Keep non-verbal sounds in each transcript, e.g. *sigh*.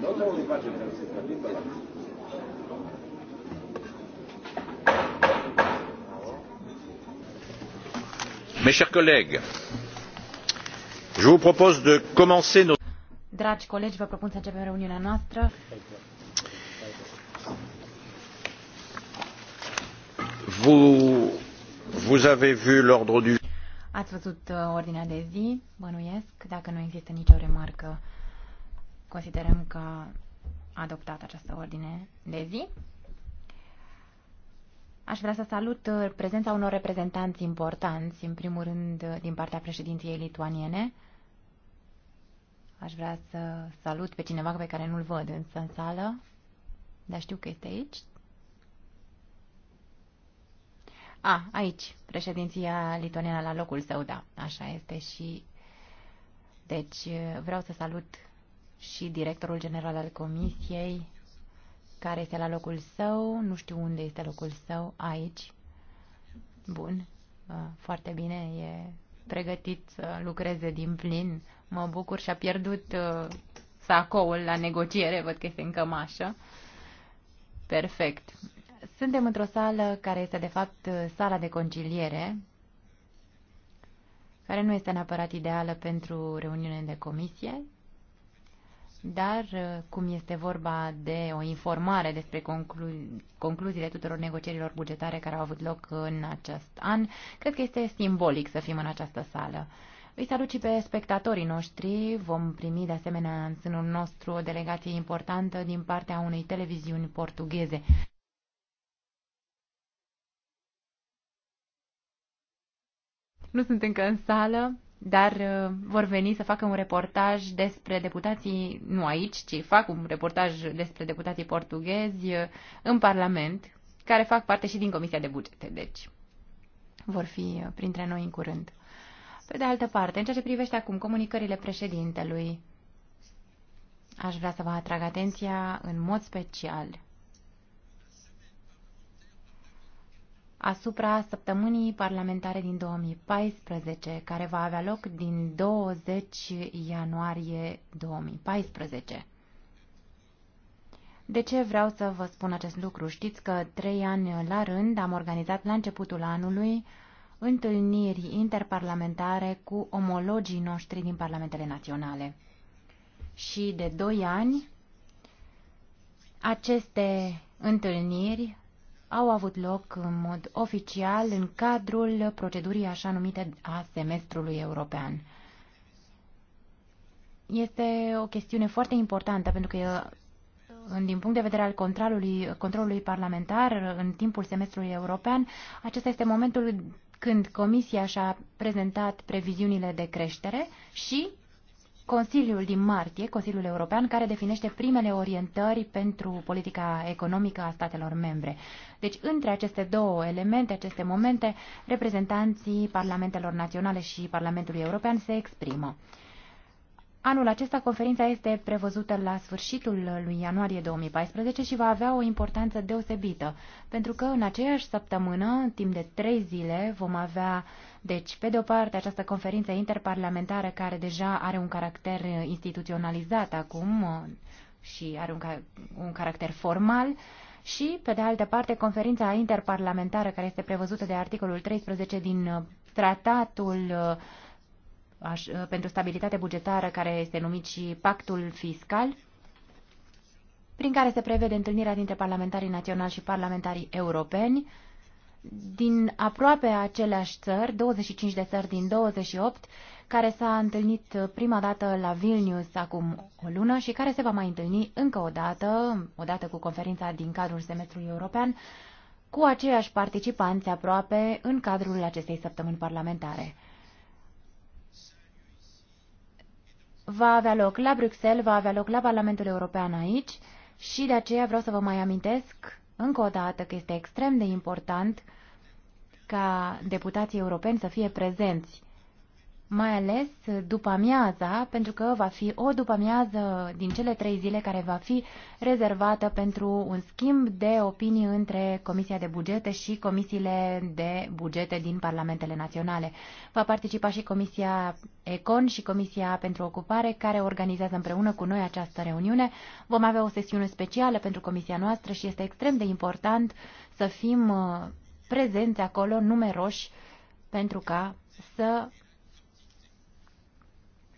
Not only budget deficit, but Mes chers collègues, je vous propose de commencer notre. Dragi colegi, vă propun să începem reuniunea noastră. Vous, vous avez vu l'ordre du... Ați văzut uh, ordinea de zi, bănuiesc, dacă nu există nicio remarcă Considerăm că a adoptat această ordine de zi. Aș vrea să salut uh, prezența unor reprezentanți importanți, în primul rând uh, din partea președinției lituaniene. Aș vrea să salut pe cineva pe care nu-l văd însă în sală, dar știu că este aici. A, aici, președinția lituaniană la locul său, da, așa este și... Deci uh, vreau să salut și directorul general al comisiei, care este la locul său, nu știu unde este locul său, aici. Bun, uh, foarte bine, e pregătit să lucreze din plin. Mă bucur și a pierdut uh, sacoul la negociere, văd că este în cămașă. Perfect. Suntem într-o sală care este de fapt uh, sala de conciliere, care nu este neapărat ideală pentru reuniune de comisie, dar, uh, cum este vorba de o informare despre conclu concluziile tuturor negocierilor bugetare care au avut loc în acest an, cred că este simbolic să fim în această sală. Îi salut și pe spectatorii noștri. Vom primi de asemenea în sânul nostru o delegație importantă din partea unei televiziuni portugheze. Nu sunt încă în sală, dar uh, vor veni să facă un reportaj despre deputații, nu aici, ci fac un reportaj despre deputații portughezi uh, în Parlament, care fac parte și din Comisia de Bugete, deci vor fi uh, printre noi în curând. Pe de altă parte, în ceea ce privește acum comunicările președintelui, aș vrea să vă atrag atenția în mod special asupra săptămânii parlamentare din 2014, care va avea loc din 20 ianuarie 2014. De ce vreau să vă spun acest lucru? Știți că trei ani la rând am organizat la începutul anului întâlniri interparlamentare cu omologii noștri din parlamentele naționale. Și de doi ani aceste întâlniri au avut loc în mod oficial în cadrul procedurii așa numite a semestrului european. Este o chestiune foarte importantă pentru că din punct de vedere al controlului, controlului parlamentar în timpul semestrului european, acesta este momentul când Comisia și-a prezentat previziunile de creștere și Consiliul din martie, Consiliul European, care definește primele orientări pentru politica economică a statelor membre. Deci, între aceste două elemente, aceste momente, reprezentanții Parlamentelor Naționale și Parlamentului European se exprimă. Anul acesta conferința este prevăzută la sfârșitul lui ianuarie 2014 și va avea o importanță deosebită, pentru că în aceeași săptămână, timp de trei zile, vom avea, deci, pe de o parte, această conferință interparlamentară care deja are un caracter instituționalizat acum și are un, ca un caracter formal, și, pe de altă parte, conferința interparlamentară care este prevăzută de articolul 13 din tratatul uh, aș, pentru stabilitate bugetară, care este numit și pactul fiscal, prin care se prevede întâlnirea dintre parlamentarii naționali și parlamentarii europeni din aproape aceleași țări, 25 de țări din 28, care s-a întâlnit prima dată la Vilnius acum o lună și care se va mai întâlni încă o dată, o dată cu conferința din cadrul semestrului european, cu aceiași participanți aproape în cadrul acestei săptămâni parlamentare. va avea loc la Bruxelles, va avea loc la Parlamentul European aici și de aceea vreau să vă mai amintesc încă o dată că este extrem de important ca deputații europeni să fie prezenți mai ales după amiaza, pentru că va fi o după amiază din cele trei zile care va fi rezervată pentru un schimb de opinii între Comisia de Bugete și Comisiile de Bugete din Parlamentele Naționale. Va participa și Comisia Econ și Comisia pentru Ocupare, care organizează împreună cu noi această reuniune. Vom avea o sesiune specială pentru Comisia noastră și este extrem de important să fim uh, prezenți acolo, numeroși, pentru ca să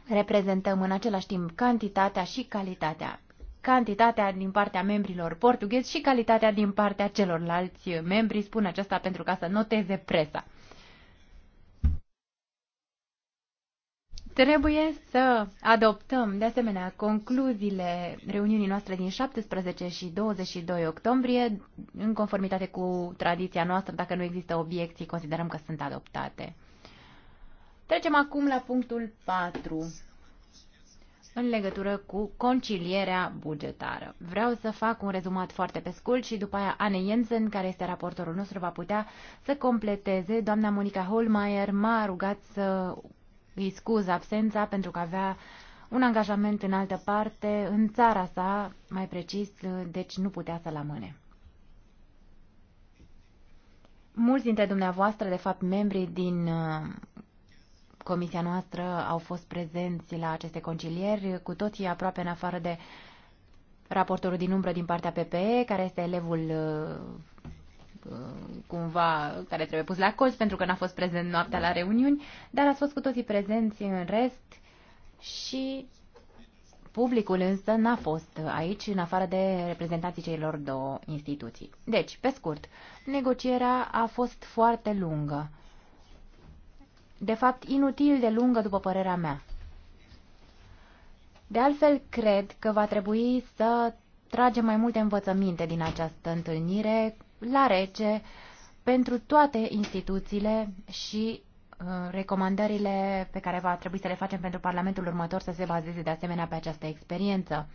reprezentăm în același timp cantitatea și calitatea. Cantitatea din partea membrilor portughezi și calitatea din partea celorlalți membri, spun aceasta pentru ca să noteze presa. Trebuie să adoptăm, de asemenea, concluziile reuniunii noastre din 17 și 22 octombrie, în conformitate cu tradiția noastră, dacă nu există obiecții, considerăm că sunt adoptate. Trecem acum la punctul 4 în legătură cu concilierea bugetară. Vreau să fac un rezumat foarte pe scurt și după aia Anne Jensen, care este raportorul nostru, va putea să completeze. Doamna Monica Holmeier m-a rugat să îi scuz absența pentru că avea un angajament în altă parte, în țara sa, mai precis, deci nu putea să-l amâne. Mulți dintre dumneavoastră, de fapt membrii din uh, comisia noastră au fost prezenți la aceste concilieri, cu toții aproape în afară de raportorul din umbră din partea PPE, care este elevul uh, cumva care trebuie pus la colț pentru că n-a fost prezent noaptea la reuniuni, dar ați fost cu toții prezenți în rest și publicul însă n-a fost aici în afară de reprezentanții celor două instituții. Deci, pe scurt, negocierea a fost foarte lungă de fapt inutil de lungă, după părerea mea. De altfel, cred că va trebui să tragem mai multe învățăminte din această întâlnire la rece pentru toate instituțiile și uh, recomandările pe care va trebui să le facem pentru Parlamentul următor să se bazeze de asemenea pe această experiență.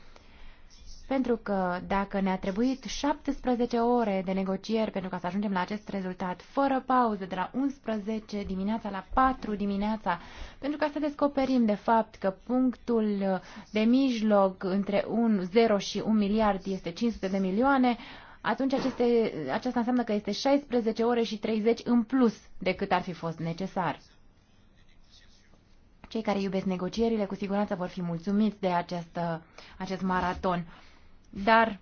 Pentru că dacă ne-a trebuit 17 ore de negocieri pentru ca să ajungem la acest rezultat, fără pauză, de la 11 dimineața la 4 dimineața, pentru ca să descoperim de fapt că punctul de mijloc între un 0 și 1 miliard este 500 de milioane, atunci aceste, aceasta înseamnă că este 16 ore și 30 în plus decât ar fi fost necesar. Cei care iubesc negocierile cu siguranță vor fi mulțumiți de această, acest maraton. Dar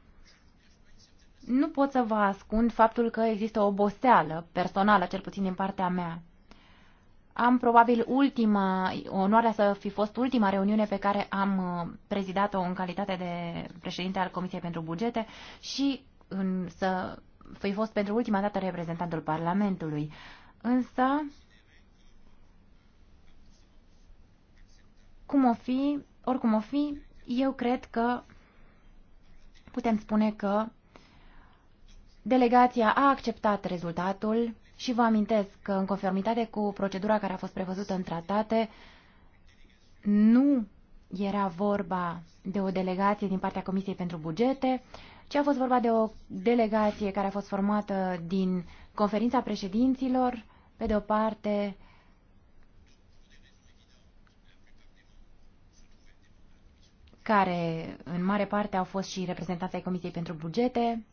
nu pot să vă ascund faptul că există o oboseală personală, cel puțin din partea mea. Am probabil ultima, onoarea să fi fost ultima reuniune pe care am uh, prezidat-o în calitate de președinte al Comisiei pentru Bugete și în, să fi fost pentru ultima dată reprezentantul Parlamentului. Însă, cum o fi, oricum o fi, eu cred că putem spune că delegația a acceptat rezultatul și vă amintesc că, în conformitate cu procedura care a fost prevăzută în tratate, nu era vorba de o delegație din partea Comisiei pentru Bugete, ci a fost vorba de o delegație care a fost formată din conferința președinților, pe de o parte, care în mare parte au fost și reprezentanții Comisiei pentru Bugete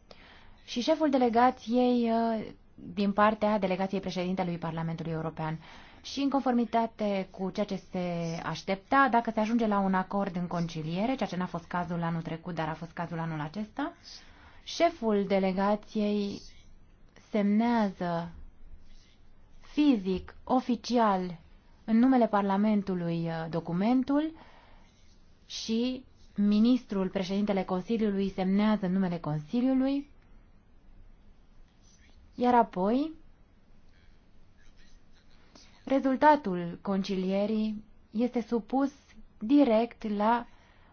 și șeful delegației uh, din partea delegației președintelui Parlamentului European. Și în conformitate cu ceea ce se aștepta, dacă se ajunge la un acord în conciliere, ceea ce n-a fost cazul anul trecut, dar a fost cazul anul acesta, șeful delegației semnează fizic, oficial, în numele Parlamentului uh, documentul și ministrul, președintele Consiliului, semnează numele Consiliului, iar apoi rezultatul concilierii este supus direct la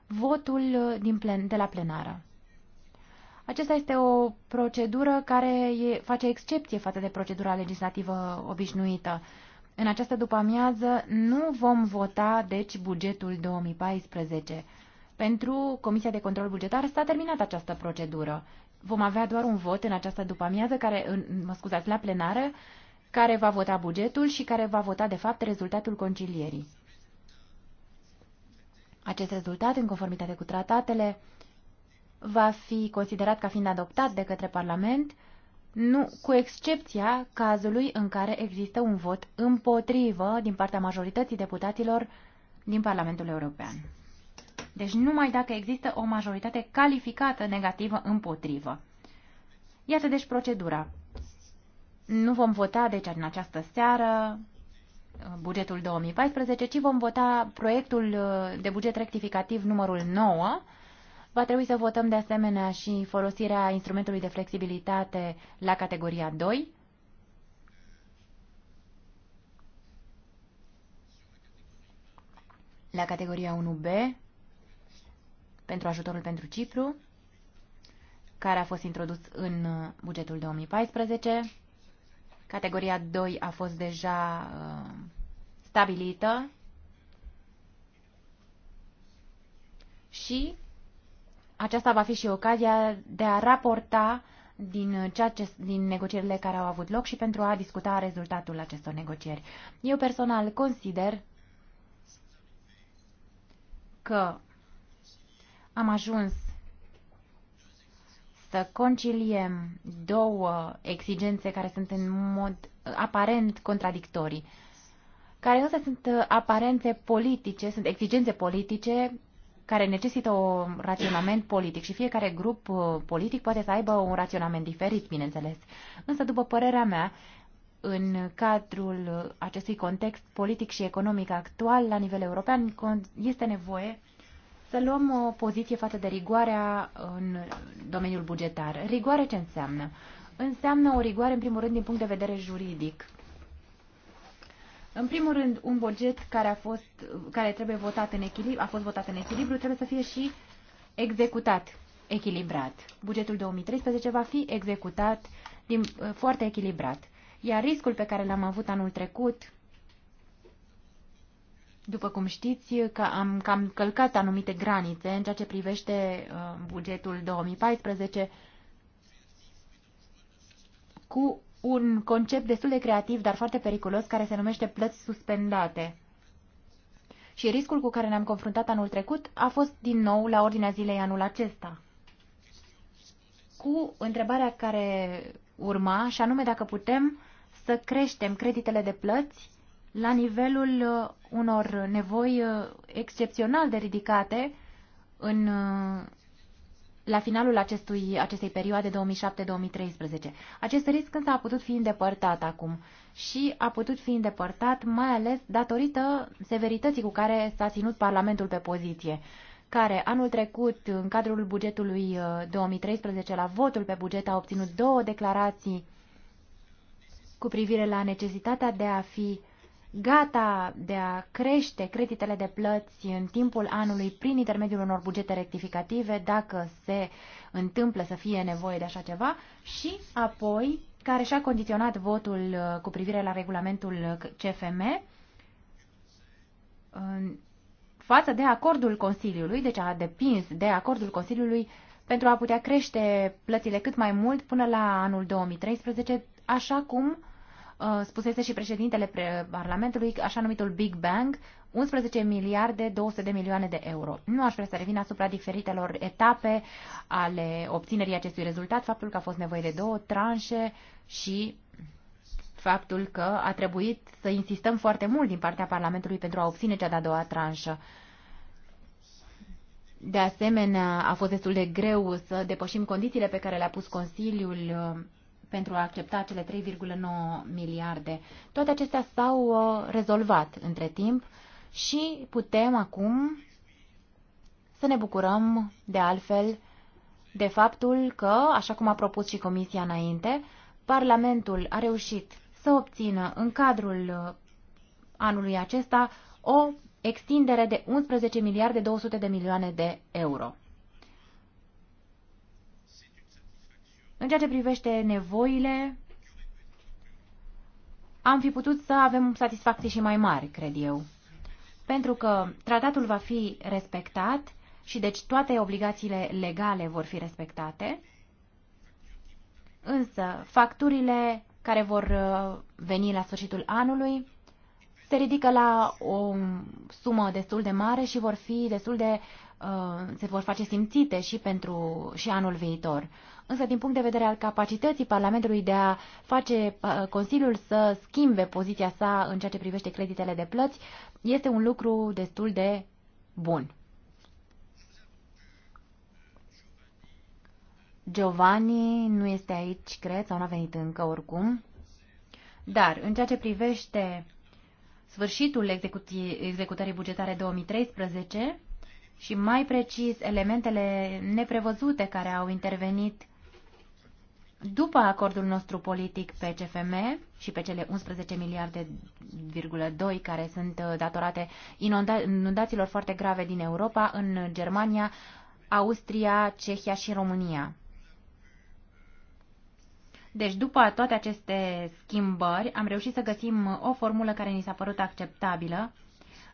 votul din plen, de la plenară. Acesta este o procedură care e, face excepție față de procedura legislativă obișnuită. În această după-amiază nu vom vota, deci, bugetul 2014. Pentru Comisia de Control Bugetar s-a terminat această procedură. Vom avea doar un vot în această după-amiază, care, în, mă scuzați, la plenară, care va vota bugetul și care va vota, de fapt, rezultatul concilierii. Acest rezultat, în conformitate cu tratatele, va fi considerat ca fiind adoptat de către Parlament nu, cu excepția cazului în care există un vot împotrivă din partea majorității deputaților din Parlamentul European. Deci numai dacă există o majoritate calificată negativă împotrivă. Iată deci procedura. Nu vom vota, deci, în această seară bugetul 2014, ci vom vota proiectul de buget rectificativ numărul 9, Va trebui să votăm de asemenea și folosirea instrumentului de flexibilitate la categoria 2. La categoria 1B pentru ajutorul pentru Cipru, care a fost introdus în bugetul 2014. Categoria 2 a fost deja uh, stabilită și aceasta va fi și ocazia de a raporta din, uh, ceea ce, din negocierile care au avut loc și pentru a discuta rezultatul acestor negocieri. Eu personal consider că am ajuns să conciliem două exigențe care sunt în mod uh, aparent contradictorii, care însă sunt uh, aparențe politice, sunt exigențe politice care necesită un raționament politic și fiecare grup uh, politic poate să aibă un raționament diferit, bineînțeles. Însă, după părerea mea, în cadrul acestui context politic și economic actual la nivel european este nevoie să luăm o poziție față de rigoarea în domeniul bugetar. Rigoare ce înseamnă? Înseamnă o rigoare, în primul rând, din punct de vedere juridic în primul rând, un buget care, a fost, care trebuie votat în echilibru, a fost votat în echilibru trebuie să fie și executat echilibrat. Bugetul 2013 va fi executat din, uh, foarte echilibrat. Iar riscul pe care l-am avut anul trecut, după cum știți, că am cam călcat anumite granițe în ceea ce privește uh, bugetul 2014 cu un concept destul de creativ, dar foarte periculos, care se numește plăți suspendate. Și riscul cu care ne-am confruntat anul trecut a fost din nou la ordinea zilei anul acesta. Cu întrebarea care urma, și anume dacă putem să creștem creditele de plăți la nivelul uh, unor nevoi uh, excepțional de ridicate în uh, la finalul acestui, acestei perioade 2007-2013. Acest risc însă a putut fi îndepărtat acum și a putut fi îndepărtat mai ales datorită severității cu care s-a ținut Parlamentul pe poziție care anul trecut, în cadrul bugetului 2013, uh, la votul pe buget, a obținut două declarații cu privire la necesitatea de a fi gata de a crește creditele de plăți în timpul anului prin intermediul unor bugete rectificative, dacă se întâmplă să fie nevoie de așa ceva, și apoi care și-a condiționat votul uh, cu privire la regulamentul CFM față de acordul Consiliului, deci a depins de acordul Consiliului pentru a putea crește plățile cât mai mult până la anul 2013, așa cum Uh, spusese și președintele Parlamentului, așa numitul Big Bang, 11 miliarde 200 de milioane de euro. Nu aș vrea să revin asupra diferitelor etape ale obținerii acestui rezultat, faptul că a fost nevoie de două tranșe și faptul că a trebuit să insistăm foarte mult din partea Parlamentului pentru a obține cea de-a doua tranșă. De asemenea, a fost destul de greu să depășim condițiile pe care le-a pus Consiliul uh, pentru a accepta cele 3,9 miliarde. Toate acestea s-au uh, rezolvat între timp și putem acum să ne bucurăm de altfel de faptul că, așa cum a propus și Comisia înainte, Parlamentul a reușit să obțină în cadrul uh, anului acesta o extindere de 11 miliarde 200 de milioane de euro. În ceea ce privește nevoile, am fi putut să avem satisfacții și mai mari, cred eu. Pentru că tratatul va fi respectat și deci toate obligațiile legale vor fi respectate, însă facturile care vor uh, veni la sfârșitul anului se ridică la o sumă destul de mare și vor fi destul de uh, se vor face simțite și pentru și anul viitor. Însă, din punct de vedere al capacității Parlamentului de a face uh, Consiliul să schimbe poziția sa în ceea ce privește creditele de plăți, este un lucru destul de bun. Giovanni nu este aici, cred, sau nu a venit încă oricum. Dar, în ceea ce privește sfârșitul executării bugetare 2013 și mai precis elementele neprevăzute care au intervenit după acordul nostru politic pe CFM și pe cele 11 miliarde, care sunt uh, datorate inundațiilor foarte grave din Europa, în Germania, Austria, Cehia și România. Deci, după toate aceste schimbări, am reușit să găsim o formulă care ni s-a părut acceptabilă,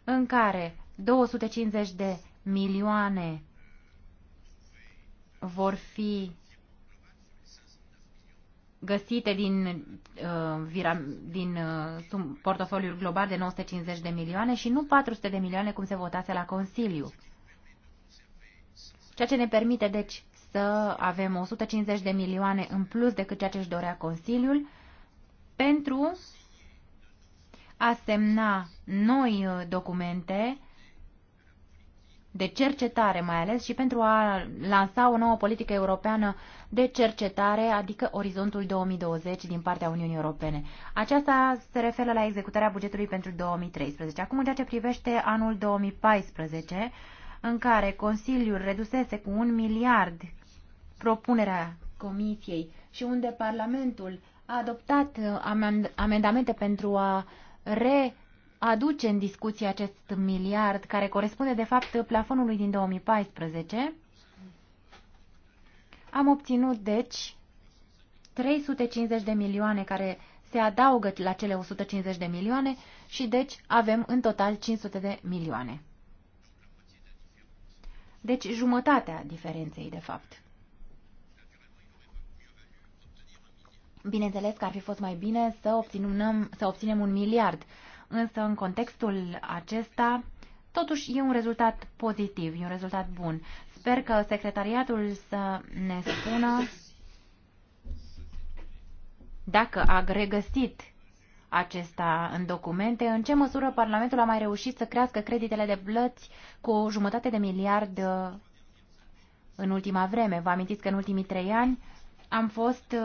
în care 250 de milioane vor fi găsite din, uh, vira, din uh, portofoliul global de 950 de milioane și nu 400 de milioane cum se votase la Consiliu. Ceea ce ne permite, deci, să avem 150 de milioane în plus decât ceea ce își dorea Consiliul pentru a semna noi uh, documente de cercetare mai ales și pentru a lansa o nouă politică europeană de cercetare, adică Orizontul 2020 din partea Uniunii Europene. Aceasta se referă la executarea bugetului pentru 2013. Acum, în ceea ce privește anul 2014, în care Consiliul redusese cu un miliard propunerea Comisiei și unde Parlamentul a adoptat uh, amendamente pentru a readuce în discuție acest miliard, care corespunde de fapt plafonului din 2014, am obținut deci 350 de milioane care se adaugă la cele 150 de milioane și deci avem în total 500 de milioane. Deci jumătatea diferenței, de fapt. Bineînțeles că ar fi fost mai bine să obținem, să obținem un miliard, însă în contextul acesta, totuși e un rezultat pozitiv, e un rezultat bun. Sper că secretariatul să ne spună dacă a regăsit acesta în documente, în ce măsură Parlamentul a mai reușit să crească creditele de plăți cu jumătate de miliard în ultima vreme. Vă amintiți că în ultimii trei ani am fost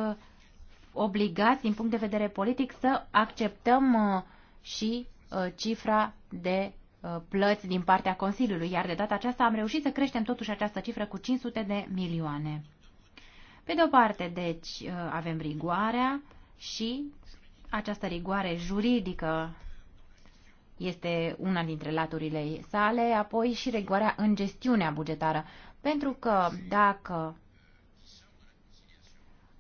obligați, din punct de vedere politic, să acceptăm uh, și uh, cifra de uh, plăți din partea Consiliului, iar de data aceasta am reușit să creștem totuși această cifră cu 500 de milioane. Pe de o parte, deci, avem rigoarea și această rigoare juridică este una dintre laturile sale, apoi și rigoarea în gestiunea bugetară. Pentru că dacă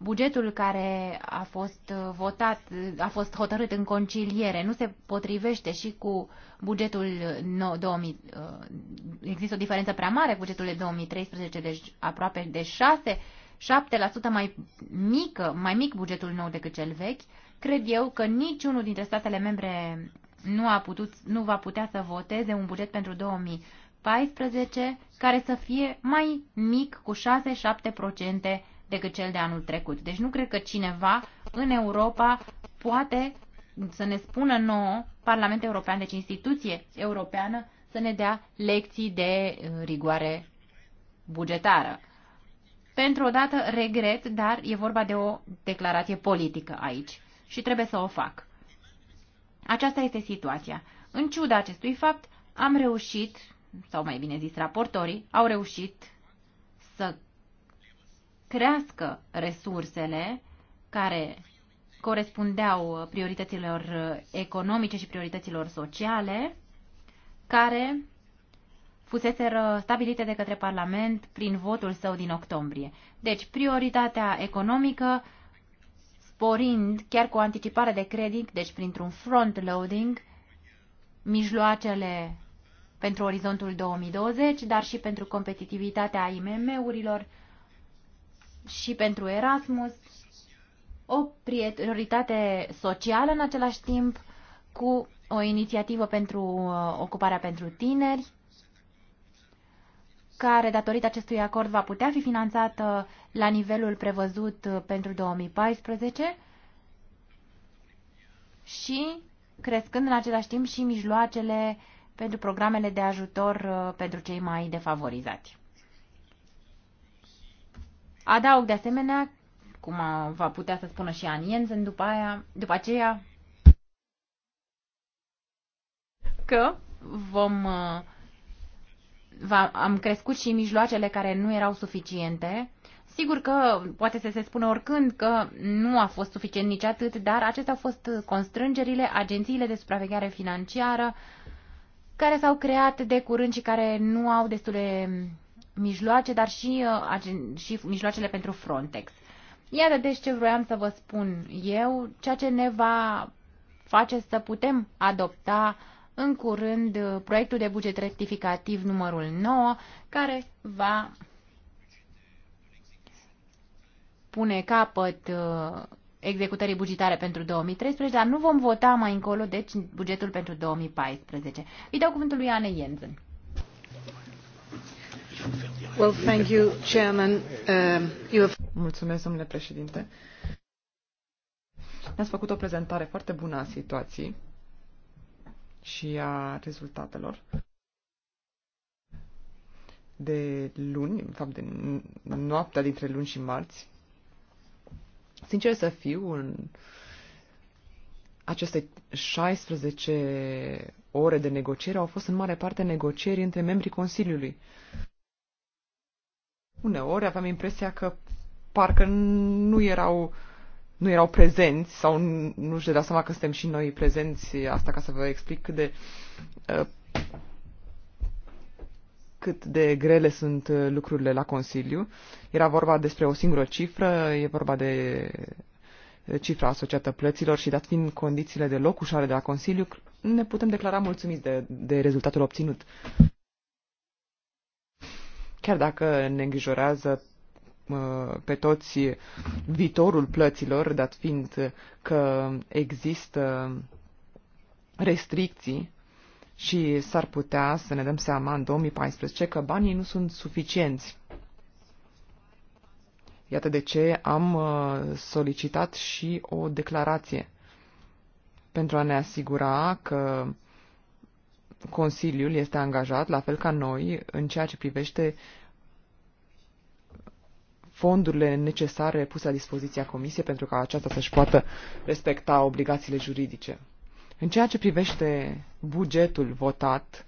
Bugetul care a fost uh, votat, uh, a fost hotărât în conciliere, nu se potrivește și cu bugetul 2000. Uh, există o diferență prea mare cu bugetul de 2013, deci aproape de 6, 7% mai mică, mai mic bugetul nou decât cel vechi. Cred eu că niciunul dintre statele membre nu, a putut, nu va putea să voteze un buget pentru 2014 care să fie mai mic cu 6-7% decât cel de anul trecut. Deci nu cred că cineva în Europa poate să ne spună nouă, Parlamentul European, deci instituție europeană, să ne dea lecții de uh, rigoare bugetară. Pentru o dată regret, dar e vorba de o declarație politică aici și trebuie să o fac. Aceasta este situația. În ciuda acestui fapt, am reușit, sau mai bine zis raportorii, au reușit să crească resursele care corespundeau priorităților economice și priorităților sociale, care fusese stabilite de către Parlament prin votul său din octombrie. Deci, prioritatea economică sporind, chiar cu o anticipare de credit, deci printr-un front-loading, mijloacele pentru orizontul 2020, dar și pentru competitivitatea IMM-urilor și pentru Erasmus o prioritate socială în același timp cu o inițiativă pentru uh, ocuparea pentru tineri care, datorită acestui acord, va putea fi finanțată la nivelul prevăzut uh, pentru 2014 și crescând în același timp și mijloacele pentru programele de ajutor uh, pentru cei mai defavorizați. Adaug de asemenea, cum va putea să spună și Ann Jensen după, aia, după aceea, că vom, uh, va, am crescut și mijloacele care nu erau suficiente. Sigur că poate să se spună oricând că nu a fost suficient nici atât, dar acestea au fost constrângerile, agențiile de supraveghere financiară, care s-au creat de curând și care nu au destule mijloace, dar și, uh, și mijloacele pentru Frontex. Iată deci ce vroiam să vă spun eu, ceea ce ne va face să putem adopta în curând uh, proiectul de buget rectificativ numărul 9, care va pune capăt uh, executării bugetare pentru 2013, dar nu vom vota mai încolo, deci bugetul pentru 2014. Îi dau cuvântul lui Anne Jensen. Um, Mulțumesc, domnule președinte. Ne-ați făcut o prezentare foarte bună a situației și a rezultatelor. De luni, în fapt de noaptea dintre luni și marți, sincer să fiu, în aceste 16 ore de negociere au fost în mare parte negocieri între membrii Consiliului. Uneori aveam impresia că parcă nu erau, nu erau prezenți sau nu își dădea seama că suntem și noi prezenți. Asta ca să vă explic cât de, uh, cât de grele sunt uh, lucrurile la Consiliu. Era vorba despre o singură cifră, e vorba de cifra asociată plăților și dat fiind condițiile de locușare de la Consiliu, ne putem declara mulțumiți de, de rezultatul obținut. Chiar dacă ne îngrijorează pe toți viitorul plăților, dat fiind că există restricții și s-ar putea să ne dăm seama în 2014 că banii nu sunt suficienți. Iată de ce am solicitat și o declarație pentru a ne asigura că Consiliul este angajat, la fel ca noi, în ceea ce privește fondurile necesare puse la dispoziția Comisiei pentru ca aceasta să-și poată respecta obligațiile juridice. În ceea ce privește bugetul votat,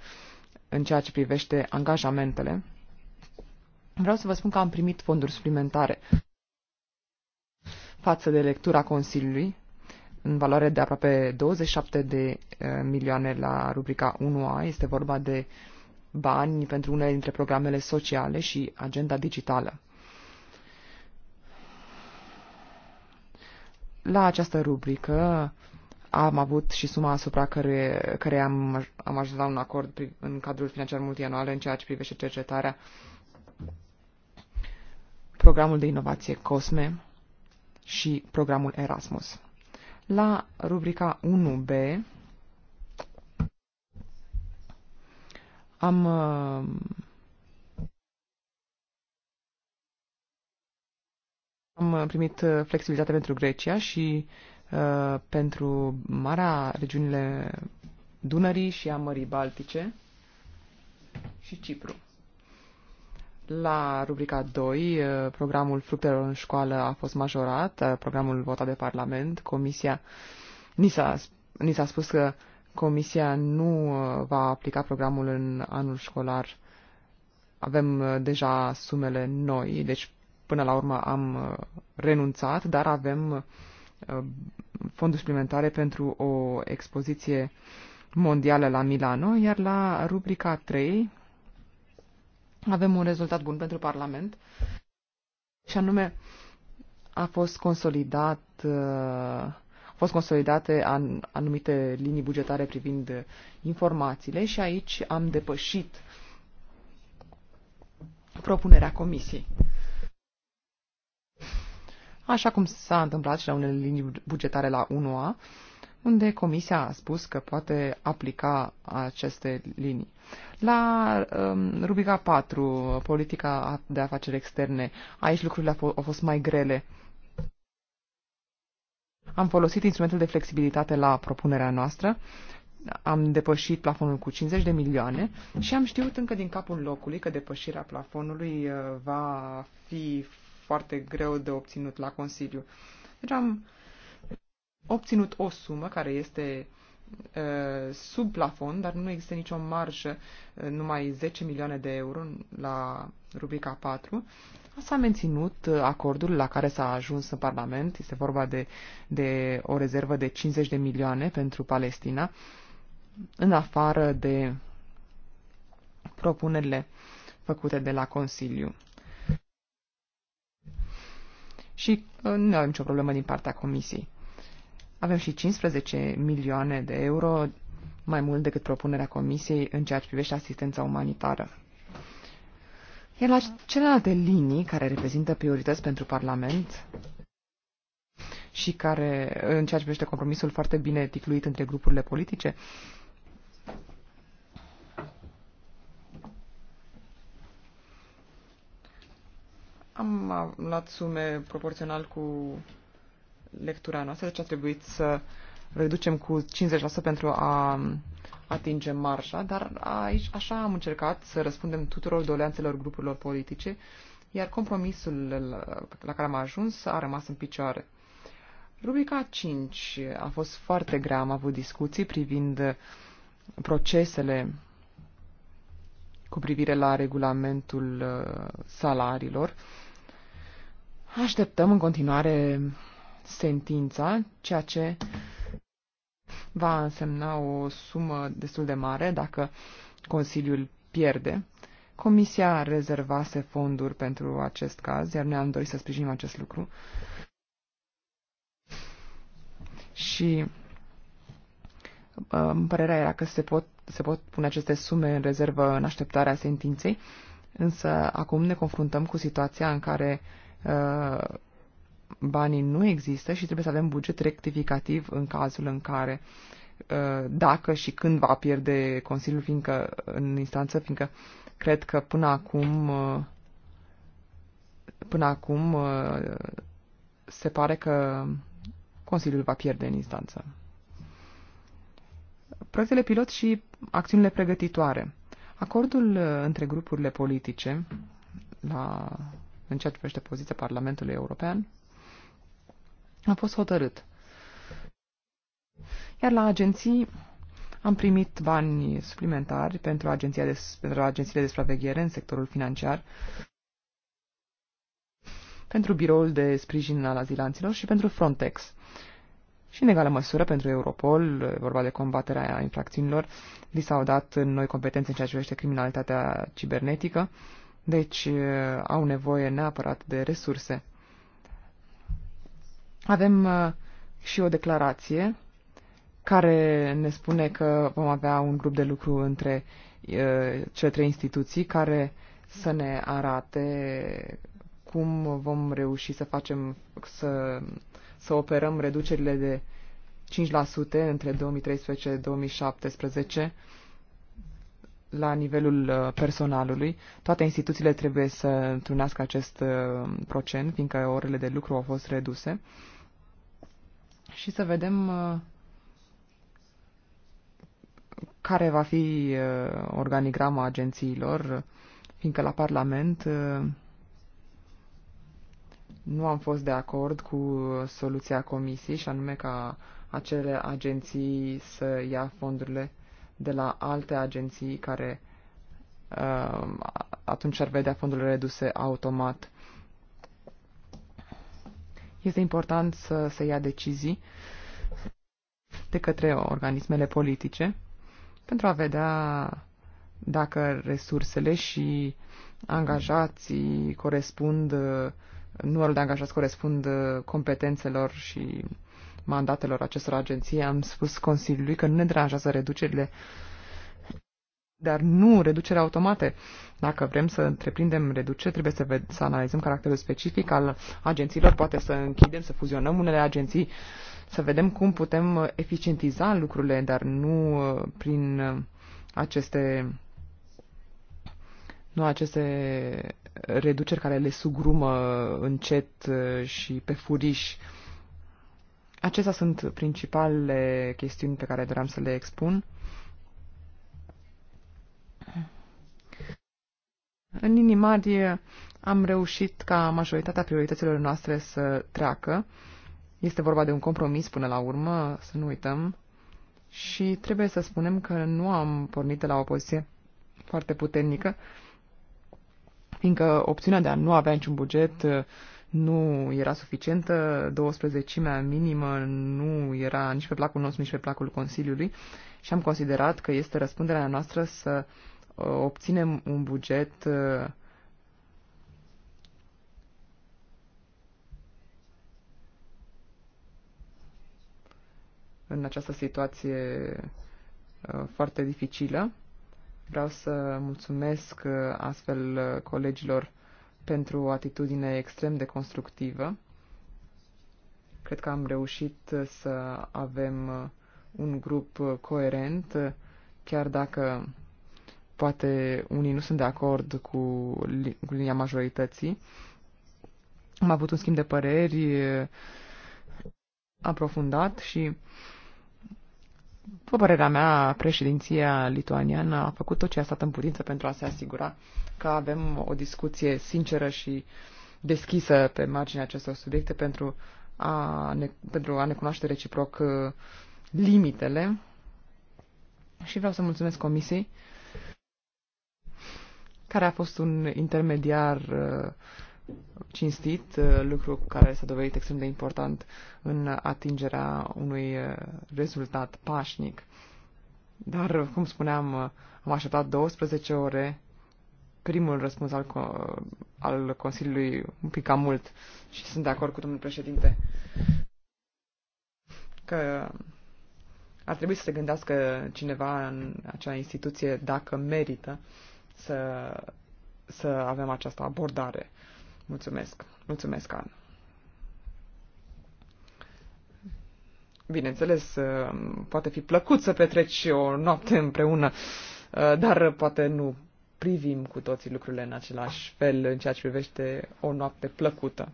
în ceea ce privește angajamentele, vreau să vă spun că am primit fonduri suplimentare față de lectura Consiliului, în valoare de aproape 27 de eh, milioane la rubrica 1A. Este vorba de bani pentru unele dintre programele sociale și agenda digitală. La această rubrică am avut și suma asupra care, care am, am ajuns la un acord în cadrul financiar multianual în ceea ce privește cercetarea, programul de inovație COSME și programul Erasmus. La rubrica 1B am uh, am primit uh, flexibilitate pentru Grecia și uh, pentru marea regiunile Dunării și a Mării Baltice și Cipru. La rubrica 2, eh, programul fructelor în școală a fost majorat, eh, programul votat de Parlament. Comisia ni s-a, ni s-a spus că Comisia nu eh, va aplica programul în anul școlar. Avem deja sumele noi, deci până la urmă am renunțat, dar avem fonduri suplimentare pentru o expoziție mondială la Milano, iar la rubrica 3 avem un rezultat bun pentru Parlament și anume a fost consolidat uh, a fost consolidate an, anumite linii bugetare privind informațiile și aici am depășit propunerea comisiei. Așa cum s-a întâmplat și la unele linii bugetare la 1A, unde comisia a spus că poate aplica aceste linii. La um, rubrica 4, politica de afaceri externe, aici lucrurile au fost mai grele. Am folosit instrumentul de flexibilitate la propunerea noastră, am depășit plafonul cu 50 de milioane și am știut încă din capul locului că depășirea plafonului uh, va fi foarte greu de obținut la Consiliu. Deci am obținut o sumă care este uh, Uh, sub plafon, dar nu există nicio marjă, uh, numai 10 milioane de euro la rubrica 4. S-a menținut uh, acordul la care s-a ajuns în Parlament, este vorba de, de o rezervă de 50 de milioane pentru Palestina, în afară de propunerile făcute de la Consiliu. Și nu avem nicio problemă din partea Comisiei. Avem și 15 milioane de euro, mai mult decât propunerea Comisiei în ceea ce privește asistența umanitară. Iar la celelalte linii care reprezintă priorități pentru Parlament și care, în ceea ce privește compromisul foarte bine ticluit între grupurile politice, am luat sume proporțional cu lectura noastră, deci a trebuit să reducem cu 50% pentru a um, atinge marja, dar aici așa am încercat să răspundem tuturor doleanțelor grupurilor politice, iar compromisul la care am ajuns a rămas în picioare. Rubrica 5 a fost foarte grea, am avut discuții privind procesele cu privire la regulamentul uh, salariilor. Așteptăm în continuare sentința, ceea ce va însemna o sumă destul de mare dacă Consiliul pierde. Comisia rezervase fonduri pentru acest caz, iar noi am dorit să sprijinim acest lucru. Și uh, părerea era că se pot, se pot pune aceste sume în rezervă în așteptarea sentinței, însă acum ne confruntăm cu situația în care uh, banii nu există și trebuie să avem buget rectificativ în cazul în care ă, dacă și când va pierde Consiliul fiindcă, în instanță, fiindcă cred că până acum ă, până acum ă, se pare că Consiliul va pierde în instanță. Proiectele pilot și acțiunile pregătitoare. Acordul între grupurile politice la, în ceea ce privește poziția Parlamentului European a fost hotărât. Iar la agenții am primit bani suplimentari pentru, agenția de, pentru agențiile de supraveghere în sectorul financiar, pentru biroul de sprijin al azilanților și pentru Frontex. Și în egală măsură pentru Europol, vorba de combaterea infracțiunilor, li s-au dat noi competențe în ceea ce privește criminalitatea cibernetică, deci au nevoie neapărat de resurse. Avem uh, și o declarație care ne spune că vom avea un grup de lucru între uh, cele trei instituții care să ne arate cum vom reuși să facem, să, să operăm reducerile de 5% între 2013-2017 la nivelul uh, personalului. Toate instituțiile trebuie să întrunească acest uh, procent, fiindcă orele de lucru au fost reduse. Și să vedem uh, care va fi organigrama agențiilor, fiindcă la Parlament nu am fost de acord cu soluția Comisiei, și anume ca acele agenții să ia fondurile de la alte agenții care um, atunci ar vedea fondurile reduse automat. Este important să se ia decizii de către organismele politice pentru a vedea dacă resursele și angajații corespund, numărul de angajați corespund competențelor și mandatelor acestor agenții. Am spus Consiliului că nu ne deranjează reducerile, dar nu reducere automate. Dacă vrem să întreprindem reduceri, trebuie să, ved- să analizăm caracterul specific al agențiilor, poate să închidem, să fuzionăm unele agenții, să vedem cum putem eficientiza lucrurile, dar nu uh, prin uh, aceste nu aceste reduceri care le sugrumă uh, încet și pe furiș. Acestea sunt principalele chestiuni pe care doream să le expun. În linii mari am reușit ca majoritatea priorităților noastre să treacă. Este vorba de un compromis până la urmă, să nu uităm. Și trebuie să spunem că nu am pornit de la o poziție foarte puternică, fiindcă opțiunea de a nu avea niciun buget nu era suficientă, 12 minimă nu era nici pe placul nostru, nici pe placul Consiliului și am considerat că este răspunderea noastră să uh, obținem un buget uh, în această situație uh, foarte dificilă. Vreau să mulțumesc astfel colegilor pentru o atitudine extrem de constructivă. Cred că am reușit să avem un grup coerent, chiar dacă poate unii nu sunt de acord cu, cu linia majorității. Am avut un schimb de păreri aprofundat și uh, după părerea mea, președinția lituaniană a făcut tot ce a stat în putință pentru a se asigura că avem o discuție sinceră și deschisă pe marginea acestor subiecte pentru a ne, pentru a ne cunoaște reciproc uh, limitele. Și vreau să mulțumesc Comisiei, care a fost un intermediar uh, cinstit, uh, lucru care s-a dovedit extrem de important în atingerea unui uh, rezultat pașnic. Dar, cum spuneam, uh, am așteptat 12 ore primul răspuns al, al Consiliului un pic cam mult și sunt de acord cu domnul președinte că ar trebui să se gândească cineva în acea instituție dacă merită să, să avem această abordare Mulțumesc. Mulțumesc, An. Bineînțeles, uh, poate fi plăcut să petreci o noapte împreună, uh, dar poate nu privim cu toții lucrurile în același fel în ceea ce privește o noapte plăcută.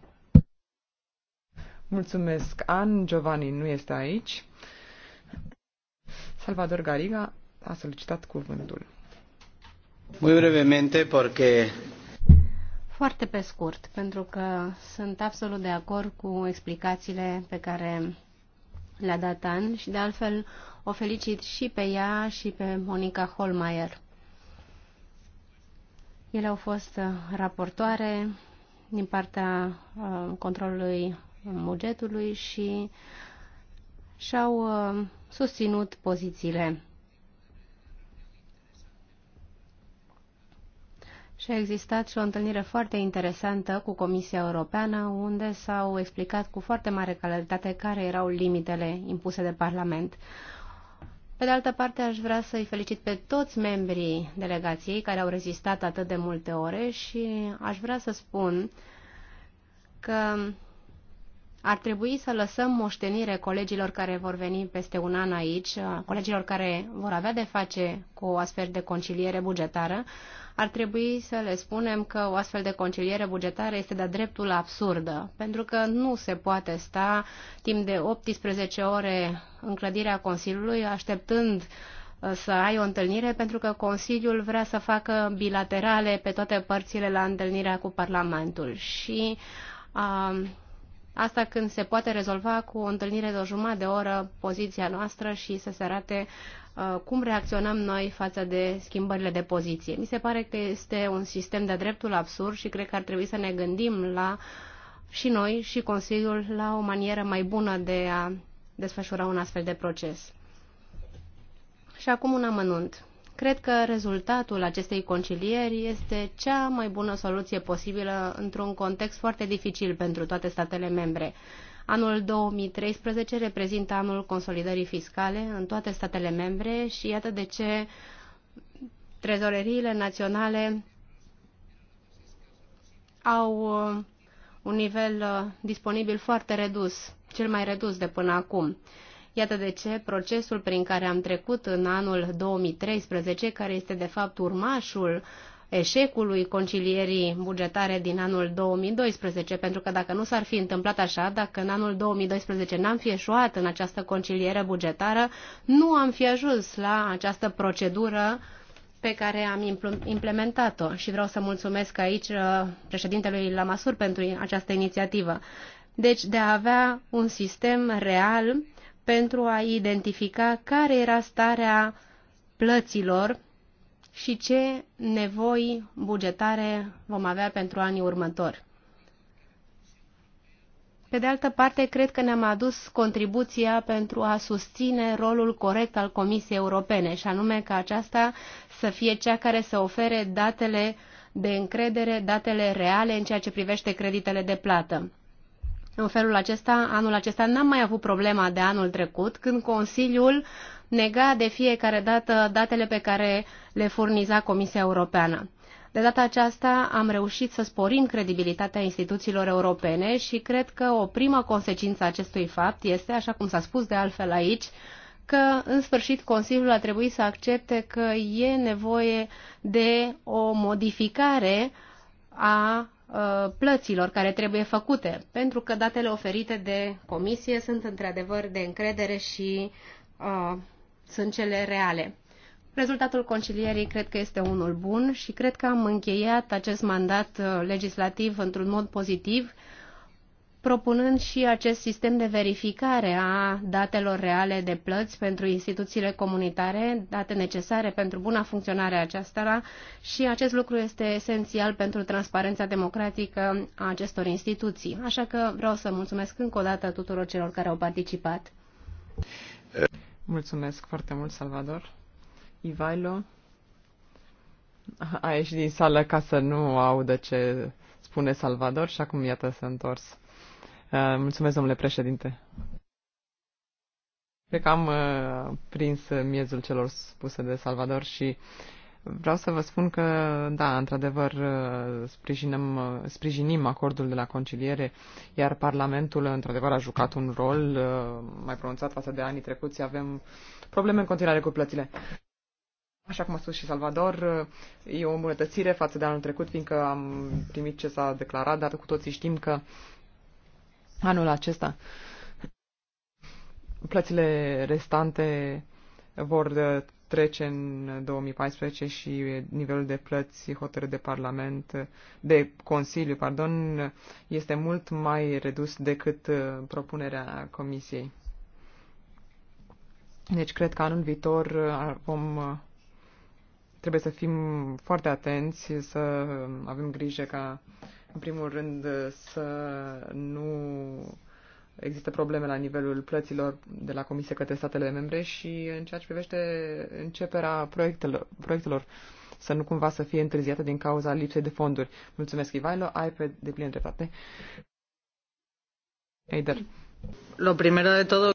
Mulțumesc, An. Giovanni nu este aici. Salvador Gariga a solicitat cuvântul. Muy brevemente, porque foarte pe scurt, pentru că sunt absolut de acord cu explicațiile pe care le-a dat An și de altfel o felicit și pe ea și pe Monica Holmeier. Ele au fost uh, raportoare din partea uh, controlului bugetului și și-au uh, susținut pozițiile Și a existat și o întâlnire foarte interesantă cu Comisia Europeană, unde s-au explicat cu foarte mare calitate care erau limitele impuse de Parlament. Pe de altă parte, aș vrea să-i felicit pe toți membrii delegației care au rezistat atât de multe ore și aș vrea să spun că ar trebui să lăsăm moștenire colegilor care vor veni peste un an aici, colegilor care vor avea de face cu o astfel de conciliere bugetară, ar trebui să le spunem că o astfel de conciliere bugetară este de-a dreptul absurdă, pentru că nu se poate sta timp de 18 ore în clădirea Consiliului așteptând uh, să ai o întâlnire pentru că Consiliul vrea să facă bilaterale pe toate părțile la întâlnirea cu Parlamentul și a, um, asta când se poate rezolva cu o întâlnire de o jumătate de oră poziția noastră și să se arate Uh, cum reacționăm noi față de schimbările de poziție. Mi se pare că este un sistem de dreptul absurd și cred că ar trebui să ne gândim la și noi și Consiliul la o manieră mai bună de a desfășura un astfel de proces. Și acum un amănunt. Cred că rezultatul acestei concilieri este cea mai bună soluție posibilă într-un context foarte dificil pentru toate statele membre. Anul 2013 reprezintă anul consolidării fiscale în toate statele membre și iată de ce trezoreriile naționale au uh, un nivel uh, disponibil foarte redus, cel mai redus de până acum. Iată de ce procesul prin care am trecut în anul 2013, care este de fapt urmașul eșecului concilierii bugetare din anul 2012, pentru că dacă nu s-ar fi întâmplat așa, dacă în anul 2012 n-am fi eșuat în această conciliere bugetară, nu am fi ajuns la această procedură pe care am implementat-o și vreau să mulțumesc aici uh, președintelui Lamasur pentru această inițiativă. Deci de a avea un sistem real pentru a identifica care era starea plăților și ce nevoi bugetare vom avea pentru anii următori. Pe de altă parte, cred că ne-am adus contribuția pentru a susține rolul corect al Comisiei Europene, și anume ca aceasta să fie cea care să ofere datele de încredere, datele reale în ceea ce privește creditele de plată. În felul acesta, anul acesta n-am mai avut problema de anul trecut, când Consiliul uh, nega de fiecare dată datele pe care le furniza Comisia Europeană. De data aceasta am reușit să sporim credibilitatea instituțiilor europene și cred că o primă consecință a acestui fapt este, așa cum s-a spus de altfel aici, că în sfârșit Consiliul a trebuit să accepte că e nevoie de o modificare a ă, plăților care trebuie făcute, pentru că datele oferite de comisie sunt într-adevăr de încredere și uh, sunt cele reale. Rezultatul concilierii cred că este unul bun și cred că am încheiat acest mandat uh, legislativ într-un mod pozitiv, propunând și acest sistem de verificare a datelor reale de plăți pentru instituțiile comunitare, date necesare pentru buna funcționare a acestora și acest lucru este esențial pentru transparența democratică a acestor instituții. Așa că vreau să mulțumesc încă o dată tuturor celor care au participat. Mulțumesc foarte mult, Salvador. Ivailo a ieșit din sală ca să nu audă ce spune Salvador și acum iată s-a întors. Uh, mulțumesc, domnule președinte. Cred că am uh, prins miezul celor spuse de Salvador și vreau să vă spun că, da, într-adevăr, uh, sprijinim, uh, sprijinim acordul de la conciliere, iar Parlamentul, într-adevăr, a jucat un rol uh, mai pronunțat față de anii trecuți. Avem probleme în continuare cu plățile. Așa cum a spus și Salvador, e o îmbunătățire față de anul trecut, fiindcă am primit ce s-a declarat, dar cu toții știm că anul acesta plățile restante vor trece în 2014 și nivelul de plăți hotărât de Parlament, de Consiliu, pardon, este mult mai redus decât uh, propunerea Comisiei. Deci cred că anul viitor uh, vom, uh, trebuie să fim foarte atenți, să avem grijă ca, în primul rând, să nu există probleme la nivelul plăților de la Comisie către statele membre și în ceea ce privește începerea proiectelor, proiectelor să nu cumva să fie întârziată din cauza lipsei de fonduri. Mulțumesc, Ivailo, ai pe deplin dreptate. Eider. Lo primero de todo...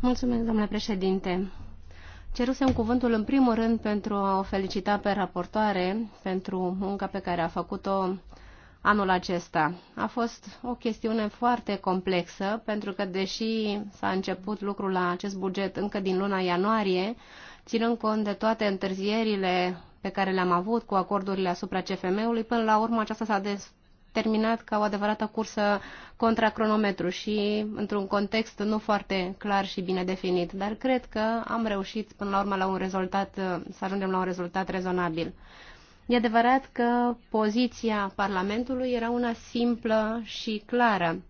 Mulțumesc, domnule președinte. Cerusem cuvântul în primul rând pentru a o felicita pe raportoare pentru munca pe care a făcut-o anul acesta. A fost o chestiune foarte complexă, pentru că deși s-a început lucrul la acest buget încă din luna ianuarie, ținând cont de toate întârzierile pe care le-am avut cu acordurile asupra CFM-ului, până la urmă aceasta s-a terminat ca o adevărată cursă contra cronometru și într-un context nu foarte clar și bine definit, dar cred că am reușit până la urmă la un rezultat, să ajungem la un rezultat rezonabil. E adevărat că poziția Parlamentului era una simplă și clară,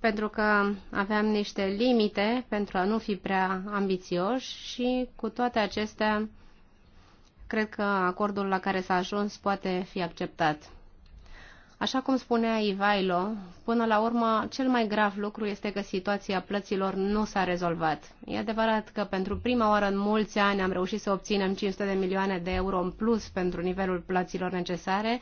pentru că aveam niște limite pentru a nu fi prea ambițioși și cu toate acestea cred că acordul la care s-a ajuns poate fi acceptat. Așa cum spunea Ivailo, până la urmă, cel mai grav lucru este că situația plăților nu s-a rezolvat. E adevărat că pentru prima oară în mulți ani am reușit să obținem 500 de milioane de euro în plus pentru nivelul plăților necesare,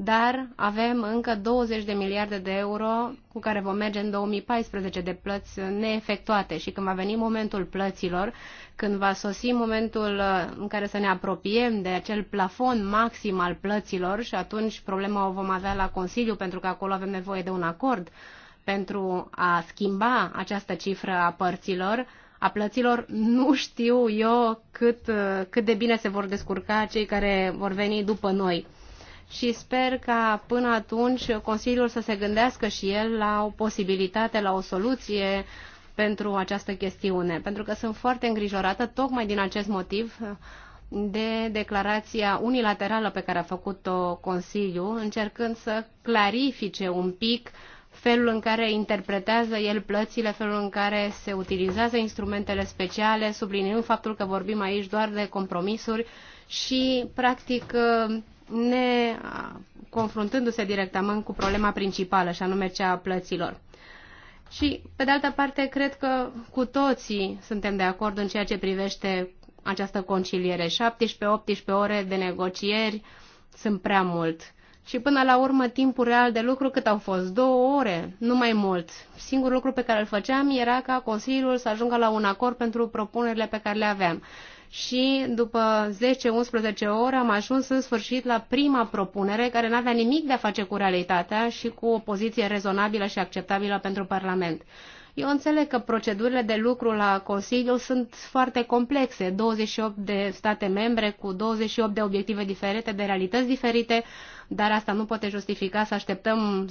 dar avem încă 20 de miliarde de euro cu care vom merge în 2014 de plăți neefectuate și când va veni momentul plăților, când va sosi momentul uh, în care să ne apropiem de acel plafon maxim al plăților și atunci problema o vom avea la Consiliu pentru că acolo avem nevoie de un acord pentru a schimba această cifră a părților, a plăților, nu știu eu cât, uh, cât de bine se vor descurca cei care vor veni după noi și sper ca până atunci Consiliul să se gândească și el la o posibilitate, la o soluție pentru această chestiune, pentru că sunt foarte îngrijorată tocmai din acest motiv de declarația unilaterală pe care a făcut-o Consiliul, încercând să clarifice un pic felul în care interpretează el plățile, felul în care se utilizează instrumentele speciale, subliniind faptul că vorbim aici doar de compromisuri și, practic, ne confruntându-se directament cu problema principală, și anume cea a plăților. Și, pe de altă parte, cred că cu toții suntem de acord în ceea ce privește această conciliere. 17-18 ore de negocieri sunt prea mult. Și până la urmă, timpul real de lucru cât au fost? Două ore, nu mai mult. Singurul lucru pe care îl făceam era ca Consiliul să ajungă la un acord pentru propunerile pe care le aveam și după 10-11 ore am ajuns în sfârșit la prima propunere care n-avea nimic de a face cu realitatea și cu o poziție rezonabilă și acceptabilă pentru Parlament. Eu înțeleg că procedurile de lucru la Consiliu sunt foarte complexe, 28 de state membre cu 28 de obiective diferite, de realități diferite, dar asta nu poate justifica să așteptăm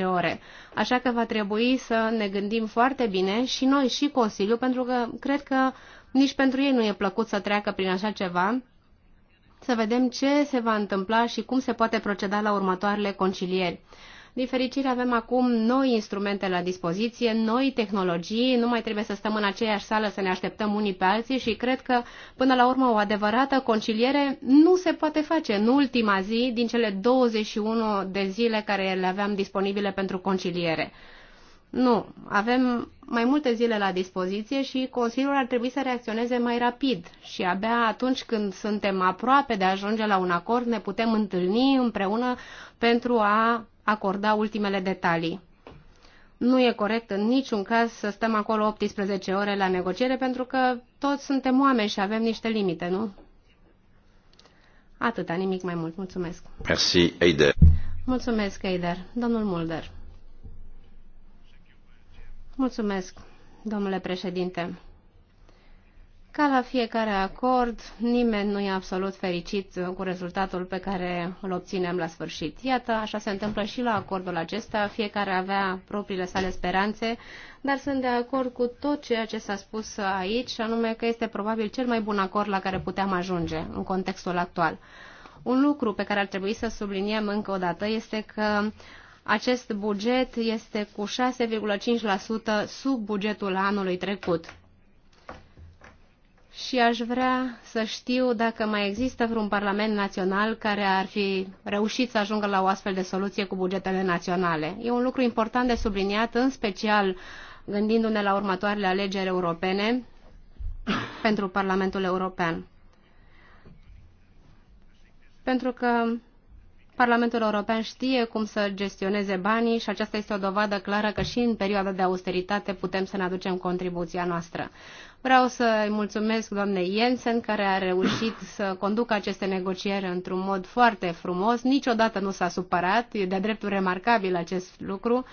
10-11 ore. Așa că va trebui să ne gândim foarte bine și noi și Consiliu, pentru că cred că nici pentru ei nu e plăcut să treacă prin așa ceva. Să vedem ce se va întâmpla și cum se poate proceda la următoarele concilieri. Din fericire avem acum noi instrumente la dispoziție, noi tehnologii, nu mai trebuie să stăm în aceeași sală să ne așteptăm unii pe alții și cred că până la urmă o adevărată conciliere nu se poate face în ultima zi din cele 21 de zile care le aveam disponibile pentru conciliere. Nu, avem mai multe zile la dispoziție și Consiliul ar trebui să reacționeze mai rapid și abia atunci când suntem aproape de a ajunge la un acord ne putem întâlni împreună pentru a acorda ultimele detalii. Nu e corect în niciun caz să stăm acolo 18 ore la negociere pentru că toți suntem oameni și avem niște limite, nu? Atâta, nimic mai mult. Mulțumesc. Merci, Eider. Mulțumesc, Eider. Domnul Mulder. Mulțumesc, domnule președinte. Ca la fiecare acord, nimeni nu e absolut fericit cu rezultatul pe care îl obținem la sfârșit. Iată, așa se întâmplă și la acordul acesta, fiecare avea propriile sale speranțe, dar sunt de acord cu tot ceea ce s-a spus aici, anume că este probabil cel mai bun acord la care puteam ajunge în contextul actual. Un lucru pe care ar trebui să subliniem încă o dată este că acest buget este cu 6,5% sub bugetul anului trecut. Și aș vrea să știu dacă mai există vreun parlament național care ar fi reușit să ajungă la o astfel de soluție cu bugetele naționale. E un lucru important de subliniat, în special gândindu-ne la următoarele alegeri europene pentru Parlamentul European. Pentru că Parlamentul European știe cum să gestioneze banii și aceasta este o dovadă clară că și în perioada de austeritate putem să ne aducem contribuția noastră. Vreau să îi mulțumesc doamnei Jensen, care a reușit să conducă aceste negocieri într-un mod foarte frumos. Niciodată nu s-a supărat, e de-a dreptul remarcabil acest lucru,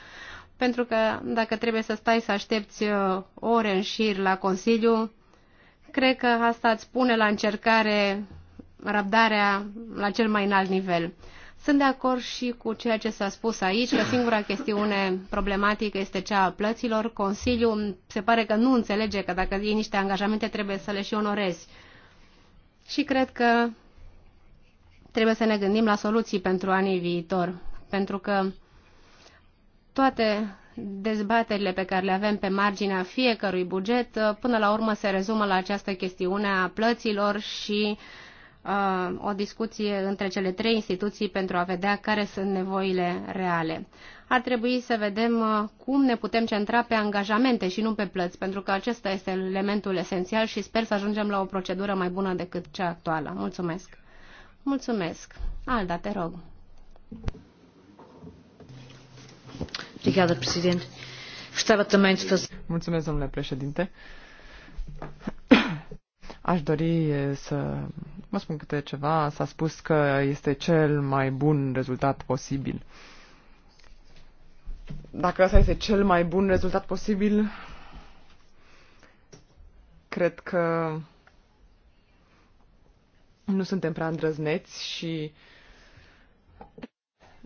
pentru că dacă trebuie să stai să aștepți uh, ore în șir la Consiliu, cred că asta îți pune la încercare răbdarea la cel mai înalt nivel. Sunt de acord și cu ceea ce s-a spus aici, că singura chestiune problematică este cea a plăților. Consiliul se pare că nu înțelege că dacă iei niște angajamente trebuie să le și onorezi. Și cred că trebuie să ne gândim la soluții pentru anii viitor, pentru că toate dezbaterile pe care le avem pe marginea fiecărui buget, până la urmă se rezumă la această chestiune a plăților și uh, Uh, o discuție între cele trei instituții pentru a vedea care sunt nevoile reale. Ar trebui să vedem uh, cum ne putem centra pe angajamente și nu pe plăți, pentru că acesta este elementul esențial și sper să ajungem la o procedură mai bună decât cea actuală. Mulțumesc! Mulțumesc! Alda, te rog! Mulțumesc, domnule președinte. Aș dori să vă spun câte ceva. S-a spus că este cel mai bun rezultat posibil. Dacă ăsta este cel mai bun rezultat posibil, cred că nu suntem prea îndrăzneți și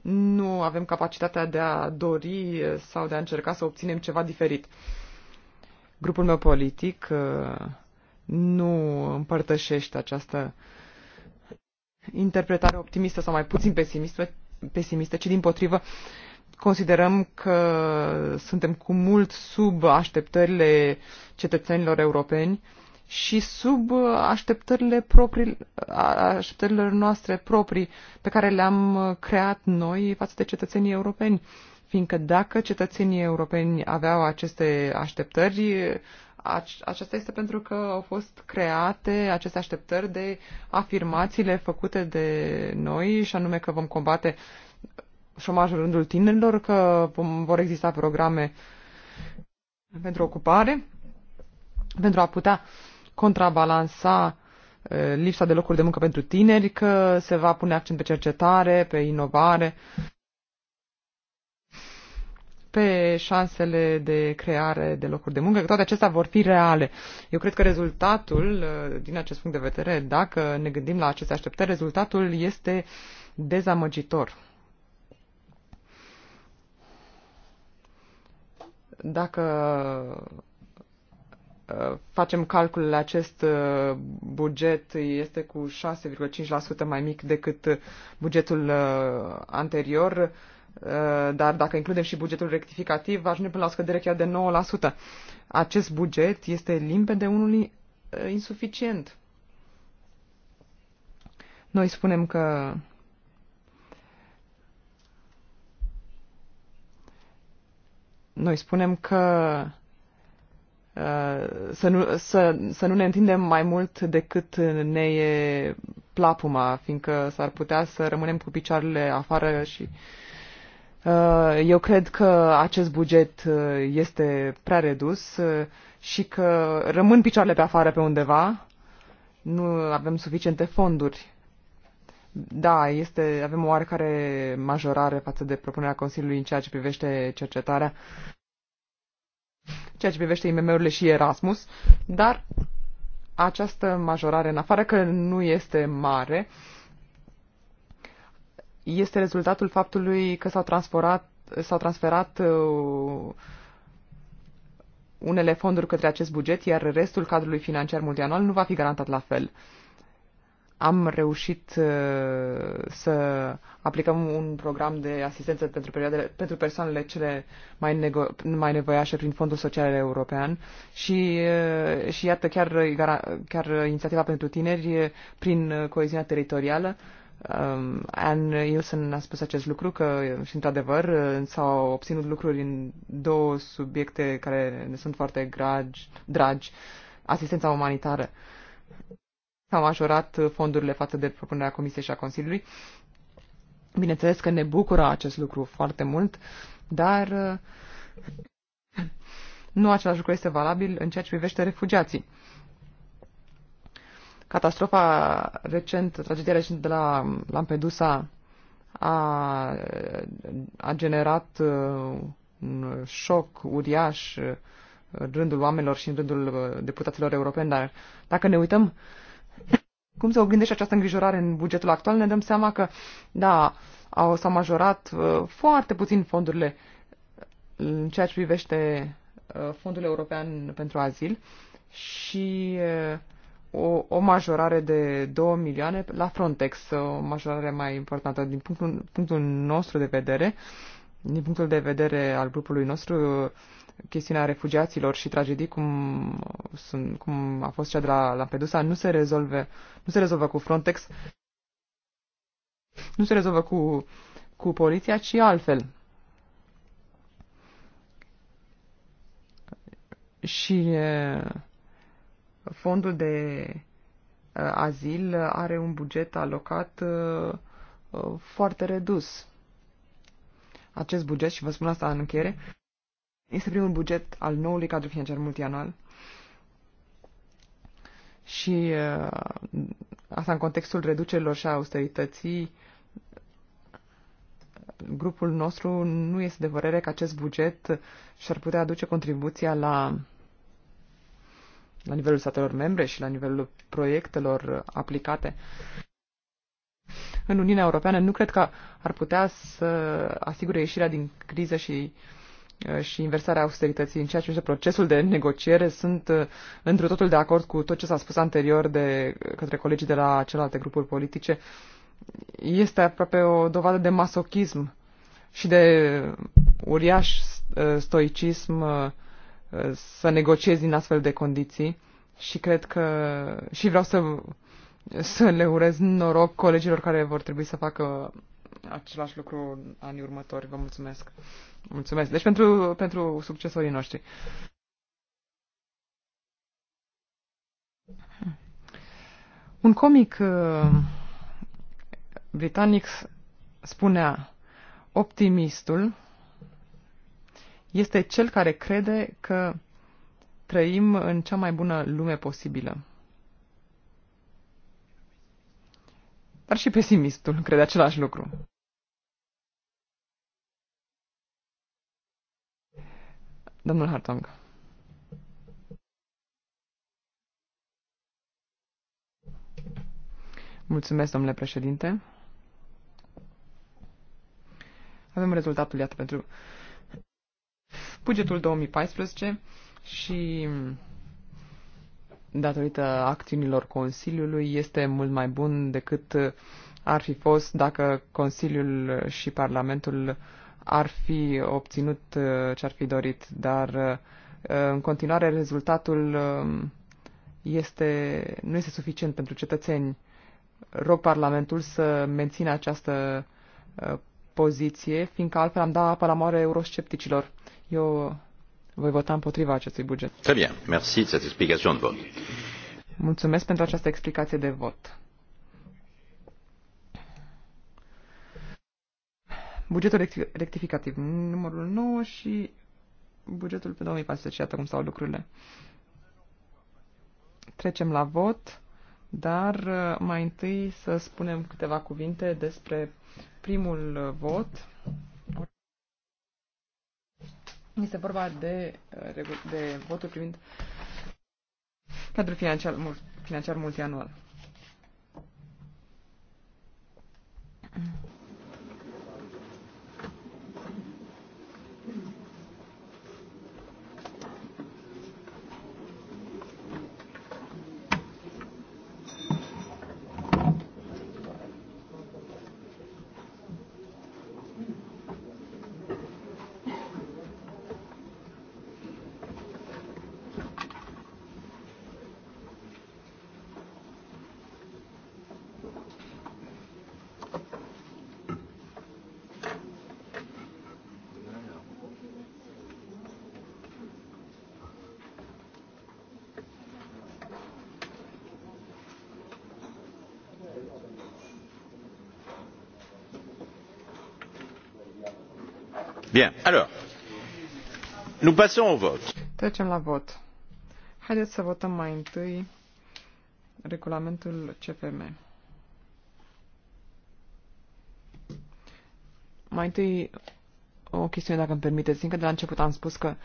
nu avem capacitatea de a dori sau de a încerca să obținem ceva diferit. Grupul meu politic nu împărtășești această interpretare optimistă sau mai puțin pesimistă, pesimistă ci din potrivă considerăm că suntem cu mult sub așteptările cetățenilor europeni și sub așteptările, proprii, așteptările noastre proprii pe care le-am creat noi față de cetățenii europeni. Fiindcă dacă cetățenii europeni aveau aceste așteptări, aceasta este pentru că au fost create aceste așteptări de afirmațiile făcute de noi, și anume că vom combate șomajul rândul tinerilor, că vor exista programe pentru ocupare, pentru a putea contrabalansa lipsa de locuri de muncă pentru tineri, că se va pune accent pe cercetare, pe inovare pe șansele de creare de locuri de muncă, că toate acestea vor fi reale. Eu cred că rezultatul, uh, din acest punct de vedere, dacă ne gândim la aceste așteptări, rezultatul este dezamăgitor. Dacă uh, facem calculele, acest uh, buget este cu 6,5% mai mic decât bugetul anterior Eh, dar dacă includem și bugetul rectificativ, ajunge până la o scădere chiar de 9%. Acest buget este limpede unul eh, insuficient. Noi spunem că noi spunem că eh, să nu, să, să nu ne întindem mai mult decât ne e plapuma, fiindcă s-ar putea să rămânem cu picioarele afară și uh, Uh, eu cred că acest buget uh, este prea redus uh, și că rămân picioarele pe afară pe undeva. Nu avem suficiente fonduri. Da, este, avem o oarecare majorare față de propunerea Consiliului în ceea ce privește cercetarea, ceea ce privește IMM-urile și Erasmus, dar această majorare, în afară că nu este mare, uh, este rezultatul faptului că s-au transferat, s-au transferat uh, unele fonduri către acest buget, iar restul cadrului financiar multianual nu va fi garantat la fel. Am reușit uh, să aplicăm un program de asistență pentru, perioadele, pentru persoanele cele mai, nego, mai nevoiașe prin Fondul Social European și, uh, și iată chiar, chiar inițiativa pentru tineri prin coeziunea teritorială Um, Anne Nielsen a spus acest lucru că, și într-adevăr, s-au obținut lucruri în două subiecte care ne sunt foarte dragi, dragi asistența umanitară. S-au majorat fondurile față de propunerea Comisiei și a Consiliului. Bineînțeles că ne bucură acest lucru foarte mult, dar uh, nu același lucru este valabil în ceea ce privește refugiații. Catastrofa recentă, tragedia recentă de la Lampedusa a, a generat uh, un șoc uriaș în rândul oamenilor și în rândul uh, deputaților europeni, dar dacă ne uităm cum se oglindește această îngrijorare în bugetul actual, ne dăm seama că, da, au, s-au majorat uh, foarte puțin fondurile în ceea ce privește fondul european pentru azil și o, o majorare de 2 milioane la Frontex, o majorare mai importantă din punctul, punctul nostru de vedere. Din punctul de vedere al grupului nostru, chestiunea refugiaților și tragedii cum, sunt, cum a fost cea de la Lampedusa nu se, rezolve, nu se rezolvă cu Frontex, nu se rezolvă cu, cu poliția, ci altfel. Și fondul de uh, azil are un buget alocat uh, uh, foarte redus. Acest buget, și vă spun asta în încheiere, este primul buget al noului cadru financiar multianual și asta în contextul reducerilor și a austerității grupul nostru nu este de părere că acest buget și-ar putea aduce contribuția la la nivelul statelor membre și la nivelul proiectelor aplicate în Uniunea Europeană, nu cred că ar putea să asigure ieșirea din criză și uh, și inversarea austerității în ceea ce privește procesul de negociere sunt uh, într totul de acord cu tot ce s-a spus anterior de uh, către colegii de la celelalte grupuri politice. Este aproape o dovadă de masochism și de uriaș stoicism să negociez din astfel de condiții și cred că și vreau să, să le urez noroc colegilor care vor trebui să facă același lucru în anii următori. Vă mulțumesc. Mulțumesc. Deci pentru, pentru succesorii noștri. Un comic uh, britanic spunea optimistul este cel care crede că trăim în cea mai bună lume posibilă. Dar și pesimistul crede același lucru. Domnul Hartong. Mulțumesc, domnule președinte. Avem rezultatul, iată, pentru bugetul 2014 și datorită acțiunilor Consiliului este mult mai bun decât ar fi fost dacă Consiliul și Parlamentul ar fi obținut uh, ce ar fi dorit, dar uh, în continuare rezultatul um, este, nu este suficient pentru cetățeni. Rog Parlamentul să mențină această uh, poziție, fiindcă altfel am dat apă la moare euroscepticilor. Eu voi vota împotriva acestui buget. Très bien. Merci de cette explication de vote. Mulțumesc pentru această explicație de vot. Bugetul rectificativ numărul 9 și bugetul pe 2014. Iată cum stau lucrurile. Trecem la vot, dar uh, mai întâi să spunem câteva cuvinte despre primul uh, vot este vorba de, uh, de votul privind cadrul financiar, financiar multianual. Bien, alors, nous passons au vote. Trecem la vot. Haideți să votăm mai întâi regulamentul CFM. Mai întâi o chestiune, dacă îmi permiteți. Încă de la început am spus că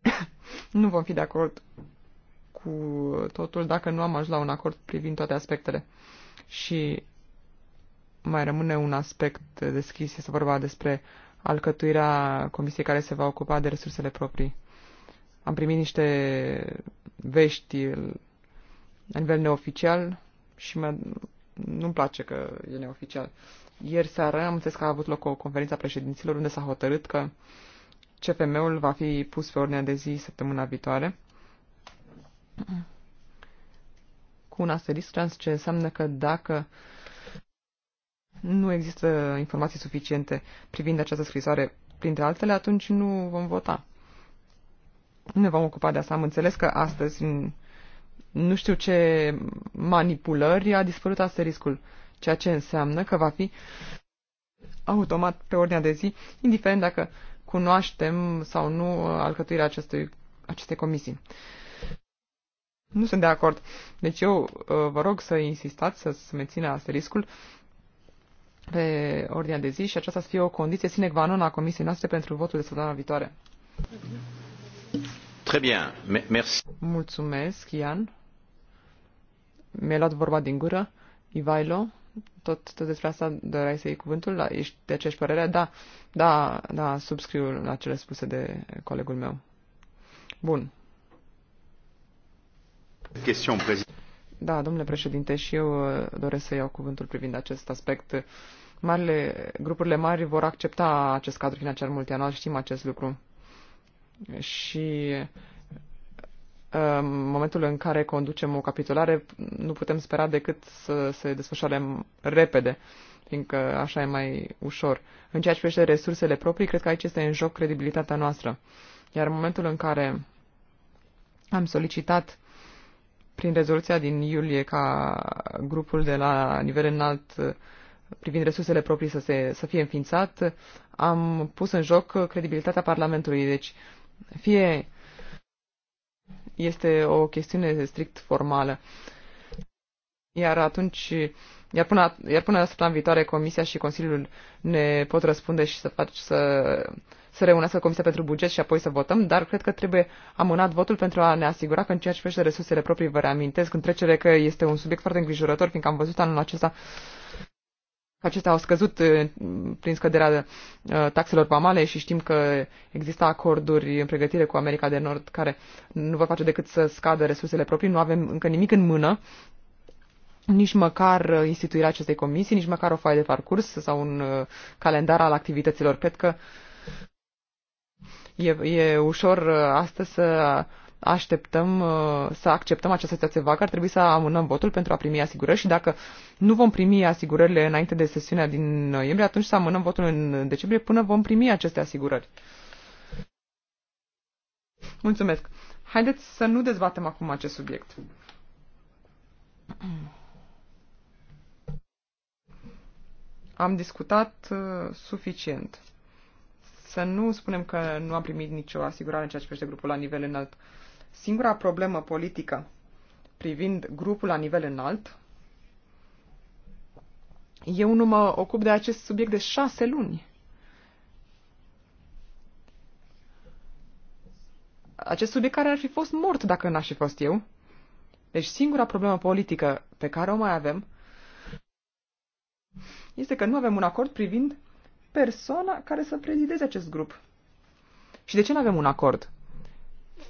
*coughs* nu vom fi de acord cu totul dacă nu am ajuns la un acord privind toate aspectele. Și mai rămâne un aspect deschis, este vorba despre alcătuirea comisiei care se va ocupa de resursele proprii. Am primit niște vești la nivel neoficial și mă, nu-mi place că e neoficial. Ieri seara am înțeles că a avut loc o conferință a președinților unde s-a hotărât că CFM-ul va fi pus pe ordinea de zi săptămâna viitoare cu un asterisc trans, ce înseamnă că dacă nu există informații suficiente privind această scrisoare, printre altele, atunci nu vom vota. Nu ne vom ocupa de asta. Am înțeles că astăzi, nu știu ce manipulări, a dispărut asteriscul, ceea ce înseamnă că va fi automat pe ordinea de zi, indiferent dacă cunoaștem sau nu alcătuirea acestui, acestei comisii. Nu sunt de acord. Deci eu uh, vă rog să insistați să se mențină asteriscul pe ordinea de zi și aceasta să fie o condiție sine qua non a comisiei noastre pentru votul de săptămâna viitoare. Très bien. Merci. Mulțumesc, Ian. Mi-a luat vorba din gură. Ivailo, tot, tot despre asta doreai să iei cuvântul? La, da, ești de aceeași părere? Da, da, da, subscriu la cele spuse de colegul meu. Bun. Question, da, domnule președinte, și eu uh, doresc să iau cuvântul privind acest aspect. Marile, grupurile mari vor accepta acest cadru financiar multianual, știm acest lucru. Și uh, în momentul în care conducem o capitolare, nu putem spera decât să se desfășoare repede, fiindcă așa e mai ușor. În ceea ce privește resursele proprii, cred că aici este în joc credibilitatea noastră. Iar în momentul în care am solicitat prin rezoluția din iulie ca grupul de la nivel înalt uh, privind resursele proprii să, se, să fie înființat, am pus în joc credibilitatea Parlamentului. Deci, fie este o chestiune strict formală, iar atunci, iar până, iar până la săptămâna viitoare, Comisia și Consiliul ne pot răspunde și să fac să să reunească Comisia pentru Buget și apoi să votăm, dar cred că trebuie amânat votul pentru a ne asigura că în ceea ce privește resursele proprii, vă reamintesc în trecere că este un subiect foarte îngrijorător, fiindcă am văzut anul acesta acestea au scăzut eh, prin scăderea eh, taxelor vamale și știm că există acorduri în pregătire cu America de Nord care nu vor face decât să scadă resursele proprii. Nu avem încă nimic în mână, nici măcar eh, instituirea acestei comisii, nici măcar o foaie de parcurs sau un calendar al activităților. Cred că uh, E, e ușor uh, astăzi să așteptăm uh, să acceptăm această situație vagă, ar trebui să amânăm votul pentru a primi asigurări și dacă nu vom primi asigurările înainte de sesiunea din noiembrie, atunci să amânăm votul în decembrie până vom primi aceste asigurări. Mulțumesc. Haideți să nu dezbatem acum acest subiect. Am discutat uh, suficient să nu spunem că nu am primit nicio asigurare în ceea ce privește grupul la nivel înalt. Singura problemă politică privind grupul la nivel înalt, eu nu mă ocup de acest subiect de șase luni. Acest subiect care ar fi fost mort dacă n-aș fi fost eu. Deci singura problemă politică pe care o mai avem este că nu avem un acord privind persoana care să prezideze acest grup. Și de ce nu avem un acord?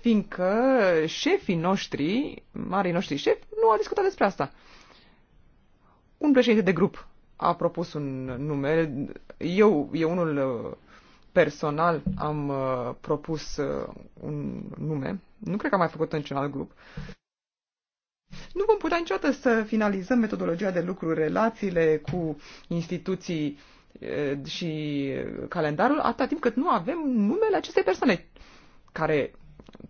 Fiindcă șefii noștri, marii noștri șefi, nu au discutat despre asta. Un președinte de grup a propus un nume. Eu, eu unul uh, personal am uh, propus uh, un nume. Nu cred că am mai făcut în niciun alt grup. Nu vom putea niciodată să finalizăm metodologia de lucru, relațiile cu instituții uh, și calendarul atâta timp cât nu avem numele acestei persoane, care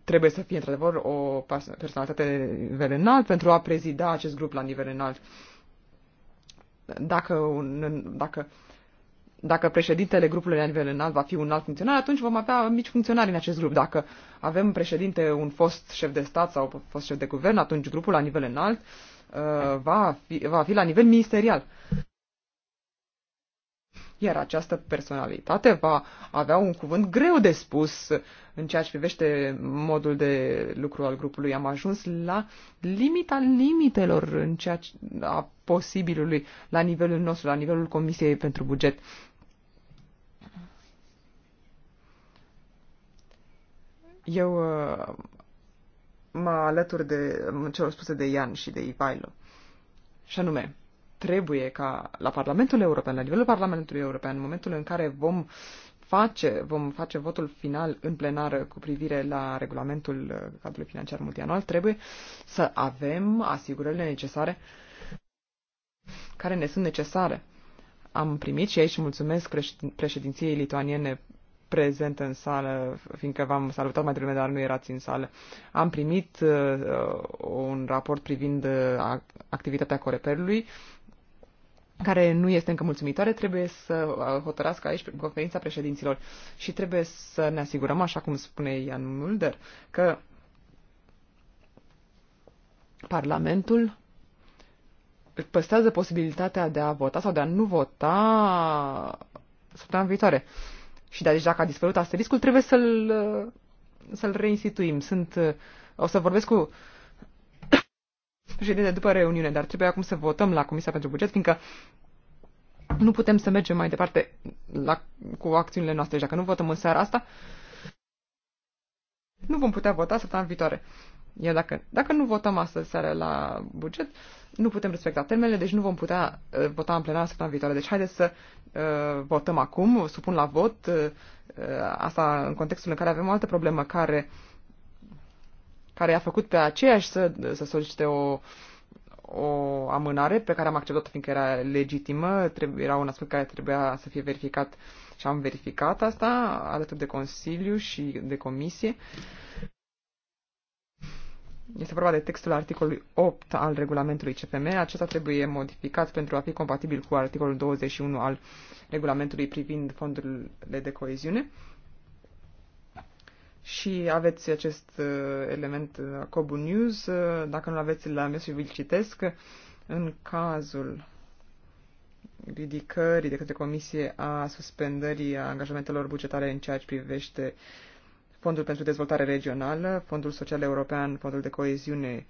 trebuie să fie într-adevăr o personalitate la nivel înalt pentru a prezida acest grup la nivel înalt. Dacă, un, dacă, dacă președintele grupului la nivel înalt va fi un alt funcționar, atunci vom avea mici funcționari în acest grup. Dacă avem președinte un fost șef de stat sau fost șef de guvern, atunci grupul la nivel înalt uh, va, fi, va fi la nivel ministerial iar această personalitate va avea un cuvânt greu de spus în ceea ce privește modul de lucru al grupului. Am ajuns la limita limitelor în ceea ce, a posibilului la nivelul nostru, la nivelul Comisiei pentru Buget. Eu uh, mă alătur de celor spuse de Ian și de Ivailo. Și anume, trebuie ca la Parlamentul European, la nivelul Parlamentului European, în momentul în care vom face, vom face votul final în plenară cu privire la regulamentul uh, cadrului financiar multianual, trebuie să avem asigurările necesare care ne sunt necesare. Am primit și aici mulțumesc președinției lituaniene prezent în sală, fiindcă v-am salutat mai devreme, dar nu erați în sală. Am primit uh, uh un raport privind uh, activitatea Coreperului care nu este încă mulțumitoare, trebuie să uh, hotărască aici conferința președinților și trebuie să ne asigurăm, așa cum spune Ian Mulder, că Parlamentul păstrează posibilitatea de a vota sau de a nu vota săptămâna viitoare. Și de deja dacă a dispărut asteriscul, trebuie să-l să, uh, -l, să -l reinstituim. Sunt, uh, o să vorbesc cu președinte, după reuniune, dar trebuie acum să votăm la Comisia pentru Buget, fiindcă nu putem să mergem mai departe la, cu acțiunile noastre. Dacă nu votăm în seara asta, nu vom putea vota săptămâna viitoare. Iar dacă, dacă nu votăm astăzi seara la buget, nu putem respecta termenele, deci nu vom putea uh, vota în plenar săptămâna viitoare. Deci haideți să uh, votăm acum, supun la vot uh, uh asta în contextul în care avem o altă problemă care uh, care i-a făcut pe aceeași să, să solicite o, o amânare pe care am acceptat-o fiindcă era legitimă, trebu- era un aspect care trebuia să fie verificat și am verificat asta alături de Consiliu și de Comisie. Este vorba de textul articolului 8 al regulamentului CPM. Acesta trebuie modificat pentru a fi compatibil cu articolul 21 al regulamentului privind fondurile de coeziune și aveți acest uh, element uh, Cobu News. Uh, dacă nu-l aveți la mesiu și vi citesc, în cazul ridicării de către Comisie a suspendării a angajamentelor bugetare în ceea ce privește Fondul pentru Dezvoltare Regională, Fondul Social European, Fondul de Coeziune,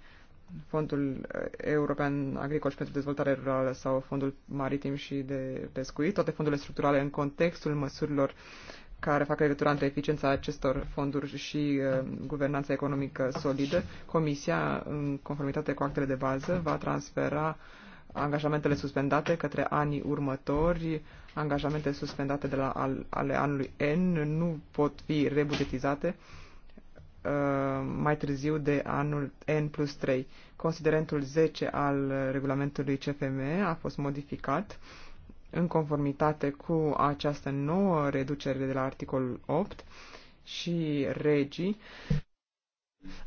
Fondul European Agricol și pentru Dezvoltare Rurală sau Fondul Maritim și de Pescuit, toate fondurile structurale în contextul măsurilor care fac legătura între eficiența acestor fonduri și uh, guvernanța economică solidă, Comisia, în conformitate cu actele de bază, va transfera angajamentele suspendate către anii următori. Angajamente suspendate de la al, ale anului N nu pot fi rebugetizate uh, mai târziu de anul N plus 3. Considerentul 10 al regulamentului CFM a fost modificat uh, în conformitate cu această nouă reducere de la articolul 8 și regii,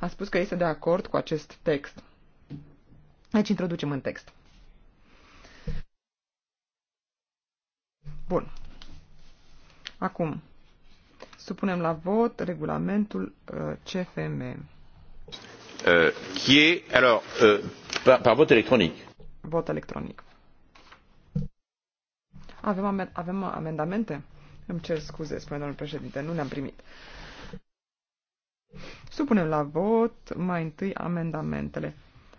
a spus că este de acord cu acest text. Aici deci introducem în text. Bun. Acum, supunem la vot regulamentul uh, CFM. Uh, qui est, alors, uh, par, par vot electronic. Vot electronic. Avem, amen- avem amendamente? Îmi cer scuze, spune domnul președinte, nu le-am primit. Supunem la vot mai întâi amendamentele.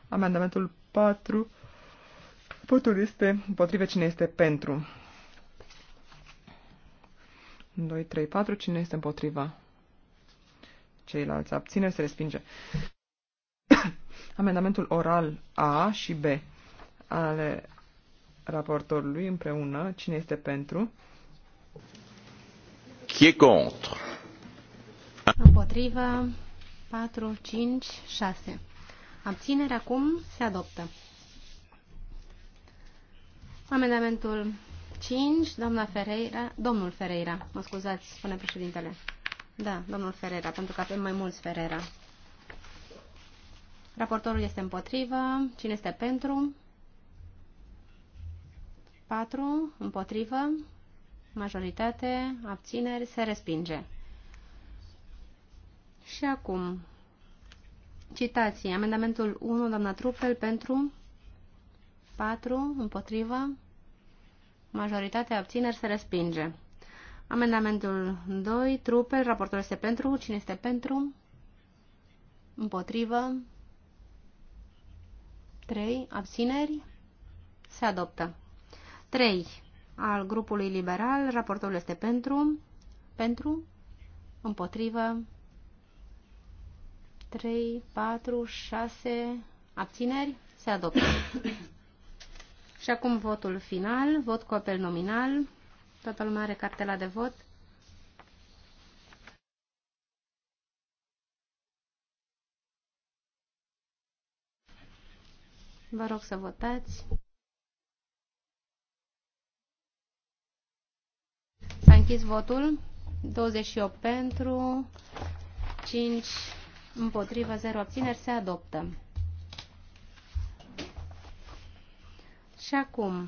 Amendamentul 4. Votul este potrivit cine este pentru. 2, 3, 4. Cine este împotriva? Ceilalți abține, se respinge. *coughs* Amendamentul oral A și B ale raportorului împreună. Cine este pentru? Qui est contre? Împotrivă 4, 5, 6. Abținerea acum se adoptă. Amendamentul 5, doamna Ferreira, domnul Ferreira, mă scuzați, spune președintele. Da, domnul Ferreira, pentru că avem mai mulți Ferreira. Raportorul este împotrivă. Cine este pentru? 4 împotrivă, majoritate, abțineri, se respinge. Și acum, citații, amendamentul 1, doamna Trupel, pentru 4 împotrivă, majoritate, abțineri, se respinge. Amendamentul 2, Trupel, raportul este pentru, cine este pentru, împotrivă, 3, abțineri, se adoptă. 3 al grupului liberal, raportul este pentru, pentru, împotrivă, 3, 4, 6, abțineri, se adoptă. *coughs* Și acum votul final, vot cu apel nominal, toată lumea are cartela de vot. Vă rog să votați. închis votul. 28 pentru, 5 împotrivă, 0 abțineri, se adoptă. Și acum,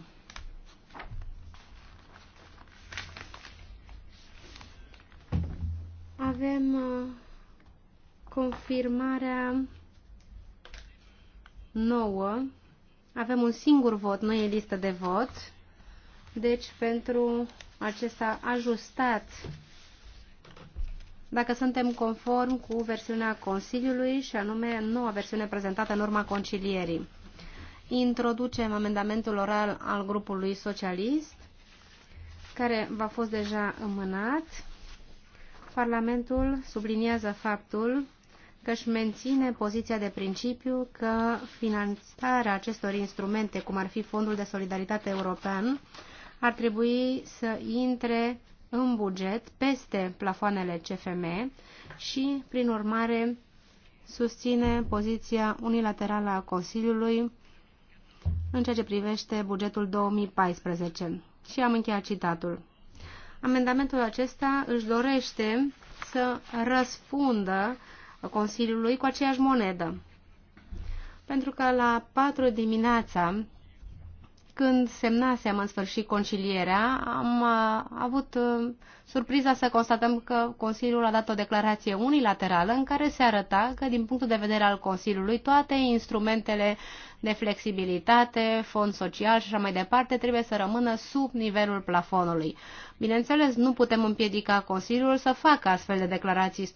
avem uh, confirmarea nouă. Avem un singur vot, nu e listă de vot. Deci, pentru acesta ajustat dacă suntem conform cu versiunea Consiliului și anume noua versiune prezentată în urma concilierii. Introducem amendamentul oral al grupului socialist, care va fost deja înmânat. Parlamentul subliniază faptul că își menține poziția de principiu că finanțarea acestor instrumente, cum ar fi Fondul de Solidaritate European, ar trebui să intre în buget peste plafoanele CFM și, prin urmare, susține poziția unilaterală a Consiliului în ceea ce privește bugetul 2014. Și am încheiat citatul. Amendamentul acesta își dorește să răspundă Consiliului cu aceeași monedă. Pentru că la 4 dimineața când semnasem în sfârșit concilierea, am uh, avut uh, surpriza să constatăm că Consiliul a dat o declarație unilaterală în care se arăta că, din punctul de vedere al Consiliului, toate instrumentele de flexibilitate, fond social și așa mai departe trebuie să rămână sub nivelul plafonului. Bineînțeles, nu putem împiedica Consiliul să facă astfel de declarații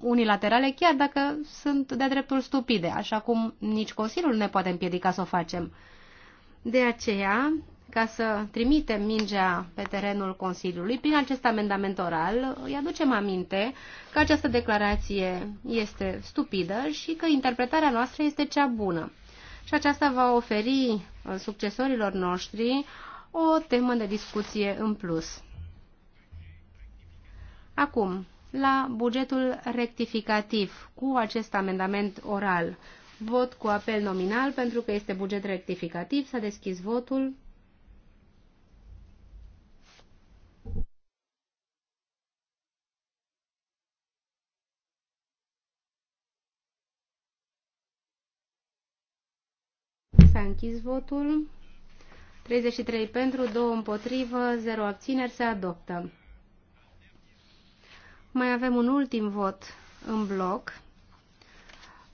unilaterale, chiar dacă sunt de dreptul stupide, așa cum nici Consiliul ne poate împiedica să o facem. De aceea, ca să trimitem mingea pe terenul Consiliului, prin acest amendament oral, îi aducem aminte că această declarație este stupidă și că interpretarea noastră este cea bună. Și aceasta va oferi uh, succesorilor noștri o temă de discuție în plus. Acum, la bugetul rectificativ cu acest amendament oral Vot cu apel nominal pentru că este buget rectificativ. S-a deschis votul. S-a închis votul. 33 pentru, 2 împotrivă, 0 abțineri, se adoptă. Mai avem un ultim vot în bloc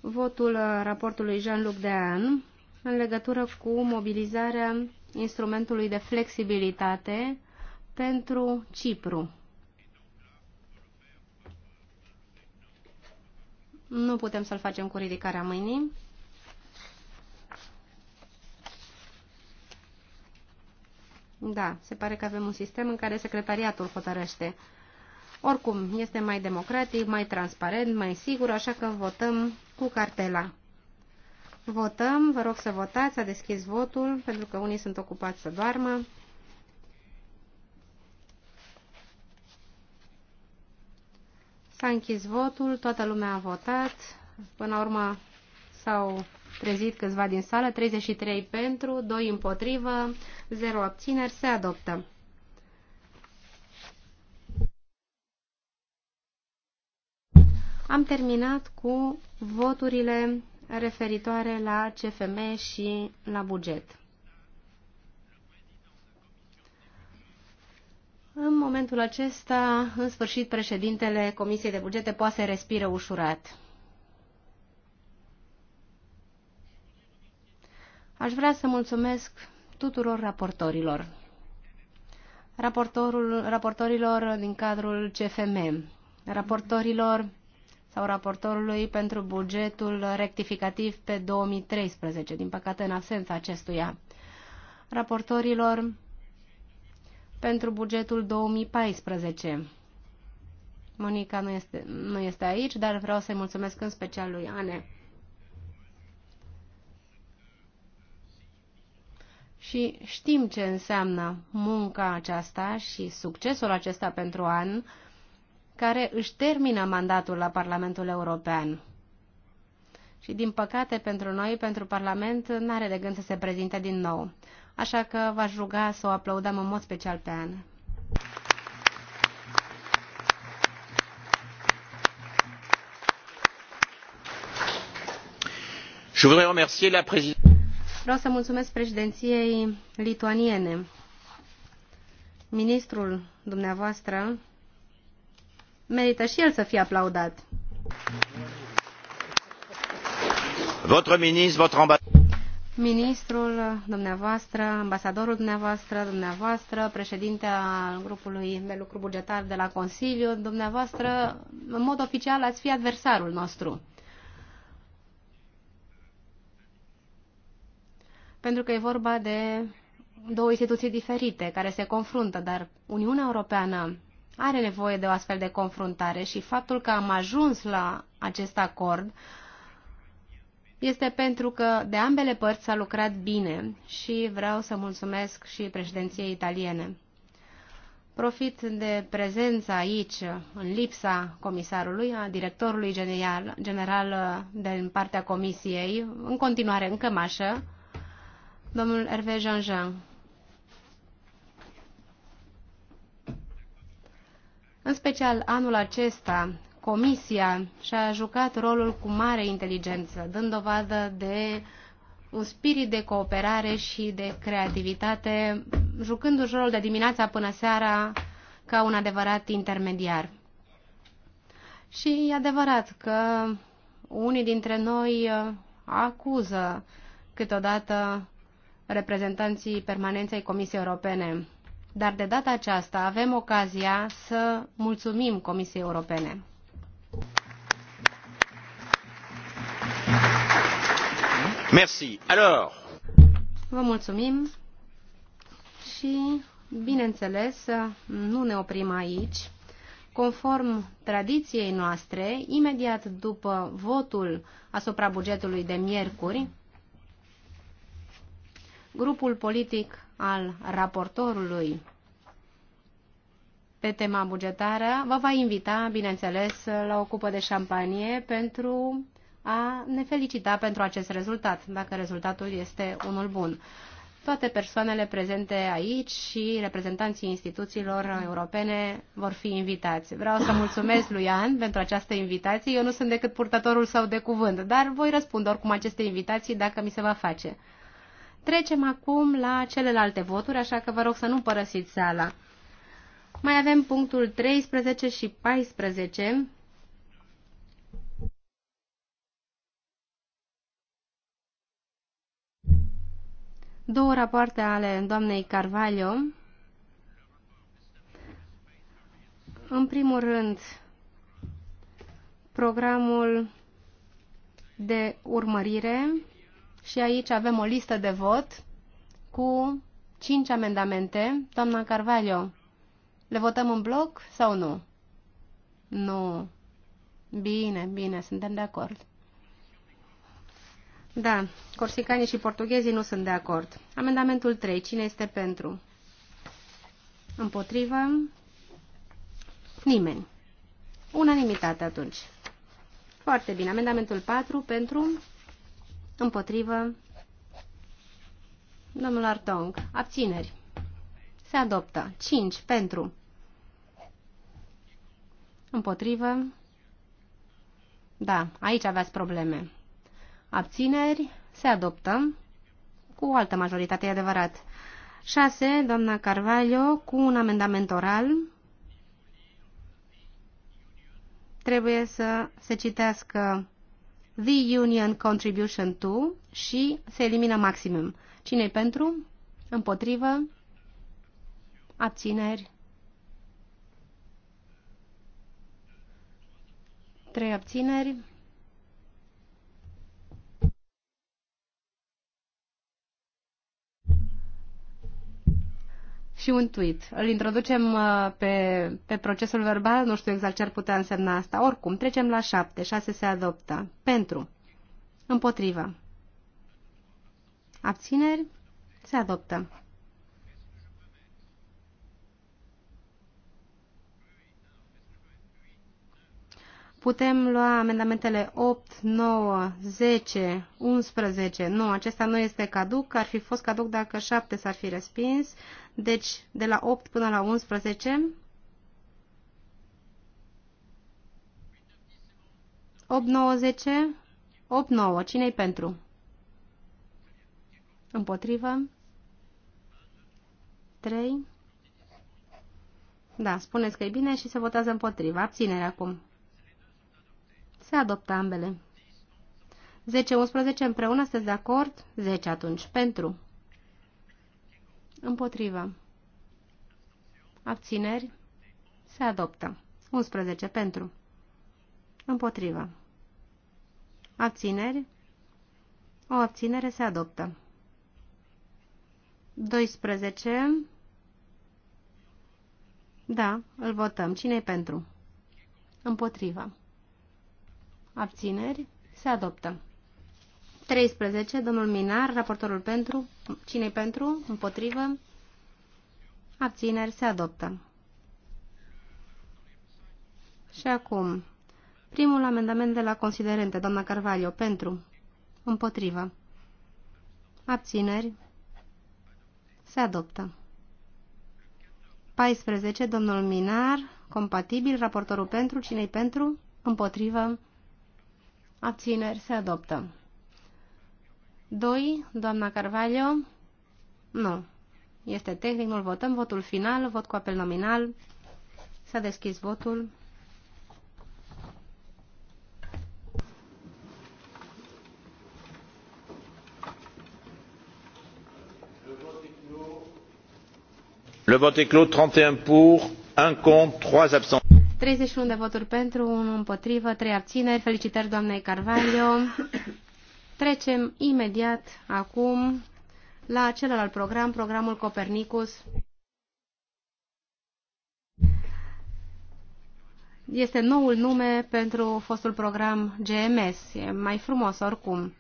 votul uh, raportului Jean-Luc Dean în legătură cu mobilizarea instrumentului de flexibilitate pentru Cipru. Nu putem să-l facem cu ridicarea mâinii. Da, se pare că avem un sistem în care secretariatul hotărăște. Oricum, este mai democratic, mai transparent, mai sigur, așa că votăm cu cartela. Votăm, vă rog să votați, a deschis votul, pentru că unii sunt ocupați să doarmă. S-a închis votul, toată lumea a votat, până la urmă s-au trezit câțiva din sală, 33 pentru, 2 împotrivă, 0 abțineri, se adoptă. Am terminat cu voturile referitoare la CFM și la buget. În momentul acesta, în sfârșit, președintele Comisiei de Bugete poate să respire ușurat. Aș vrea să mulțumesc tuturor raportorilor. Raportorul, raportorilor din cadrul CFM, raportorilor sau raportorului pentru bugetul rectificativ pe 2013, din păcate în absența acestuia, raportorilor pentru bugetul 2014. Monica nu este, nu este aici, dar vreau să-i mulțumesc în special lui Ane. Și știm ce înseamnă munca aceasta și succesul acesta pentru an, care își termină mandatul la Parlamentul European. Și, din păcate, pentru noi, pentru Parlament, nu are de gând să se prezinte din nou. Așa că v-aș ruga să o aplaudăm în mod special pe an. Vreau să mulțumesc președinției lituaniene. Ministrul dumneavoastră merită și el să fie aplaudat. Votre ministre, votre ambassadeur ministrul dumneavoastră, ambasadorul dumneavoastră, dumneavoastră, președintea grupului de lucru bugetar de la Consiliu, dumneavoastră, în mod oficial, ați fi adversarul nostru. Pentru că e vorba de două instituții diferite care se confruntă, dar Uniunea Europeană are nevoie de o astfel de confruntare și faptul că am ajuns la acest acord este pentru că de ambele părți s-a lucrat bine și vreau să mulțumesc și președinției italiene. Profit de prezența aici, în lipsa comisarului, a directorului general, general uh, din partea comisiei, în continuare în cămașă, domnul Hervé Jean-Jean. În special, anul acesta, Comisia și-a jucat rolul cu mare inteligență, dând dovadă de un spirit de cooperare și de creativitate, jucându-și rolul de dimineața până seara ca un adevărat intermediar. Și e adevărat că unii dintre noi uh, acuză câteodată reprezentanții permanenței Comisiei Europene dar de data aceasta avem ocazia să mulțumim Comisiei Europene. Merci. Alors... Vă mulțumim și, bineînțeles, nu ne oprim aici. Conform tradiției noastre, imediat după votul asupra bugetului de miercuri, grupul politic al raportorului pe tema bugetară vă va invita, bineînțeles, la o cupă de șampanie pentru a ne felicita pentru acest rezultat, dacă rezultatul este unul bun. Toate persoanele prezente aici și reprezentanții instituțiilor europene vor fi invitați. Vreau să mulțumesc lui Ian pentru această invitație. Eu nu sunt decât purtătorul său de cuvânt, dar voi răspunde oricum aceste invitații dacă mi se va face. Trecem acum la celelalte voturi, așa că vă rog să nu părăsiți sala. Mai avem punctul 13 și 14. Două rapoarte ale doamnei Carvalho. În primul rând, programul de urmărire și aici avem o listă de vot cu 5 amendamente. Doamna Carvalho, le votăm în bloc sau nu? Nu. Bine, bine, suntem de acord. Da, corsicanii și portughezii nu sunt de acord. Amendamentul 3. Cine este pentru? Împotrivă? Nimeni. Unanimitate atunci. Foarte bine. Amendamentul 4 pentru Împotrivă. Domnul Artong. Abțineri. Se adoptă. 5. Pentru. Împotrivă. Da, aici aveți probleme. Abțineri. Se adoptă. Cu o altă majoritate, e adevărat. 6. Doamna Carvalho, cu un amendament oral. Trebuie să se citească the union contribution to și se elimină maximum. cine pentru? Împotrivă? Abțineri? Trei abțineri? și un tweet. Îl introducem uh, pe, pe procesul verbal, nu știu exact ce ar putea însemna asta. Oricum, trecem la șapte. Șase se adoptă. Pentru. Împotrivă. Abțineri. Se adoptă. Putem lua amendamentele 8, 9, 10, 11. Nu, acesta nu este caduc. Ar fi fost caduc dacă 7 s-ar fi respins. Deci, de la 8 până la 11. 8, 9, 10. 8, 9. Cine-i pentru? Împotrivă. 3. Da, spuneți că e bine și se votează împotriva. Abținere acum. Se adoptă ambele. 10-11 împreună, sunteți de acord? 10 atunci. Pentru. Împotriva. Abțineri. Se adoptă. 11 pentru. Împotriva. Abțineri. O abținere se adoptă. 12. Da, îl votăm. cine e pentru? Împotriva abțineri, se adoptă. 13, domnul Minar, raportorul pentru, cine pentru, împotrivă, abțineri, se adoptă. Și acum, primul amendament de la considerente, doamna Carvalho, pentru, împotrivă, abțineri, se adoptă. 14, domnul Minar, compatibil, raportorul pentru, cine pentru, împotrivă, Abțineri se adoptă. 2. Doamna Carvalho. Nu. Este tehnic, nu-l votăm. Votul final, vot cu apel nominal. S-a deschis votul. Le vote est clos, 31 pour, 1 contre, 3 absents. 31 de voturi pentru, 1 împotrivă, 3 abțineri. Felicitări doamnei Carvalho. Trecem imediat acum la celălalt program, programul Copernicus. Este noul nume pentru fostul program GMS. E mai frumos oricum.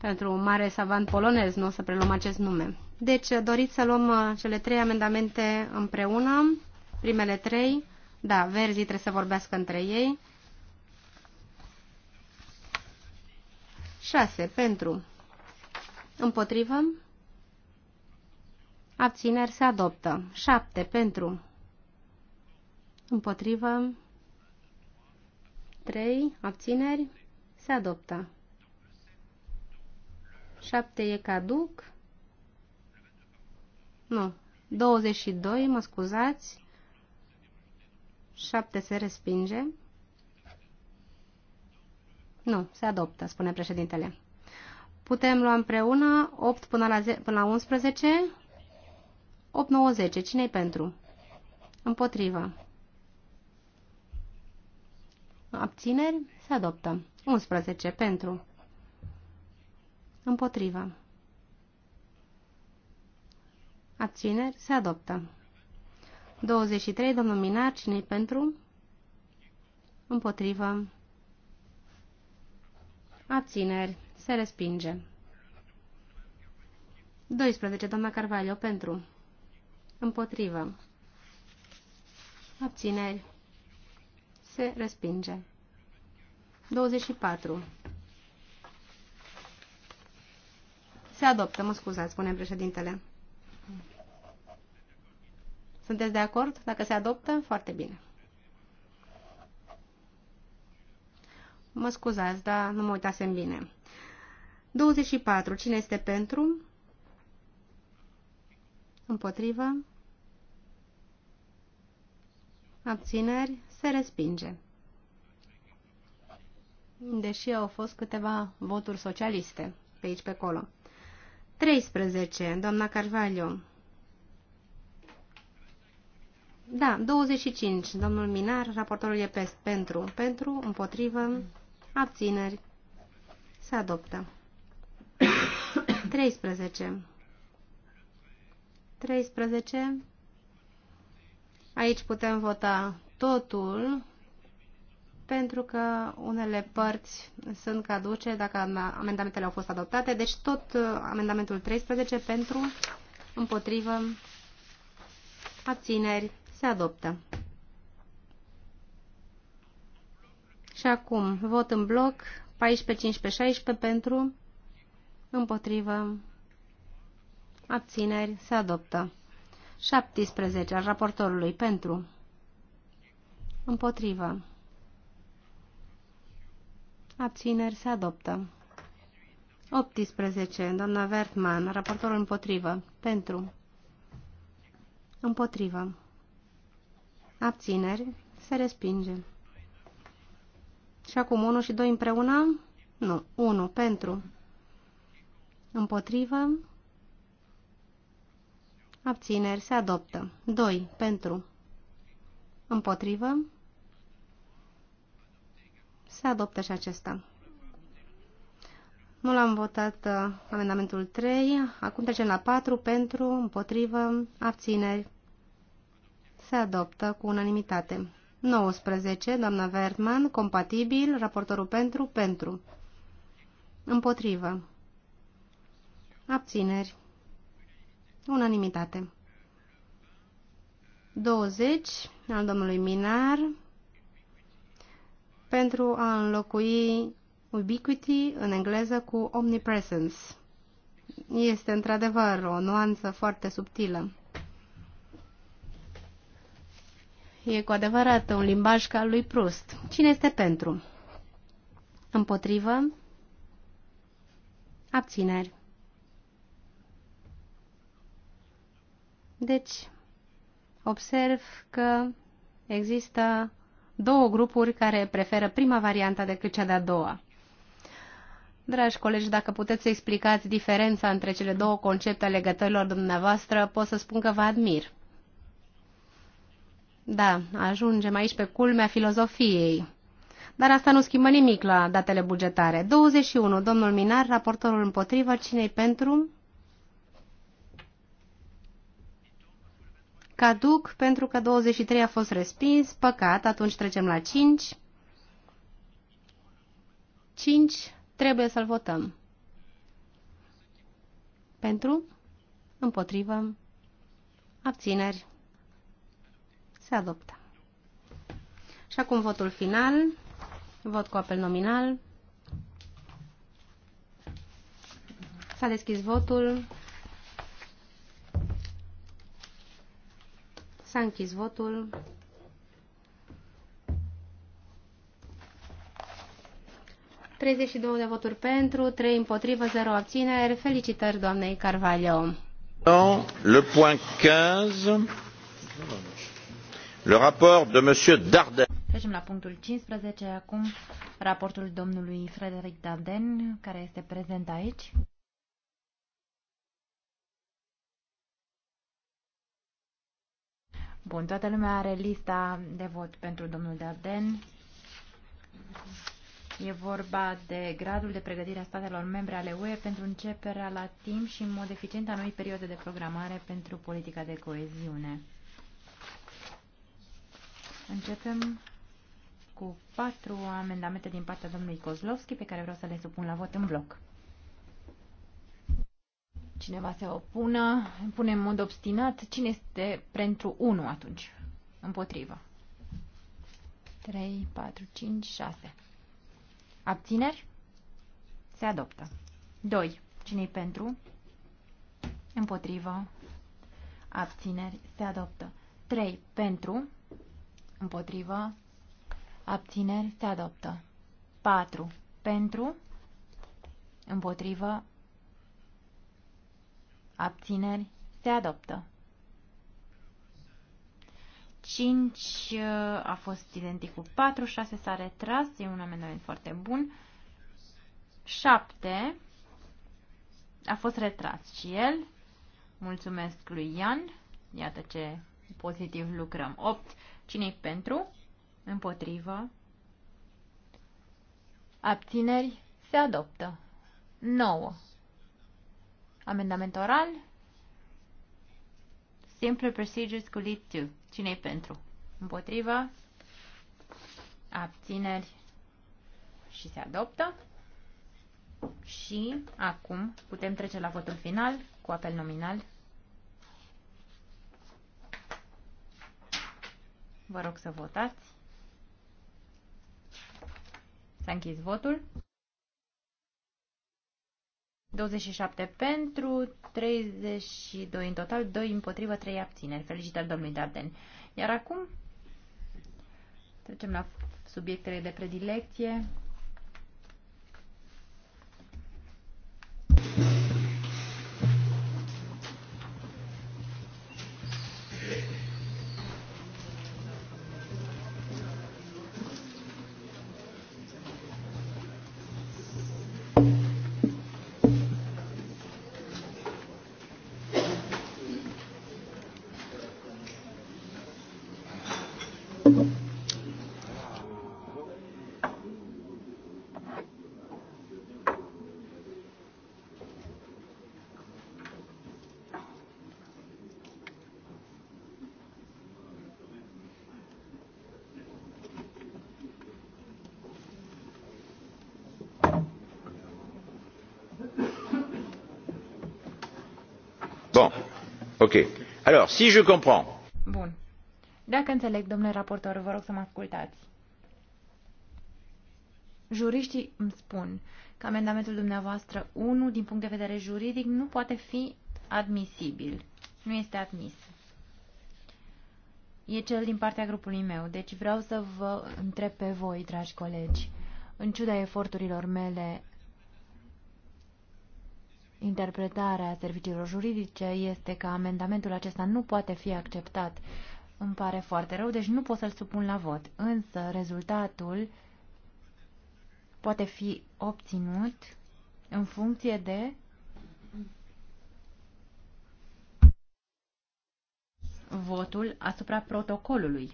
Pentru un mare savant polonez nu o să preluăm acest nume. Deci doriți să luăm uh, cele trei amendamente împreună, primele trei. Da, verzii trebuie să vorbească între ei. 6. Pentru. Împotrivă. Abțineri se adoptă. 7. Pentru. Împotrivă. 3. Abțineri se adoptă. 7 e caduc. Nu. 22, mă scuzați. 7 se respinge. Nu, se adoptă, spune președintele. Putem lua împreună 8 până la, 10, până la 11, 8, 9, 10. Cine-i pentru? Împotrivă. Abțineri? Se adoptă. 11. Pentru. Împotrivă. Abțineri? Se adoptă. 23, domnul Minar, cine pentru? Împotrivă. Abțineri. Se respinge. 12, doamna Carvalho, pentru. Împotrivă. Abțineri. Se respinge. 24. Se adoptă, mă scuzați, spune președintele. Sunteți de acord? Dacă se adoptă, foarte bine. Mă scuzați, dar nu mă uitasem bine. 24. Cine este pentru? Împotrivă? Abțineri? Se respinge. Deși au fost câteva voturi socialiste pe aici pe acolo. 13. Doamna Carvalho. Da, 25. Domnul Minar, raportorul e pe, pentru, pentru, împotrivă, abțineri. Se adoptă. 13. *coughs* 13. Aici putem vota totul, pentru că unele părți sunt caduce dacă amendamentele au fost adoptate. Deci tot uh, amendamentul 13 pentru, împotrivă, abțineri se adoptă. Și acum, vot în bloc 14, 15, 16 pentru, împotrivă, abțineri, se adoptă. 17 al raportorului pentru, împotrivă, abțineri, se adoptă. 18, doamna Wertmann, raportorul împotrivă, pentru, împotrivă. Abțineri. Se respinge. Și acum 1 și 2 împreună? Nu. 1 pentru. Împotrivă. Abțineri. Se adoptă. 2 pentru. Împotrivă. Se adoptă și acesta. Nu l-am votat uh, amendamentul 3. Acum trecem la 4 pentru, împotrivă, abțineri se adoptă cu unanimitate. 19. Doamna Wertmann, compatibil, raportorul pentru, pentru. Împotrivă. Abțineri. Unanimitate. 20 al domnului Minar pentru a înlocui ubiquity în engleză cu omnipresence. Este într-adevăr o nuanță foarte subtilă. E cu adevărat un limbaj ca lui Prust. Cine este pentru? Împotrivă? Abțineri. Deci, observ că există două grupuri care preferă prima variantă decât cea de-a doua. Dragi colegi, dacă puteți să explicați diferența între cele două concepte ale legătorilor dumneavoastră, pot să spun că vă admir. Da, ajungem aici pe culmea filozofiei. Dar asta nu schimbă nimic la datele bugetare. 21. Domnul Minar, raportorul împotrivă, cine pentru? Caduc, pentru că 23 a fost respins. Păcat, atunci trecem la 5. 5. Trebuie să-l votăm. Pentru? Împotrivă? Abțineri? Se adoptă. Și acum votul final. Vot cu apel nominal. S-a deschis votul. S-a închis votul. 32 de voturi pentru, trei împotrivă, zero abțineri. Felicitări doamnei Carvalho. Le point 15. Le rapport de Monsieur Darden. Trecem la punctul 15 acum, raportul domnului Frederic Darden, care este prezent aici. Bun, toată lumea are lista de vot pentru domnul Darden. E vorba de gradul de pregătire a statelor membre ale UE pentru începerea la timp și în mod eficient a noi perioade de programare pentru politica de coeziune. Începem cu patru amendamente din partea domnului Kozlovski pe care vreau să le supun la vot în bloc. Cineva se opună, pune în mod obstinat. Cine este pentru 1 atunci? Împotrivă. 3, 4, 5, 6. Abțineri? Se adoptă. 2. Cine-i pentru? Împotrivă. Abțineri. Se adoptă. 3. Pentru. Împotrivă. Abțineri. Se adoptă. 4. Pentru. Împotrivă. Abțineri. Se adoptă. 5 uh, a fost identic cu 4, 6 s-a retras, e un amendament foarte bun. 7 a fost retras și el. Mulțumesc lui Ian. Iată ce pozitiv lucrăm. 8 cine pentru? Împotrivă. Abțineri se adoptă. 9. Amendament oral. Simple procedures cu lead to. cine pentru? Împotrivă. Abțineri și se adoptă. Și acum putem trece la votul final cu apel nominal Vă rog să votați. S-a închis votul. 27 pentru, 32 în total, 2 împotrivă, 3 abțineri. Felicitări domnului Darden. Iar acum trecem la subiectele de predilecție. Ok. Dacă înțeleg, domnule raportor, vă rog să mă ascultați. Juriștii îmi spun că amendamentul dumneavoastră unu din punct de vedere juridic, nu poate fi admisibil. Nu este admis. E cel din partea grupului meu, deci vreau să vă întreb pe voi, dragi colegi, în ciuda eforturilor mele interpretarea serviciilor juridice este că amendamentul acesta nu poate fi acceptat. Îmi pare foarte rău, deci nu pot să-l supun la vot. Însă rezultatul poate fi obținut în funcție de votul asupra protocolului.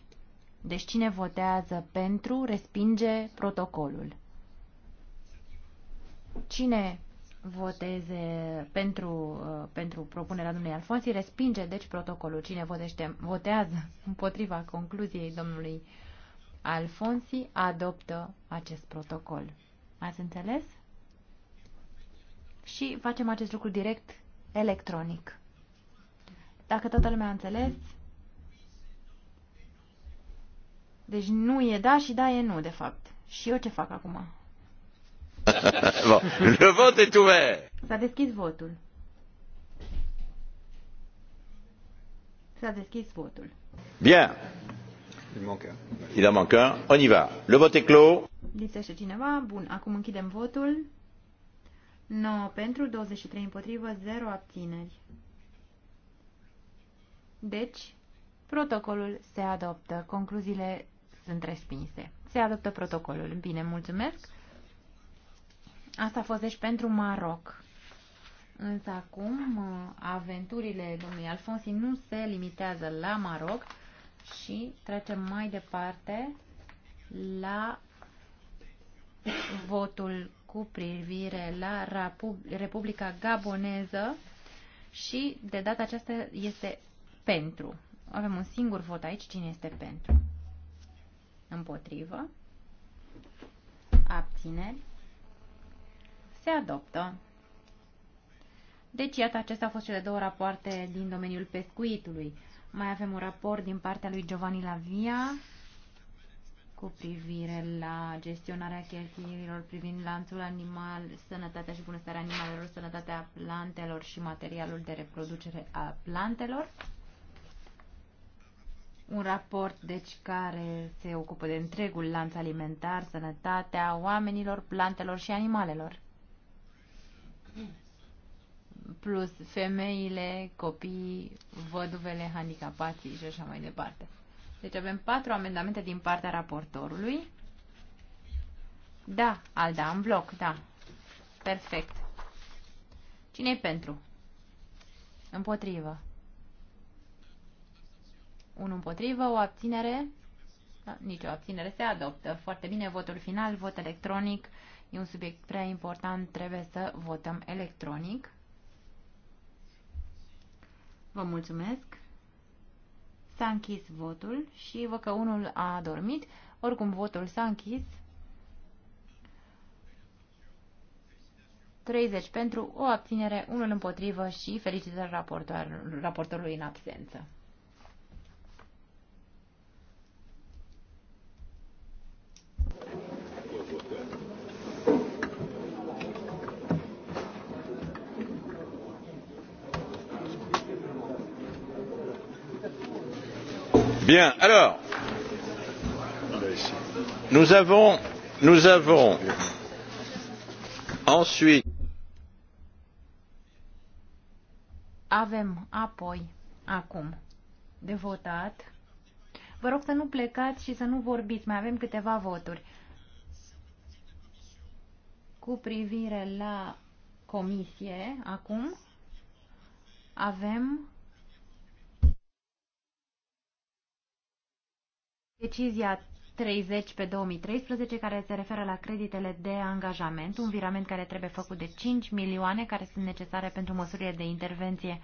Deci cine votează pentru respinge protocolul. Cine voteze pentru, uh, pentru propunerea domnului Alfonsi, respinge deci protocolul. Cine votește, votează împotriva concluziei domnului Alfonsi, adoptă acest protocol. Ați înțeles? Și facem acest lucru direct electronic. Dacă toată lumea a înțeles, deci nu e da și da e nu, de fapt. Și eu ce fac acum? *laughs* bon, le vot est ouvert. S-a deschis votul. S-a deschis votul. Bien. Il manque un. Il en manque un. On y va. Le vote est clos. Lipsește cineva. Bun, acum închidem votul. 9 pentru, 23 împotrivă, 0 abțineri. Deci, protocolul se adoptă. Concluziile sunt respinse. Se adoptă protocolul. Bine, mulțumesc. Asta a fost deci pentru Maroc. Însă acum uh, aventurile domnului Alfonsi nu se limitează la Maroc și trecem mai departe la votul cu privire la Republica Gaboneză și de data aceasta este pentru. Avem un singur vot aici. Cine este pentru? Împotrivă. Abțineri se adoptă. Deci, iată, acestea au fost cele două rapoarte din domeniul pescuitului. Mai avem un raport din partea lui Giovanni Lavia cu privire la gestionarea cheltuielilor privind lanțul animal, sănătatea și bunăstarea animalelor, sănătatea plantelor și materialul de reproducere a plantelor. Un raport, deci, care se ocupă de întregul lanț alimentar, sănătatea oamenilor, plantelor și animalelor plus femeile, copii, văduvele, handicapații și așa mai departe. Deci avem patru amendamente din partea raportorului. Da, Alda, în bloc, da. Perfect. cine e pentru? Împotrivă. Un împotrivă, o abținere. Da, nici o abținere se adoptă. Foarte bine, votul final, vot electronic. E un subiect prea important, trebuie să votăm electronic. Vă mulțumesc. S-a închis votul și vă că unul a adormit. Oricum, votul s-a închis. 30 pentru o abținere, unul împotrivă și felicitări raportorului în absență. Bien, alors, nous avons, nous avons ensuite. Avem apoi, acum, de votat. Vă rog să nu plecați și să nu vorbiți, mai avem câteva voturi. Cu privire la comisie, acum, avem Decizia 30 pe 2013 care se referă la creditele de angajament, un virament care trebuie făcut de 5 milioane care sunt necesare pentru măsurile de intervenție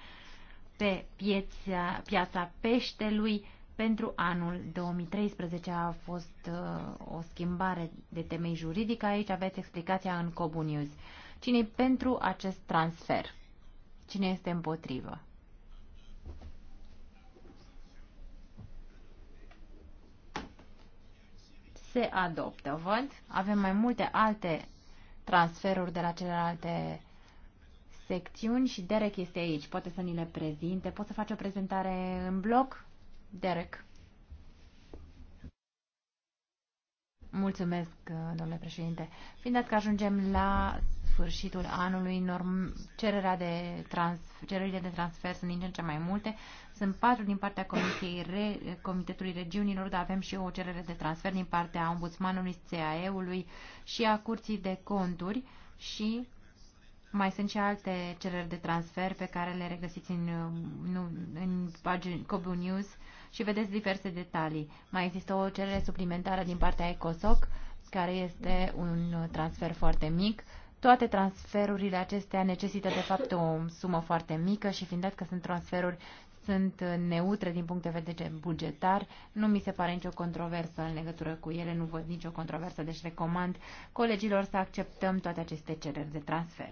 pe piața, piața peștelui pentru anul 2013 a fost uh, o schimbare de temei juridic. Aici aveți explicația în Cobu News. Cine pentru acest transfer? Cine este împotrivă? se adoptă. Văd, avem mai multe alte transferuri de la celelalte secțiuni și Derek este aici. Poate să ni le prezinte. Poți să faci o prezentare în bloc? Derek. Mulțumesc, domnule președinte. Fiind dat că ajungem la sfârșitul anului, norm, cererea de trans, cererile de transfer sunt din ce în ce mai multe. Sunt patru din partea Comisiei Re, Comitetului Regiunilor, dar avem și o cerere de transfer din partea Ombudsmanului CAE-ului și a Curții de Conturi și mai sunt și alte cereri de transfer pe care le regăsiți în, nu, în Cobu News și vedeți diverse detalii. Mai există o cerere suplimentară din partea ECOSOC, care este un transfer foarte mic toate transferurile acestea necesită, de fapt, o sumă foarte mică și fiind dat că sunt transferuri sunt neutre din punct de vedere bugetar, nu mi se pare nicio controversă în legătură cu ele, nu văd nicio controversă, deci recomand colegilor să acceptăm toate aceste cereri de transfer.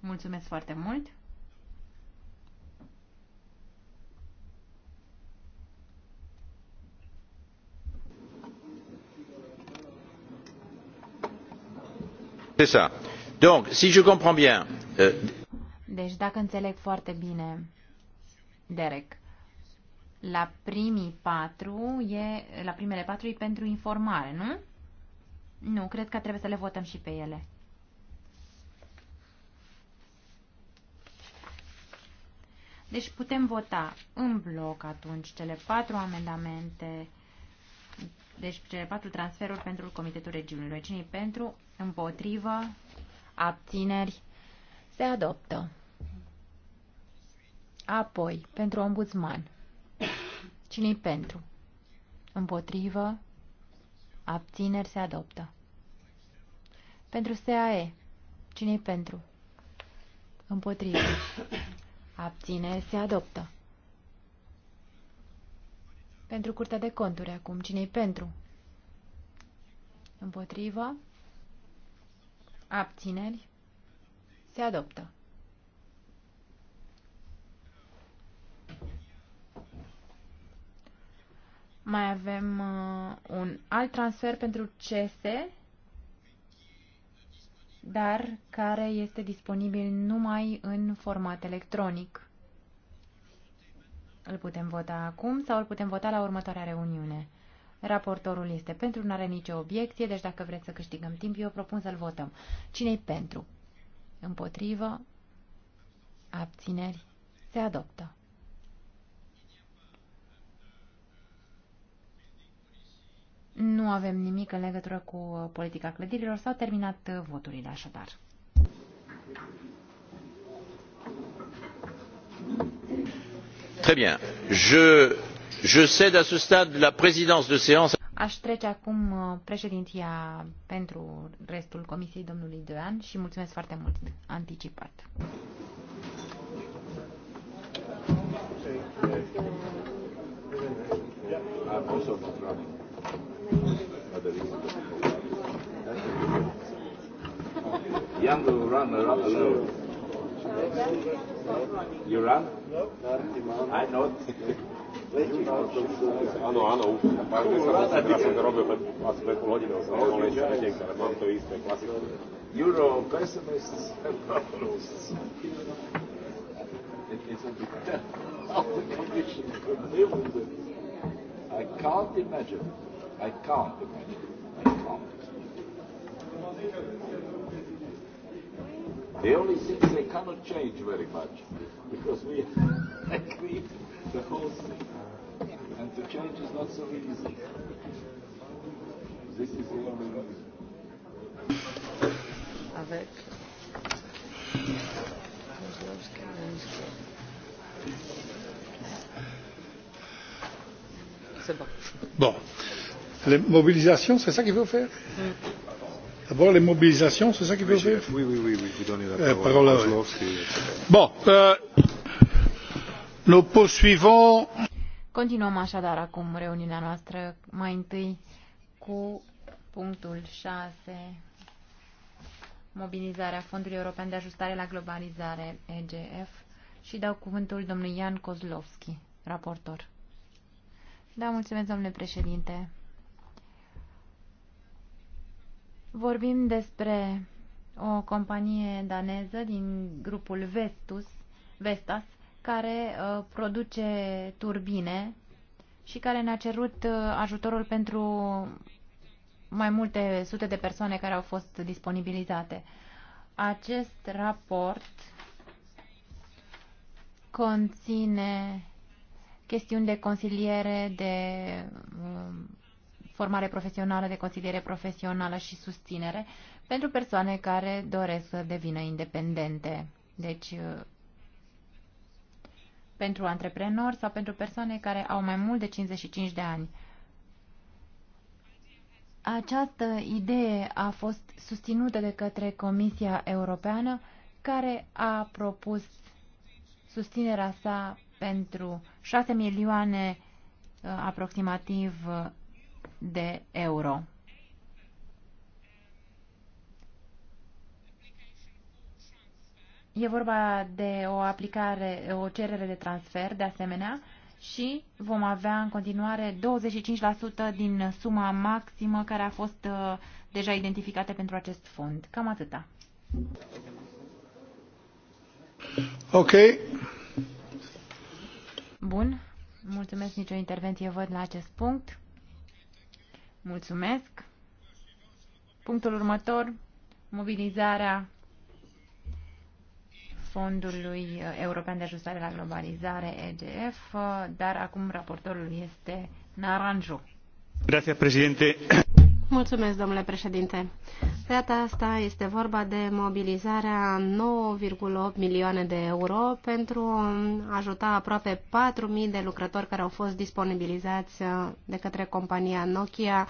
Mulțumesc foarte mult! Euh, deci, dacă înțeleg foarte bine, Derek, la primii patru e, la primele patru e pentru informare, nu? Nu, cred că trebuie să le votăm și pe ele. Deci putem vota în bloc atunci cele patru amendamente deci cele patru transferuri pentru Comitetul Regiunilor. Cine pentru, împotrivă, abțineri, se adoptă. Apoi, pentru ombudsman. Cine-i pentru? Împotrivă, abțineri, se adoptă. Pentru SAE. Cine-i pentru? Împotrivă. Abțineri, se adoptă. Pentru curtea de conturi acum. Cine-i pentru? Împotrivă. Abțineri. Se adoptă. Mai avem uh, un alt transfer pentru CESE, dar care este disponibil numai în format electronic. Îl putem vota acum sau îl putem vota la următoarea reuniune. Raportorul este pentru, nu are nicio obiecție, deci dacă vreți să câștigăm timp, eu propun să-l votăm. Cine-i pentru? Împotrivă? Abțineri? Se adoptă. Nu avem nimic în legătură cu politica clădirilor, s-au terminat voturile așadar. Très bien. Je, je cède à ce stade la présidence de séance. Aș trece acum uh, președinția pentru restul comisiei domnului Dean și mulțumesc foarte mult anticipat. Young runner up alone. You run? No. not. Áno, áno, vážne sa musím, teraz som to robil pred, asi pred pol hodinou, som nebol len stretiem, ale mám to isté, klasické. Euro pessimists and populists. It is a dictator of to live with it. I can't imagine. I can't imagine. I can't. The only thing they cannot change very much because we *laughs* agree the whole thing. And to change is not so easy. This is the only reason. Avec. C'est bon. Bon. Les mobilisations, c'est ça qu'il faut faire mm. D'abord les mobilisations, c'est ça qu'il faut faire Oui, oui, oui, oui, vous donnez la parole, euh, parole à euh. Bon, euh, nous poursuivons. Continuăm așadar acum reuniunea noastră, mai întâi cu punctul 6, mobilizarea Fondului European de Ajustare la Globalizare, EGF, și dau cuvântul domnului Ian Kozlovski, raportor. Da, mulțumesc, domnule președinte. Vorbim despre o companie daneză din grupul Vestus, Vestas, care uh, produce turbine și care ne-a cerut uh, ajutorul pentru mai multe sute de persoane care au fost disponibilizate. Acest raport conține chestiuni de consiliere, de um, formare profesională, de consiliere profesională și susținere pentru persoane care doresc să devină independente. Deci, uh, pentru antreprenori sau pentru persoane care au mai mult de 55 de ani. Această idee a fost susținută de către Comisia Europeană, care a propus susținerea sa pentru 6 milioane uh, aproximativ uh, de euro. E vorba de o aplicare, o cerere de transfer, de asemenea, și vom avea în continuare 25% din suma maximă care a fost uh, deja identificată pentru acest fond. Cam atâta. Ok. Bun. Mulțumesc nicio intervenție văd la acest punct. Mulțumesc. Punctul următor, mobilizarea Fondului European de Ajustare la Globalizare, EGF, dar acum raportorul este Naranjo. Gracias, președinte. Mulțumesc, domnule președinte. De data asta este vorba de mobilizarea 9,8 milioane de euro pentru a ajuta aproape 4.000 de lucrători care au fost disponibilizați uh, de către compania Nokia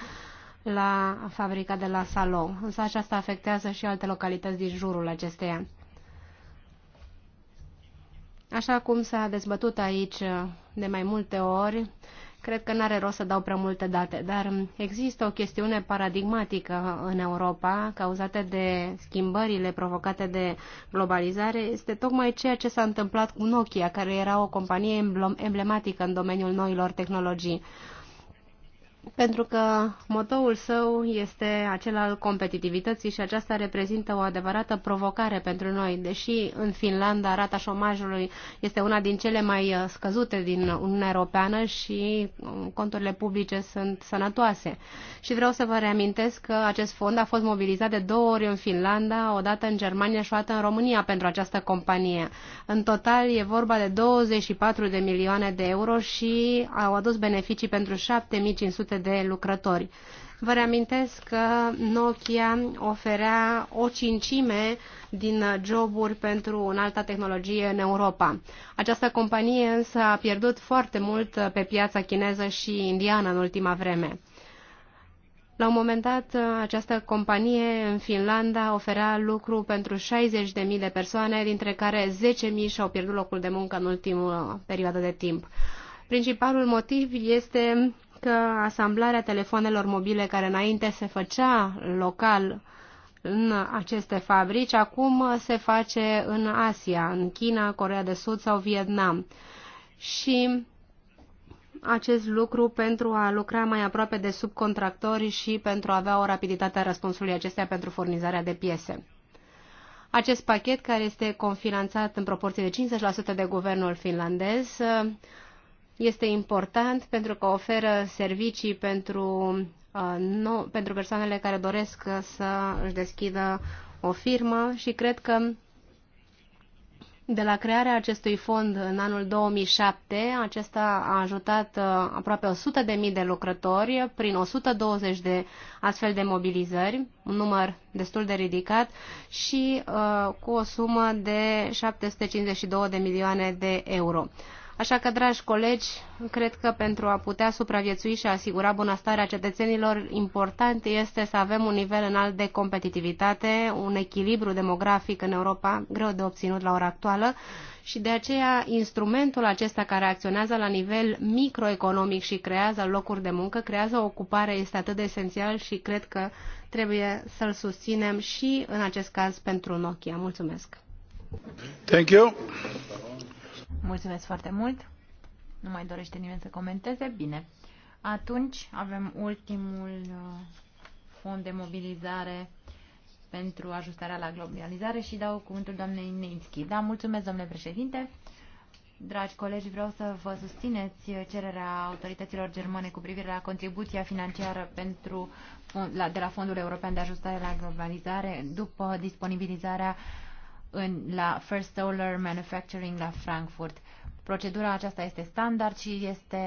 la fabrica de la Salou. Însă aceasta afectează și alte localități din jurul acesteia. Așa cum s-a dezbătut aici uh, de mai multe ori, Cred că n-are rost să dau prea multe date, dar există o chestiune paradigmatică în Europa, cauzată de schimbările provocate de globalizare. Este tocmai ceea ce s-a întâmplat cu Nokia, care era o companie emblematică în domeniul noilor tehnologii pentru că motoul său este acela al competitivității și aceasta reprezintă o adevărată provocare pentru noi. Deși în Finlanda rata șomajului este una din cele mai uh, scăzute din Uniunea Europeană și um, conturile publice sunt sănătoase. Și vreau să vă reamintesc că acest fond a fost mobilizat de două ori în Finlanda, o dată în Germania și o dată în România pentru această companie. În total e vorba de 24 de milioane de euro și au adus beneficii pentru 7500 400 de lucrători. Vă reamintesc că Nokia oferea o cincime din joburi pentru un alta tehnologie în Europa. Această companie însă a pierdut foarte mult pe piața chineză și indiană în ultima vreme. La un moment dat, această companie în Finlanda oferea lucru pentru 60.000 de persoane, dintre care 10.000 și-au pierdut locul de muncă în ultima perioadă de timp. Principalul motiv este că asamblarea telefonelor mobile care înainte se făcea local în aceste fabrici, acum se face în Asia, în China, Corea de Sud sau Vietnam. Și acest lucru pentru a lucra mai aproape de subcontractori și pentru a avea o rapiditate a răspunsului acestea pentru furnizarea de piese. Acest pachet, care este confinanțat în proporție de 50% de guvernul finlandez, este important pentru că oferă servicii pentru, uh, no, pentru persoanele care doresc să își deschidă o firmă și cred că de la crearea acestui fond în anul 2007, acesta a ajutat uh, aproape 100.000 de lucrători prin 120 de astfel de mobilizări, un număr destul de ridicat și uh, cu o sumă de 752 de milioane de euro. Așa că, dragi colegi, cred că pentru a putea supraviețui și a asigura bunăstarea cetățenilor, important este să avem un nivel înalt de competitivitate, un echilibru demografic în Europa, greu de obținut la ora actuală, și de aceea instrumentul acesta care acționează la nivel microeconomic și creează locuri de muncă, creează o ocupare, este atât de esențial și cred că trebuie să-l susținem și în acest caz pentru Nokia. Mulțumesc! Thank you. Mulțumesc foarte mult. Nu mai dorește nimeni să comenteze? Bine. Atunci avem ultimul uh, fond de mobilizare pentru ajustarea la globalizare și dau cuvântul doamnei Neinski. Da, mulțumesc, domnule președinte. Dragi colegi, vreau să vă susțineți cererea autorităților germane cu privire la contribuția financiară pentru, de la Fondul European de Ajustare la Globalizare după disponibilizarea în, la First Solar Manufacturing la Frankfurt. Procedura aceasta este standard și este,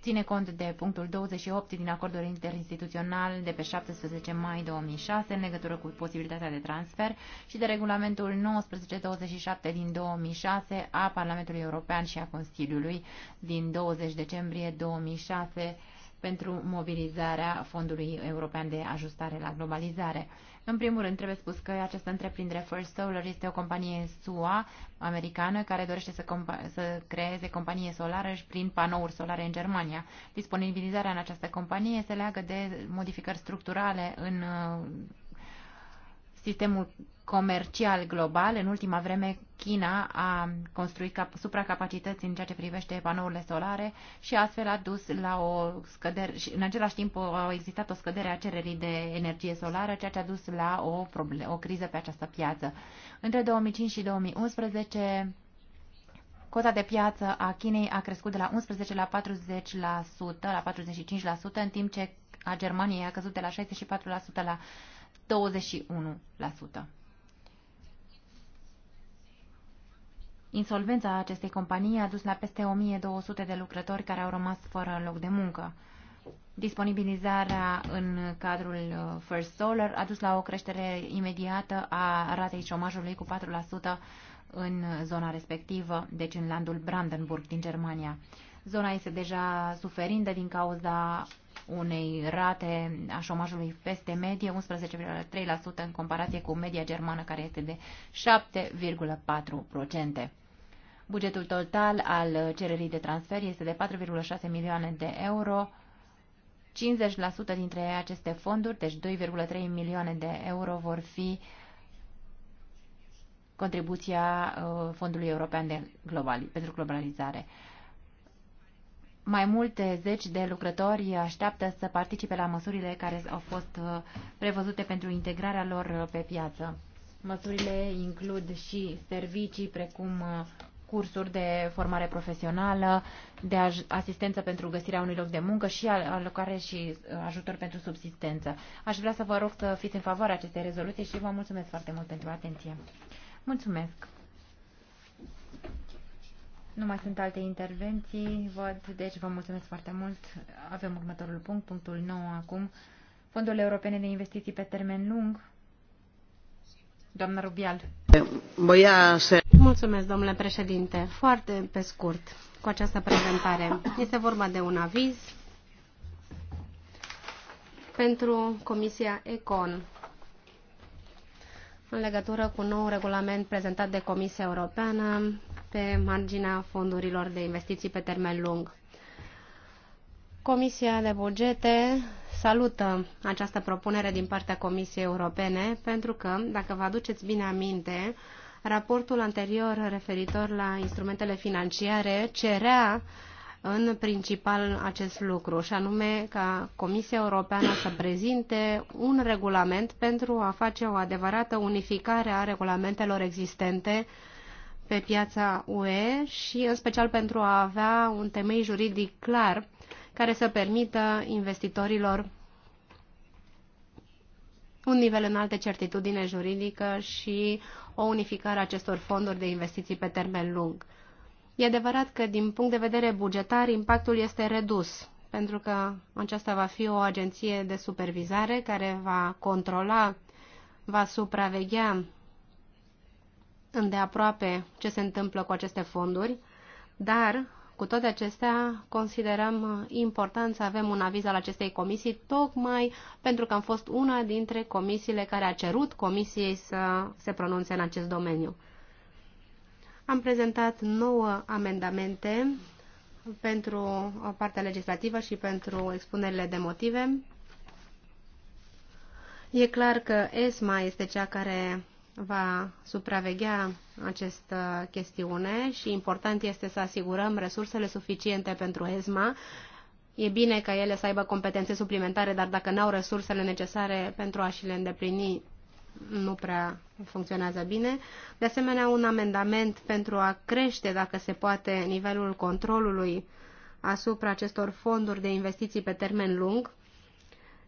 ține cont de punctul 28 din acordul interinstituțional de pe 17 mai 2006 în legătură cu posibilitatea de transfer și de regulamentul 1927 din 2006 a Parlamentului European și a Consiliului din 20 decembrie 2006 pentru mobilizarea Fondului European de Ajustare la Globalizare. În primul rând, trebuie spus că această întreprindere First Solar este o companie SUA americană care dorește să, să creeze companie solară și prin panouri solare în Germania. Disponibilizarea în această companie se leagă de modificări structurale în uh, sistemul comercial global. În ultima vreme, China a construit cap- supracapacități în ceea ce privește panourile solare și astfel a dus la o scădere și în același timp a existat o scădere a cererii de energie solară, ceea ce a dus la o, problem- o criză pe această piață. Între 2005 și 2011, Cota de piață a Chinei a crescut de la 11 la 40%, la 45%, în timp ce a Germaniei a căzut de la 64% la 21%. Insolvența acestei companii a dus la peste 1200 de lucrători care au rămas fără loc de muncă. Disponibilizarea în cadrul uh, First Solar a dus la o creștere imediată a ratei șomajului cu 4% în zona respectivă, deci în landul Brandenburg din Germania. Zona este deja suferindă din cauza unei rate a șomajului peste medie, 11,3% în comparație cu media germană care este de 7,4%. Bugetul total al cererii de transfer este de 4,6 milioane de euro. 50% dintre aceste fonduri, deci 2,3 milioane de euro, vor fi contribuția uh, Fondului European de Global, pentru Globalizare. Mai multe zeci de lucrători așteaptă să participe la măsurile care au fost uh, prevăzute pentru integrarea lor uh, pe piață. Măsurile includ și servicii precum uh, cursuri de formare profesională, de asistență pentru găsirea unui loc de muncă și alocare și uh, ajutor pentru subsistență. Aș vrea să vă rog să fiți în favoarea acestei rezoluții și vă mulțumesc foarte mult pentru atenție. Mulțumesc! Nu mai sunt alte intervenții, văd, deci vă mulțumesc foarte mult. Avem următorul punct, punctul 9 acum. Fondurile europene de investiții pe termen lung. Doamna Rubial. Mulțumesc, domnule președinte. Foarte pe scurt cu această prezentare. Este vorba de un aviz pentru Comisia ECON în legătură cu nou regulament prezentat de Comisia Europeană pe marginea fondurilor de investiții pe termen lung. Comisia de bugete salută această propunere din partea Comisiei Europene pentru că, dacă vă aduceți bine aminte, raportul anterior referitor la instrumentele financiare cerea în principal acest lucru, și anume ca Comisia Europeană să prezinte un regulament pentru a face o adevărată unificare a regulamentelor existente pe piața UE și în special pentru a avea un temei juridic clar care să permită investitorilor un nivel înalt de certitudine juridică și o unificare a acestor fonduri de investiții pe termen lung. E adevărat că, din punct de vedere bugetar, impactul este redus, pentru că aceasta va fi o agenție de supervizare care va controla, va supraveghea îndeaproape ce se întâmplă cu aceste fonduri, dar cu toate acestea, considerăm important să avem un aviz al acestei comisii, tocmai pentru că am fost una dintre comisiile care a cerut comisiei să se pronunțe în acest domeniu. Am prezentat nouă amendamente pentru partea legislativă și pentru expunerile de motive. E clar că ESMA este cea care va supraveghea această chestiune și important este să asigurăm resursele suficiente pentru ESMA. E bine ca ele să aibă competențe suplimentare, dar dacă nu au resursele necesare pentru a și le îndeplini, nu prea funcționează bine. De asemenea, un amendament pentru a crește, dacă se poate, nivelul controlului asupra acestor fonduri de investiții pe termen lung,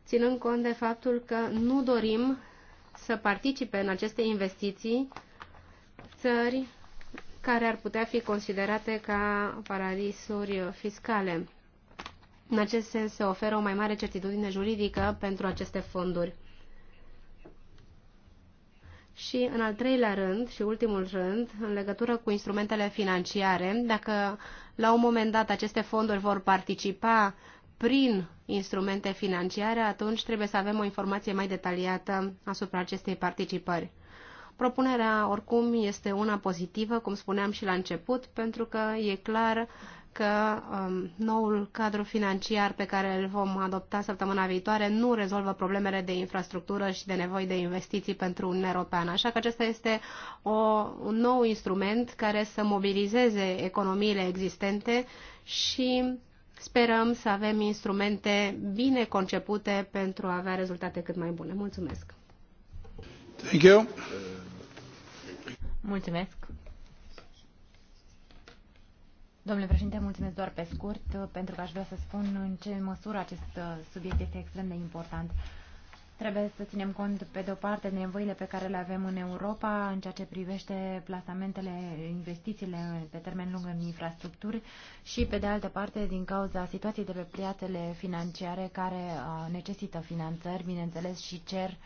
ținând cont de faptul că nu dorim să participe în aceste investiții țări care ar putea fi considerate ca paradisuri fiscale. În acest sens se oferă o mai mare certitudine juridică pentru aceste fonduri. Și în al treilea rând și ultimul rând, în legătură cu instrumentele financiare, dacă la un moment dat aceste fonduri vor participa prin instrumente financiare, atunci trebuie să avem o informație mai detaliată asupra acestei participări. Propunerea, oricum, este una pozitivă, cum spuneam și la început, pentru că e clar că um, noul cadru financiar pe care îl vom adopta săptămâna viitoare nu rezolvă problemele de infrastructură și de nevoi de investiții pentru Uniunea Europeană. Așa că acesta este o, un nou instrument care să mobilizeze economiile existente și Sperăm să avem instrumente bine concepute pentru a avea rezultate cât mai bune. Mulțumesc! Thank you. Mulțumesc! Domnule președinte, mulțumesc doar pe scurt, uh, pentru că aș vrea să spun în ce măsură acest uh, subiect este extrem de important. Trebuie să ținem cont, pe de-o parte, de nevoile pe care le avem în Europa în ceea ce privește plasamentele, investițiile pe termen lung în infrastructuri și, pe de altă parte, din cauza situației de pe piațele financiare care uh, necesită finanțări, bineînțeles, și cer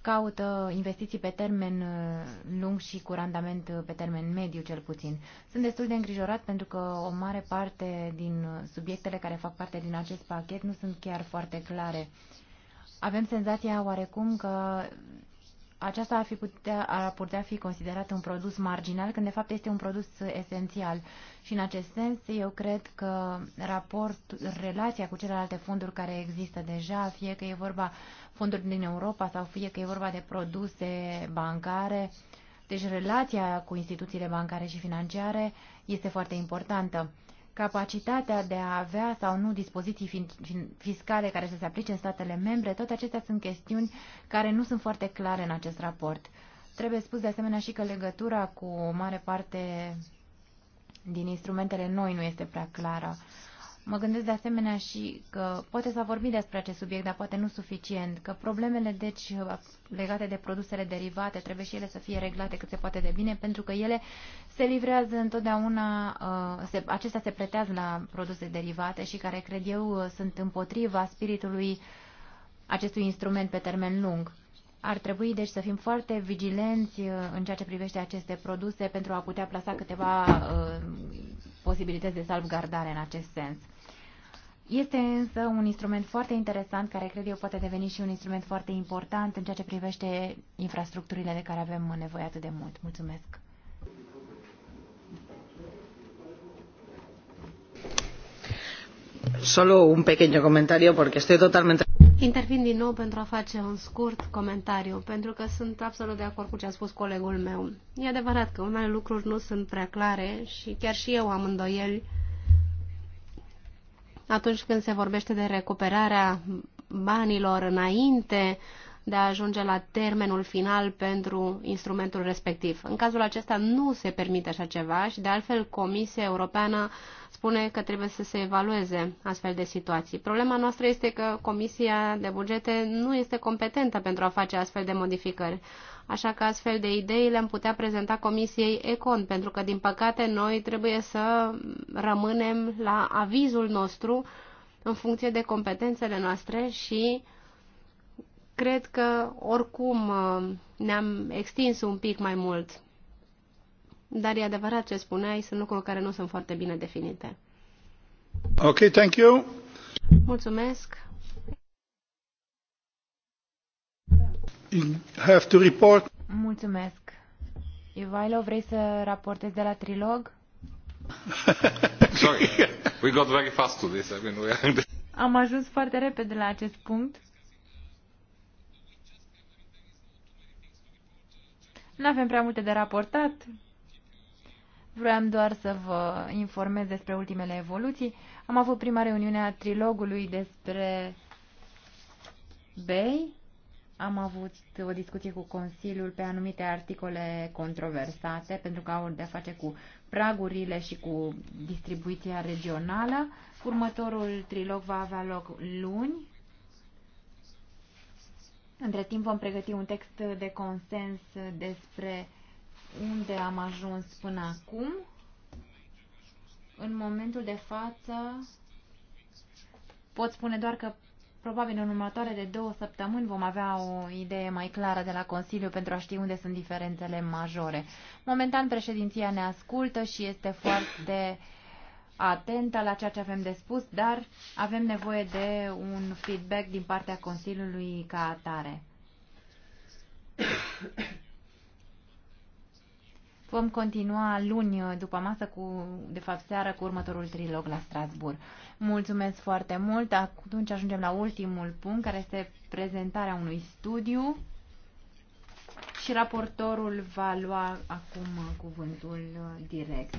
caută investiții pe termen uh, lung și cu randament uh, pe termen mediu, cel puțin. Sunt destul de îngrijorat pentru că o mare parte din subiectele care fac parte din acest pachet nu sunt chiar foarte clare. Uh, avem senzația oarecum că aceasta ar, fi putea, ar putea fi considerat un produs marginal, când de fapt este un produs esențial. Și în acest sens, eu cred că raport, relația cu celelalte fonduri care există deja, fie că e vorba fonduri din Europa sau fie că e vorba de produse bancare, deci relația cu instituțiile bancare și financiare este foarte importantă capacitatea de a avea sau nu dispoziții fiscale care să se aplice în statele membre, toate acestea sunt chestiuni care nu sunt foarte clare în acest raport. Trebuie spus de asemenea și că legătura cu o mare parte din instrumentele noi nu este prea clară. Mă gândesc de asemenea și că poate s-a vorbit despre acest subiect, dar poate nu suficient, că problemele deci legate de produsele derivate trebuie și ele să fie reglate cât se poate de bine, pentru că ele se livrează întotdeauna, uh, se, acestea se pretează la produse derivate și care, cred eu, uh, sunt împotriva spiritului acestui instrument pe termen lung. Ar trebui deci să fim foarte vigilenți uh, în ceea ce privește aceste produse pentru a putea plasa câteva posibilități de salvgardare în acest sens. Este însă un instrument foarte interesant care cred eu poate deveni și un instrument foarte important în ceea ce privește infrastructurile de care avem nevoie atât de mult. Mulțumesc! Solo un pequeño comentario porque estoy totalmente Intervin din nou pentru a face un scurt comentariu, pentru că sunt absolut de acord cu ce a spus colegul meu. E adevărat că unele lucruri nu sunt prea clare și chiar și eu am îndoieli atunci când se vorbește de recuperarea banilor înainte de a ajunge la termenul final pentru instrumentul respectiv. În cazul acesta nu se permite așa ceva și, de altfel, Comisia Europeană spune că trebuie să se evalueze astfel de situații. Problema noastră este că Comisia de Bugete nu este competentă pentru a face astfel de modificări. Așa că astfel de idei le-am putea prezenta Comisiei Econ, pentru că, din păcate, noi trebuie să rămânem la avizul nostru în funcție de competențele noastre și cred că, oricum, ne-am extins un pic mai mult dar e adevărat ce spuneai, sunt lucruri care nu sunt foarte bine definite. Ok, thank you. Mulțumesc. You have to report. Mulțumesc. Ivailo, vrei să raportezi de la trilog? Sorry, we got very fast to this. I mean, we are... Am ajuns foarte repede la acest punct. Nu avem prea multe de raportat. Vreau doar să vă informez despre ultimele evoluții. Am avut prima reuniune a trilogului despre Bay. Am avut o discuție cu Consiliul pe anumite articole controversate, pentru că au de-a face cu pragurile și cu distribuția regională. Următorul trilog va avea loc luni. Între timp vom pregăti un text de consens despre unde am ajuns până acum. În momentul de față pot spune doar că probabil în următoarele de două săptămâni vom avea o idee mai clară de la Consiliu pentru a ști unde sunt diferențele majore. Momentan președinția ne ascultă și este foarte atentă la ceea ce avem de spus, dar avem nevoie de un feedback din partea Consiliului ca atare. Vom continua luni uh, după masă cu, de fapt seară, cu următorul trilog la Strasbourg. Mulțumesc foarte mult. Atunci ajungem la ultimul punct, care este prezentarea unui studiu. Și raportorul va lua acum uh, cuvântul uh, direct.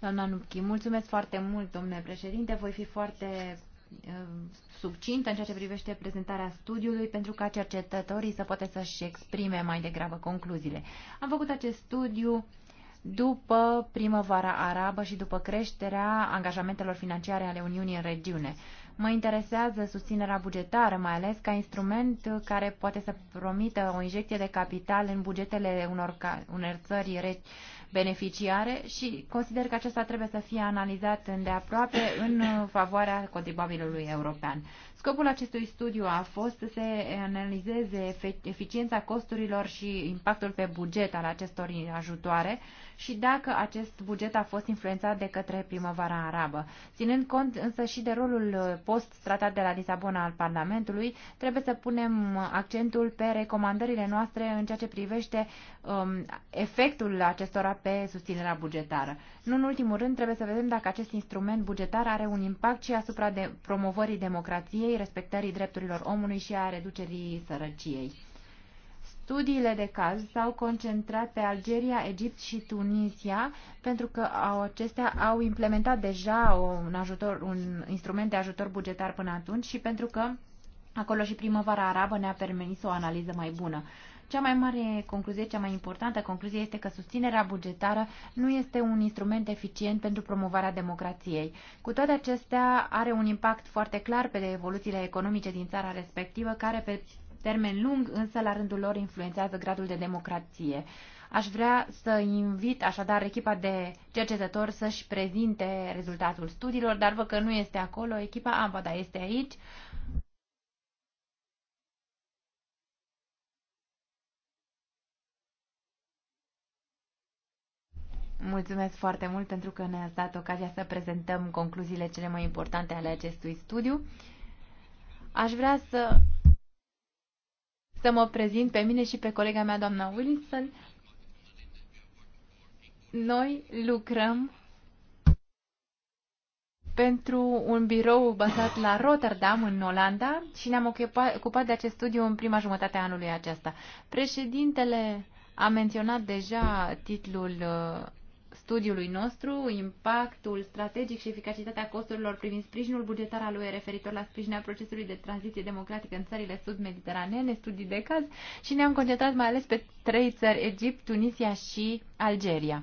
Doamna Nupchi, mulțumesc foarte mult, domnule președinte. Voi fi foarte subcintă în ceea ce privește prezentarea studiului pentru ca cercetătorii să poată să-și exprime mai degrabă concluziile. Am făcut acest studiu după primăvara arabă și după creșterea angajamentelor financiare ale Uniunii în regiune. Mă interesează susținerea bugetară, mai ales ca instrument care poate să promită o injecție de capital în bugetele unor, ca, unor țări reci beneficiare și consider că acesta trebuie să fie analizat îndeaproape în favoarea contribuabilului european. Scopul acestui studiu a fost să se analizeze eficiența costurilor și impactul pe buget al acestor ajutoare și dacă acest buget a fost influențat de către primăvara arabă. Ținând cont însă și de rolul uh, post-tratat de la Lisabona al Parlamentului, trebuie să punem uh, accentul pe recomandările noastre în ceea ce privește um, efectul acestora pe susținerea bugetară. Nu în ultimul rând, trebuie să vedem dacă acest instrument bugetar are un impact și asupra de promovării democrației democrației, respectării drepturilor omului și a reducerii sărăciei. Studiile de caz s-au concentrat pe Algeria, Egipt și Tunisia, pentru că au, acestea au implementat deja un, ajutor, un instrument de ajutor bugetar până atunci și pentru că acolo și primăvara arabă ne-a permis o analiză mai bună. Cea mai mare concluzie, cea mai importantă concluzie este că susținerea bugetară nu este un instrument eficient pentru promovarea democrației. Cu toate acestea, are un impact foarte clar pe evoluțiile economice din țara respectivă, care pe termen lung, însă la rândul lor influențează gradul de democrație. Aș vrea să invit așadar echipa de cercetători să-și prezinte rezultatul studiilor, dar văd că nu este acolo. Echipa Ambada este aici. Mulțumesc foarte mult pentru că ne-ați dat ocazia să prezentăm concluziile cele mai importante ale acestui studiu. Aș vrea să, să mă prezint pe mine și pe colega mea, doamna Wilson. Noi lucrăm pentru un birou bazat la Rotterdam, în Olanda, și ne-am ocupat de acest studiu în prima jumătate a anului acesta. Președintele a menționat deja titlul uh, studiului nostru, impactul strategic și eficacitatea costurilor privind sprijinul bugetar al UE referitor la sprijinea procesului de tranziție democratică în țările sud-mediteranene, studii de caz, și ne-am concentrat mai ales pe trei țări, Egipt, Tunisia și Algeria.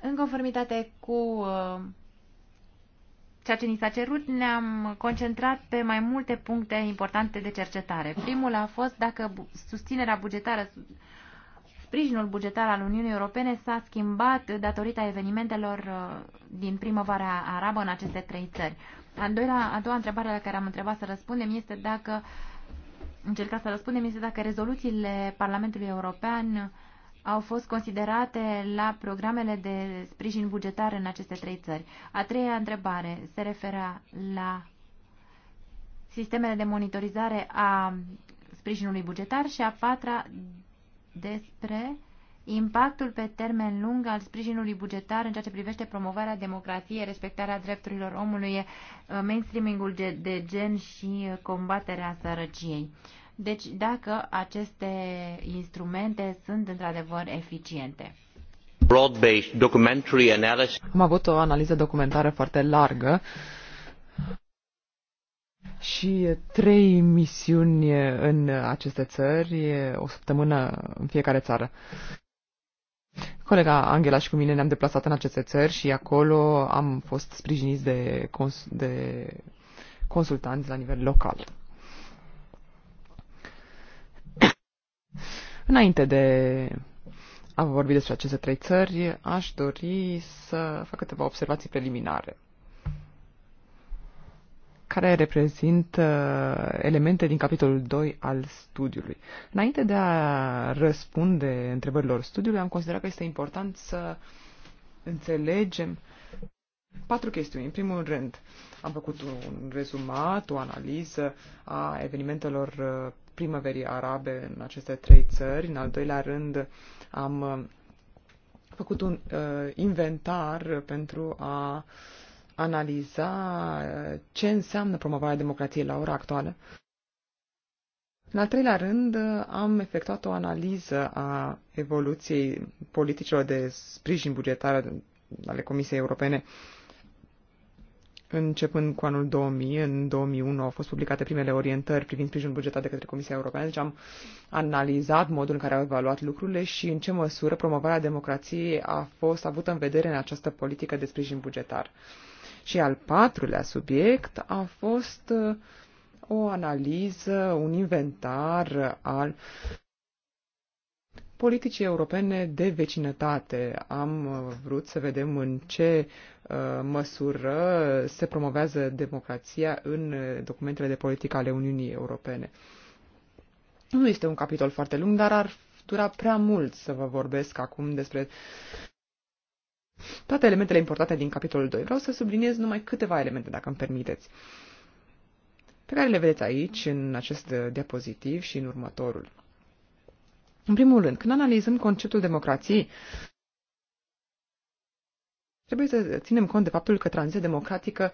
În conformitate cu uh, ceea ce ni s-a cerut, ne-am concentrat pe mai multe puncte importante de cercetare. Primul a fost dacă susținerea bugetară sprijinul bugetar al Uniunii Europene s-a schimbat datorită evenimentelor uh, din primăvara arabă în aceste trei țări. A doua, a doua întrebare la care am întrebat să răspundem este dacă încerca să răspundem este dacă rezoluțiile Parlamentului European au fost considerate la programele de sprijin bugetar în aceste trei țări. A treia întrebare se referă la sistemele de monitorizare a sprijinului bugetar și a patra despre impactul pe termen lung al sprijinului bugetar în ceea ce privește promovarea democrației, respectarea drepturilor omului, eh, mainstreamingul de gen și eh, combaterea sărăciei. Deci dacă aceste instrumente sunt într-adevăr eficiente. Am avut o analiză documentară foarte largă și trei misiuni în aceste țări, o săptămână în fiecare țară. Colega Angela și cu mine ne-am deplasat în aceste țări și acolo am fost sprijiniți de, cons- de consultanți la nivel local. Înainte de a vorbi despre aceste trei țări, aș dori să fac câteva observații preliminare care reprezintă uh, elemente din capitolul 2 al studiului. Înainte de a răspunde întrebărilor studiului, am considerat că este important să înțelegem patru chestiuni. În primul rând, am făcut un rezumat, o analiză a evenimentelor uh, primăverii arabe în aceste trei țări. În al doilea rând, am uh, făcut un uh, inventar pentru a uh, analiza ce înseamnă promovarea democrației la ora actuală. În al treilea rând, am efectuat o analiză a evoluției politicilor de sprijin bugetar ale Comisiei Europene începând cu anul 2000, în 2001 au fost publicate primele orientări privind sprijinul bugetar de către Comisia Europeană, deci am analizat modul în care au evaluat lucrurile și în ce măsură promovarea democrației a fost avută în vedere în această politică de sprijin bugetar. Uh, și al patrulea subiect a fost uh, o analiză, un inventar al politicii europene de vecinătate. Am uh, vrut să vedem în ce uh, măsură se promovează democrația în documentele de politică ale Uniunii Europene. Nu este un capitol foarte lung, dar ar dura prea mult să vă vorbesc acum despre toate elementele importante din capitolul 2. Vreau să subliniez numai câteva elemente, dacă îmi permiteți, pe care le vedeți aici, în acest diapozitiv și în următorul. În primul rând, când analizăm conceptul democrației, trebuie să ținem cont de faptul că tranziția democratică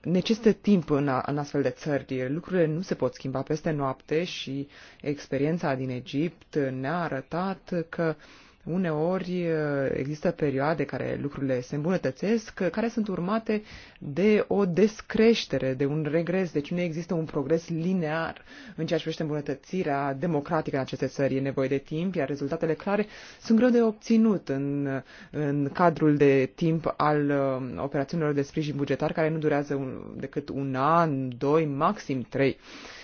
necesită timp în, a, în astfel de țări. Lucrurile nu se pot schimba peste noapte și experiența din Egipt ne-a arătat că uh, uneori uh, există perioade care lucrurile se îmbunătățesc, uh, care sunt urmate de o descreștere, de un regres. Deci nu există un progres linear în ceea ce privește îmbunătățirea democratică în aceste țări. E nevoie de timp, iar rezultatele clare sunt greu de obținut în, în cadrul de timp al uh, operațiunilor de sprijin bugetar, care nu durează un, decât un an, doi, maxim trei. Uh,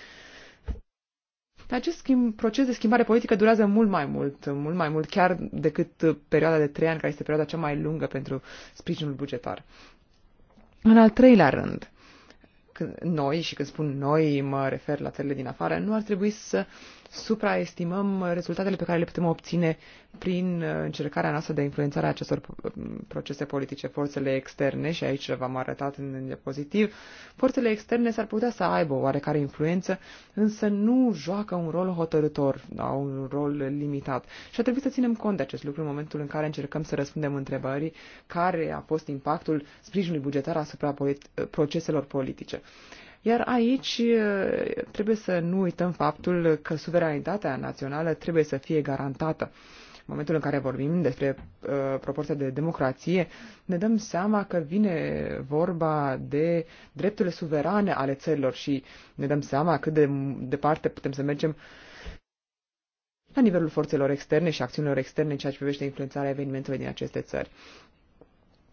dar acest schimb, proces de schimbare politică durează mult mai mult, mult mai mult chiar decât perioada de trei ani, care este perioada cea mai lungă pentru sprijinul bugetar. În al treilea rând, noi, și când spun noi, mă refer la țările din afară, nu ar trebui să supraestimăm rezultatele pe care le putem obține prin uh, încercarea noastră de influențare a acestor uh, procese politice, forțele externe, și aici v-am arătat în diapozitiv, forțele externe s-ar putea să aibă o oarecare influență, însă nu joacă un rol hotărător, au un rol limitat. Și a trebuit să ținem cont de acest lucru în momentul în care încercăm să răspundem întrebării care a fost impactul sprijinului bugetar asupra proceselor politice. Iar aici eh, trebuie să nu uităm faptul că suveranitatea națională trebuie să fie garantată. În momentul în care vorbim despre uh, proporția de democrație, ne dăm seama că vine vorba de drepturile suverane ale țărilor și ne dăm seama cât de departe putem să mergem la nivelul forțelor externe și acțiunilor externe în ceea ce privește influențarea evenimentelor din aceste țări.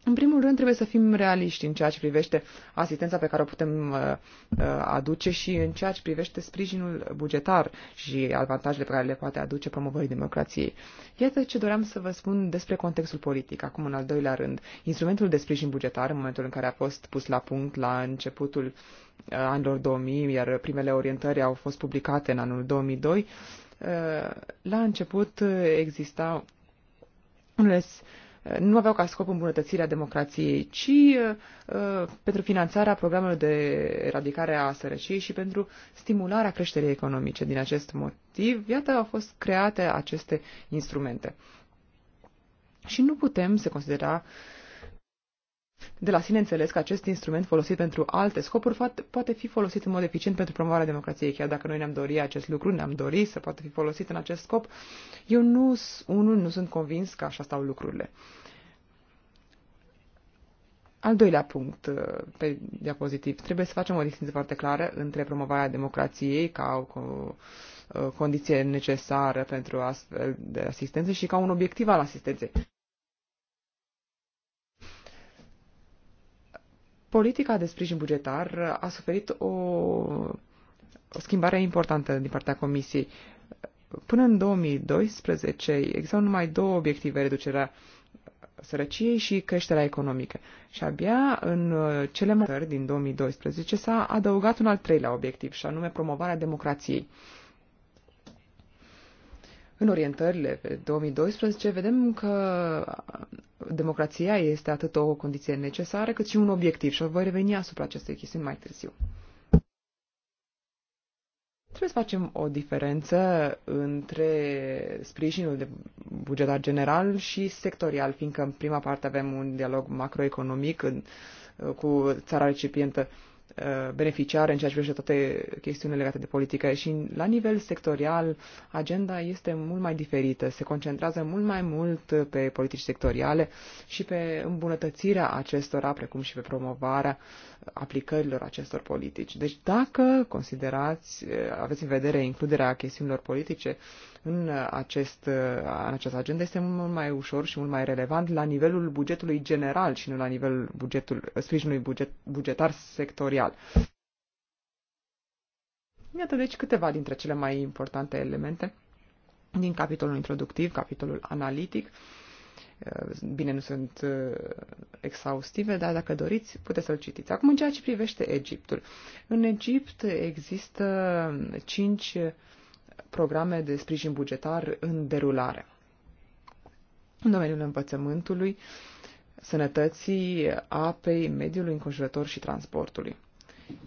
În primul rând, trebuie să fim realiști în ceea ce privește asistența pe care o putem uh, uh, aduce și în ceea ce privește sprijinul bugetar și avantajele pe care le poate aduce promovării democrației. Iată ce doream să vă spun despre contextul politic. Acum, în al doilea rând, instrumentul de sprijin bugetar, în momentul în care a fost pus la punct la începutul uh, anilor 2000, iar primele orientări au fost publicate în anul 2002, la început exista unele nu aveau ca scop îmbunătățirea democrației, ci uh, pentru finanțarea programelor de eradicare a sărăciei și pentru stimularea creșterii economice. Din acest motiv, iată, au fost create aceste instrumente. Și nu putem se considera uh, de la sine înțeles că acest instrument folosit pentru alte scopuri poate fi folosit în mod eficient pentru promovarea democrației. Chiar dacă noi ne-am dorit acest lucru, ne-am dorit să poată fi folosit în acest scop, eu nu, unul, nu sunt convins că așa stau lucrurile. Al doilea punct uh, pe diapozitiv. Trebuie să facem o distinție foarte clară între promovarea democrației ca o uh, condiție necesară pentru astfel de asistență și ca un obiectiv al asistenței. Politica de sprijin bugetar a suferit o, o schimbare importantă din partea Comisiei. Până în 2012 existau numai două obiective, reducerea sărăciei și creșterea economică. Și abia în cele mai din 2012 s-a adăugat un al treilea obiectiv, și anume promovarea democrației. În orientările pe 2012 vedem că democrația este atât o condiție necesară cât și un obiectiv și voi reveni asupra acestei chestiuni mai târziu. Trebuie să facem o diferență între sprijinul de bugetar general și sectorial, fiindcă în prima parte avem un dialog macroeconomic în, cu țara recipientă Uh, beneficiare în ceea ce privește toate chestiunile legate de politică și la nivel sectorial agenda este mult mai diferită, se concentrează mult mai mult pe politici sectoriale și pe îmbunătățirea acestora, precum și pe promovarea aplicărilor acestor politici. Deci dacă considerați, uh, aveți în vedere includerea chestiunilor politice în, acest, în această agenda este mult mai ușor și mult mai relevant la nivelul bugetului general și nu la nivelul bugetul, sprijinului buget, bugetar sectorial. Iată deci câteva dintre cele mai importante elemente din capitolul introductiv, capitolul analitic. Bine, nu sunt uh, exhaustive, dar dacă doriți, puteți să-l citiți. Acum, în ceea ce privește Egiptul. În Egipt există cinci programe de sprijin bugetar în derulare. În domeniul învățământului, sănătății, apei, mediului înconjurător și transportului.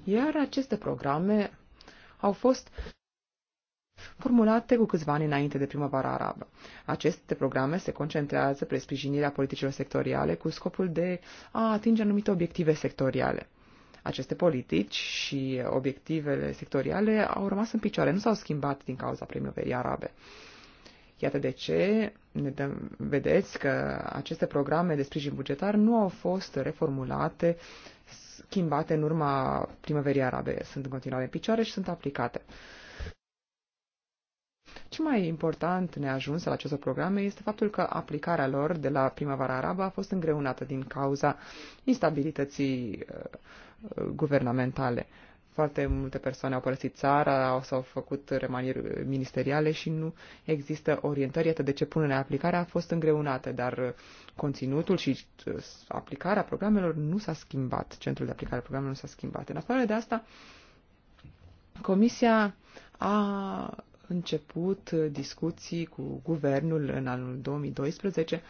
Iar aceste programe au fost formulate cu câțiva ani înainte de primăvara arabă. Aceste programe se concentrează pe sprijinirea politicilor sectoriale cu scopul de a atinge anumite obiective sectoriale. Aceste politici și obiectivele sectoriale au rămas în picioare, nu s-au schimbat din cauza primăverii arabe. Iată de ce ne dăm, vedeți că aceste programe de sprijin bugetar nu au fost reformulate, schimbate în urma primăverii arabe. Sunt în continuare în picioare și sunt aplicate. Ce mai important ne-a ajuns la aceste programe este faptul că aplicarea lor de la primăvara arabă a fost îngreunată din cauza instabilității guvernamentale. Foarte multe persoane au părăsit țara, s-au făcut remanieri ministeriale și nu există orientări. Iată de ce punerea în aplicare a fost îngreunată, dar conținutul și uh, aplicarea programelor nu s-a schimbat. Centrul de aplicare a programelor nu s-a schimbat. În afară de asta, Comisia a început discuții cu guvernul în anul 2012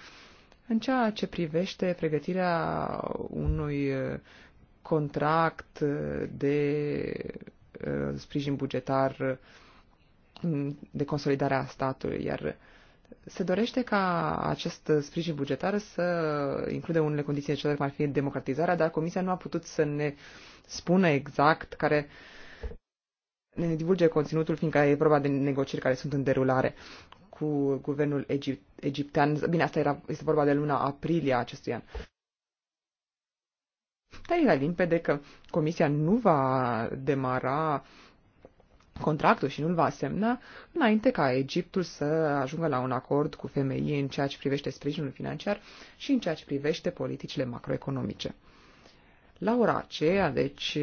în ceea ce privește pregătirea unui uh, contract uh, de uh, sprijin bugetar um, de consolidare a statului, iar se dorește ca acest sprijin bugetar să include unele condiții necesare, cum ar fi democratizarea, dar Comisia nu a putut să ne spună exact care ne divulge conținutul, fiindcă e vorba de negocieri care sunt în derulare cu guvernul egip, egiptean. Bine, asta era, este vorba de luna aprilie acestui an. Dar era limpede că Comisia nu va demara contractul și nu-l va semna înainte ca Egiptul să ajungă la un acord cu femeie în ceea ce privește sprijinul financiar și în ceea ce privește politicile macroeconomice. La ora aceea, deci,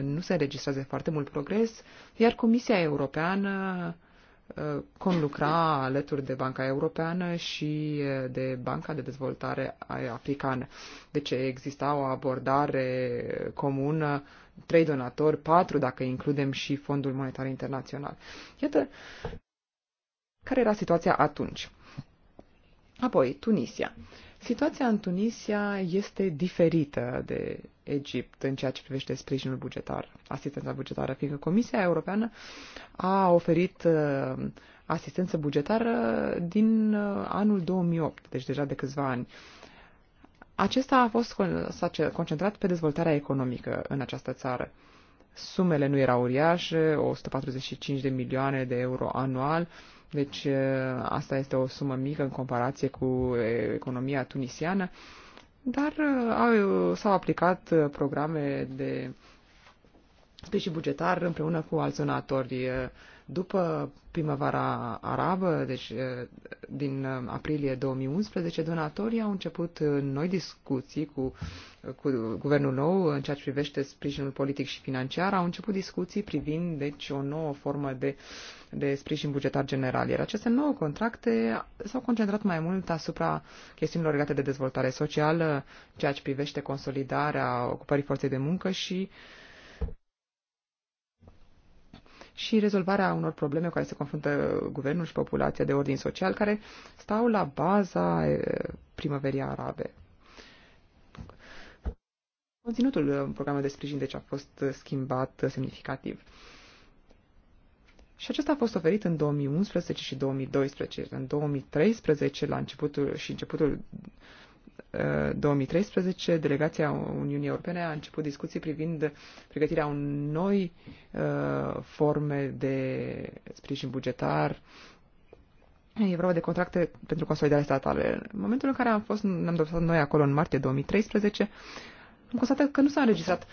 nu se înregistrează foarte mult progres, iar Comisia Europeană Uh, conlucra alături de Banca Europeană și uh, de Banca de Dezvoltare Africană. Deci exista o abordare comună, trei donatori, patru dacă includem și Fondul Monetar Internațional. Iată care era situația atunci. Apoi, Tunisia. Uh, Situația în Tunisia este diferită de Egipt în ceea ce privește sprijinul bugetar, asistența bugetară, fiindcă Comisia Europeană a oferit uh, asistență bugetară din uh, anul 2008, deci deja de câțiva ani. Acesta a fost concentrat pe dezvoltarea economică în această țară. Sumele nu erau uriașe, 145 de milioane de euro anual, deci asta este o sumă mică în comparație cu economia tunisiană, dar s-au aplicat programe de sprijin bugetar împreună cu alți donatori după primăvara arabă, deci din aprilie 2011, donatorii au început noi discuții cu, cu guvernul nou în ceea ce privește sprijinul politic și financiar. Au început discuții privind deci o nouă formă de, de sprijin bugetar general. Iar aceste nouă contracte s-au concentrat mai mult asupra chestiunilor legate de dezvoltare socială, ceea ce privește consolidarea ocupării forței de muncă și uh, și rezolvarea unor probleme cu care se confruntă guvernul și populația de ordin social, care stau la baza primăverii arabe. Conținutul uh, programului de sprijin deci a fost uh, schimbat uh, semnificativ. Și acesta a fost oferit în 2011 și 2012. În 2013, la începutul și începutul 2013, delegația Uniunii Europene a început discuții privind pregătirea unui noi uh, forme de sprijin bugetar. E vorba de contracte pentru consolidare statală. În momentul în care am fost, ne-am doptat noi acolo în martie 2013, am constatat că nu s-a înregistrat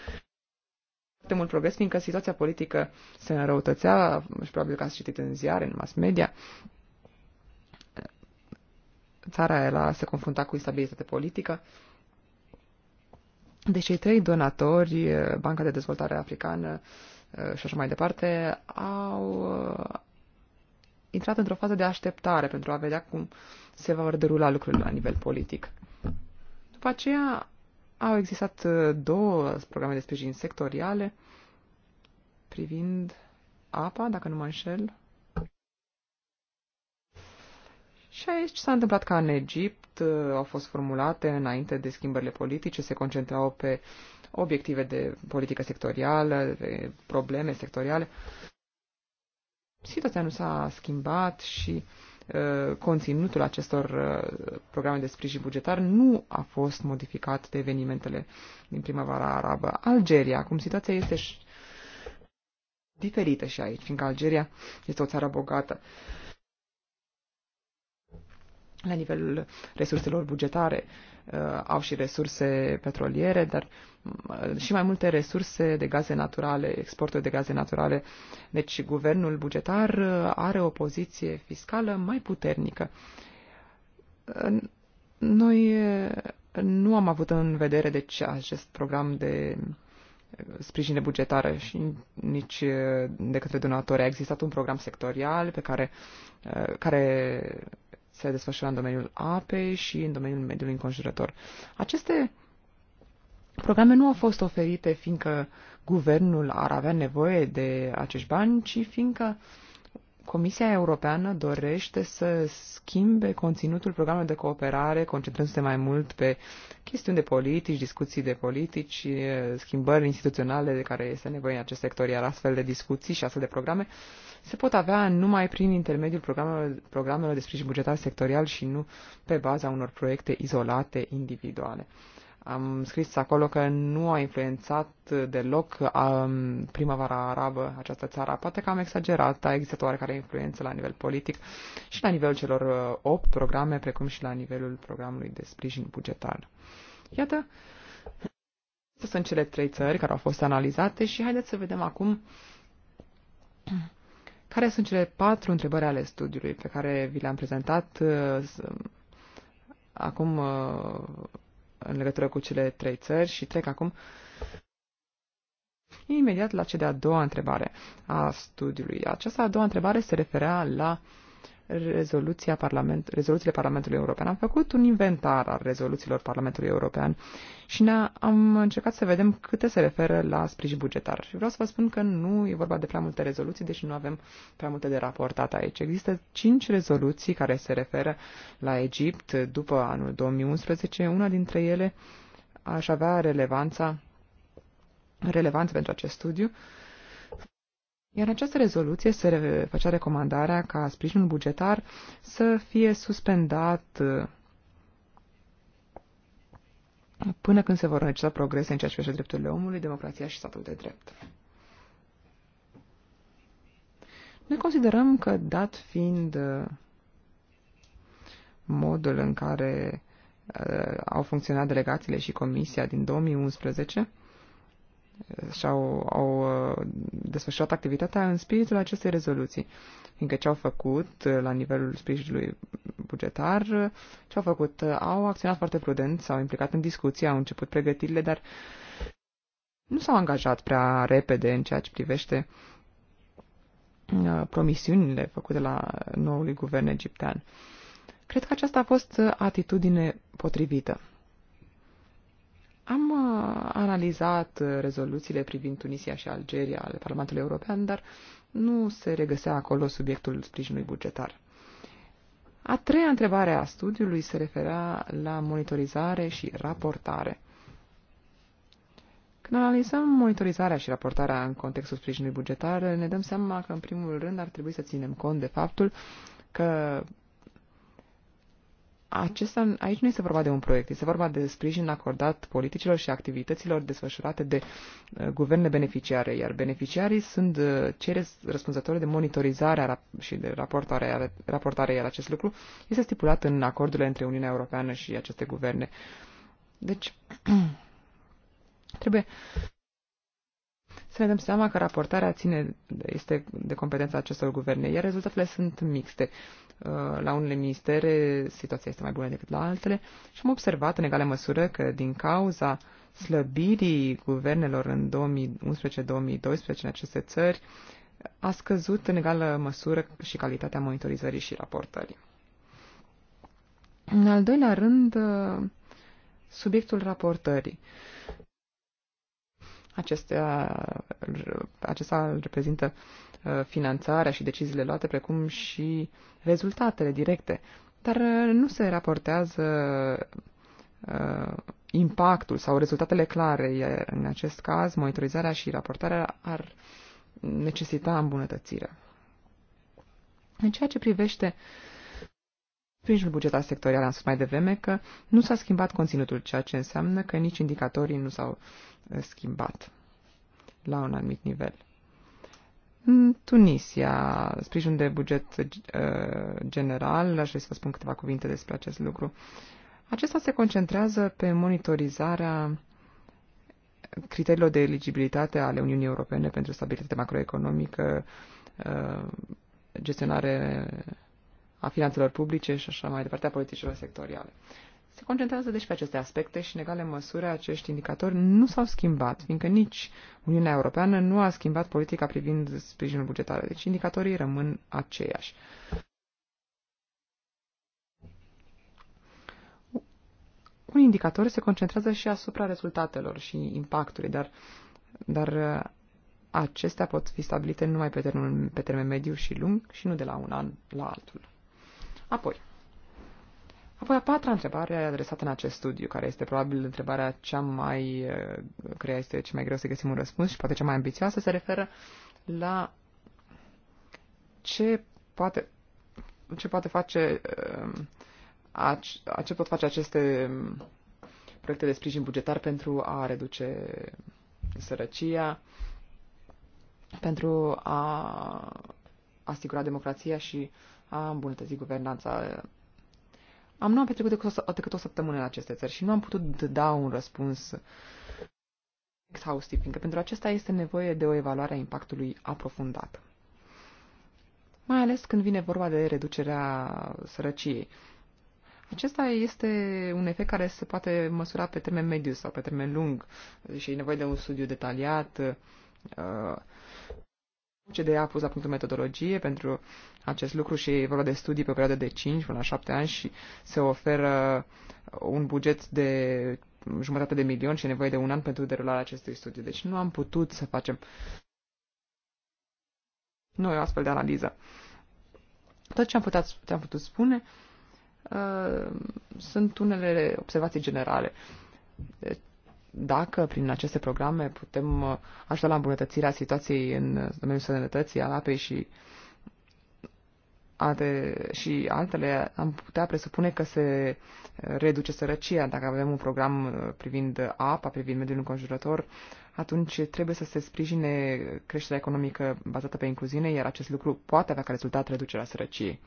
foarte mult progres, fiindcă situația politică se înrăutățea, și probabil că ați citit în ziare, în mass media, Țara era, se confrunta cu instabilitate politică. Deci cei trei donatori, Banca de Dezvoltare Africană și așa mai departe, au intrat într-o fază de așteptare pentru a vedea cum se vor derula lucrurile la nivel politic. După aceea au existat două programe de sprijin sectoriale privind apa, dacă nu mă înșel, Și aici s-a întâmplat ca în Egipt uh, au fost formulate înainte de schimbările politice, se concentrau pe obiective de politică sectorială, de probleme sectoriale. Situația nu s-a schimbat și uh, conținutul acestor uh, programe de sprijin bugetar nu a fost modificat de evenimentele din primăvara arabă. Algeria, acum situația este și diferită și aici, fiindcă Algeria este o țară bogată la nivelul resurselor bugetare. Uh, au și resurse petroliere, dar uh, și mai multe resurse de gaze naturale, exporturi de gaze naturale. Deci guvernul bugetar uh, are o poziție fiscală mai puternică. Noi nu am avut în vedere deci acest program de sprijine bugetară și nici de către donatori. A existat un program sectorial pe care, care se desfășura în domeniul apei și în domeniul mediului înconjurător. Aceste programe nu au fost oferite fiindcă guvernul ar avea nevoie de acești bani, ci fiindcă Comisia Europeană dorește să schimbe conținutul programelor de cooperare, concentrându-se mai mult pe chestiuni de politici, discuții de politici, schimbări instituționale de care este nevoie în acest sector, iar astfel de discuții și astfel de programe se pot avea numai prin intermediul programelor, programelor de sprijin bugetar sectorial și nu pe baza unor proiecte izolate individuale. Am scris acolo că nu a influențat deloc um, primăvara arabă această țară. Poate că am exagerat, a existat oarecare influență la nivel politic și la nivelul celor uh, opt programe, precum și la nivelul programului de sprijin bugetar. Iată, Acestea sunt cele trei țări care au fost analizate și haideți să vedem acum care sunt cele patru întrebări ale studiului pe care vi le-am prezentat uh, um, acum uh, în legătură cu cele trei țări și trec acum imediat la cea de-a doua întrebare a studiului. Aceasta a doua întrebare se referea la uh, rezoluția Parlament, rezoluțiile Parlamentului European. Am făcut un inventar al rezoluțiilor Parlamentului European și ne am încercat să vedem câte se referă la sprijin bugetar. Și vreau să vă spun că nu e vorba de prea multe rezoluții, deși nu avem prea multe de raportat aici. Există cinci rezoluții care se referă la Egipt după anul 2011. Una dintre ele aș avea relevanța relevanță pentru acest studiu iar această rezoluție se făcea recomandarea ca sprijinul bugetar să fie suspendat uh, până când se vor realiza progrese în ceea ce privește drepturile omului, democrația și statul de drept. Noi considerăm că, dat fiind uh, modul în care uh, au funcționat delegațiile și comisia din 2011, și-au au uh, desfășurat activitatea în spiritul acestei rezoluții. Fiindcă ce au făcut uh, la nivelul sprijinului bugetar, uh, ce au făcut? Au acționat foarte prudent, s-au implicat în discuții, au început pregătirile, dar nu s-au angajat prea repede în ceea ce privește promisiunile făcute la noului guvern egiptean. Cred că aceasta a fost atitudine potrivită. Am uh, analizat uh, rezoluțiile privind Tunisia și Algeria ale Parlamentului European, dar nu se regăsea acolo subiectul sprijinului bugetar. A treia întrebare a studiului se referea la monitorizare și raportare. Când analizăm monitorizarea și raportarea în contextul sprijinului bugetar, ne dăm seama că, în primul rând, ar trebui să ținem cont de faptul că acesta, aici nu este vorba de un proiect, este vorba de sprijin acordat politicilor și activităților desfășurate de uh, guverne beneficiare, iar beneficiarii sunt uh, cei răspunzători de monitorizarea și de raportare, raportare, iar acest lucru este stipulat în acordurile între Uniunea Europeană și aceste guverne. Deci, *clears throat* trebuie să ne dăm seama că raportarea ține, este de competența acestor guverne, iar rezultatele sunt mixte. Uh, la unele ministere situația este mai bună decât la altele și am observat în egală măsură că din cauza slăbirii guvernelor în 2011-2012 în aceste țări a scăzut în egală măsură și calitatea monitorizării și raportării. În al doilea rând, uh, subiectul raportării. Uh, Acestea, uh, acesta reprezintă uh, finanțarea și deciziile luate, precum și rezultatele directe. Dar uh, nu se raportează impactul sau rezultatele clare. în acest caz, monitorizarea și raportarea ar necesita îmbunătățirea. În ceea ce privește sprijinul bugetar sectorial, am spus mai devreme că nu s-a schimbat conținutul, ceea ce înseamnă că nici indicatorii nu s-au schimbat la un anumit nivel. În Tunisia, sprijin de buget uh, general, aș vrea să vă spun câteva cuvinte despre acest lucru. Acesta se concentrează pe monitorizarea criteriilor de eligibilitate ale Uniunii Europene pentru stabilitate macroeconomică, uh, gestionare a finanțelor publice și așa mai departe, a politicilor sectoriale. Se concentrează deci pe aceste aspecte și, în egală măsură, acești indicatori nu s-au schimbat, fiindcă nici Uniunea Europeană nu a schimbat politica privind sprijinul bugetar, deci indicatorii rămân aceiași. Un indicator se concentrează și asupra rezultatelor și impactului, dar, dar uh, acestea pot fi stabilite numai pe termen, pe termen mediu și lung și nu de la un an la altul. Apoi, Apoi a patra întrebare adresată în acest studiu, care este probabil întrebarea cea mai, eh, cred că este cea mai greu să găsim un răspuns și poate cea mai ambițioasă, se referă la ce poate, ce poate face, eh, a, a ce pot face aceste mm, proiecte de sprijin bugetar pentru a reduce sărăcia, pentru a asigura democrația și a îmbunătăți guvernanța eh, am nu am petrecut decât o, decât o săptămână în aceste țări și nu am putut da un răspuns exhaustiv, fiindcă pentru acesta este nevoie de o evaluare a impactului aprofundată. Mai ales când vine vorba de reducerea sărăciei. Acesta este un efect care se poate măsura pe termen mediu sau pe termen lung și deci e nevoie de un studiu detaliat. Uh, CDA a pus la punct o metodologie pentru acest lucru și e vorba de studii pe o perioadă de 5 până la 7 ani și se oferă un buget de jumătate de milion și e nevoie de un an pentru derularea acestui studiu. Deci nu am putut să facem noi o astfel de analiză. Tot ce am putut, ce am putut spune uh, sunt unele observații generale dacă prin aceste programe putem uh, ajuta la îmbunătățirea situației în domeniul sănătății, al apei și alte, și altele, am putea presupune că se reduce sărăcia. Dacă avem un program uh, privind apa, privind mediul înconjurător, atunci trebuie să se sprijine creșterea economică bazată pe incluziune, iar acest lucru poate avea ca rezultat reducerea sărăciei.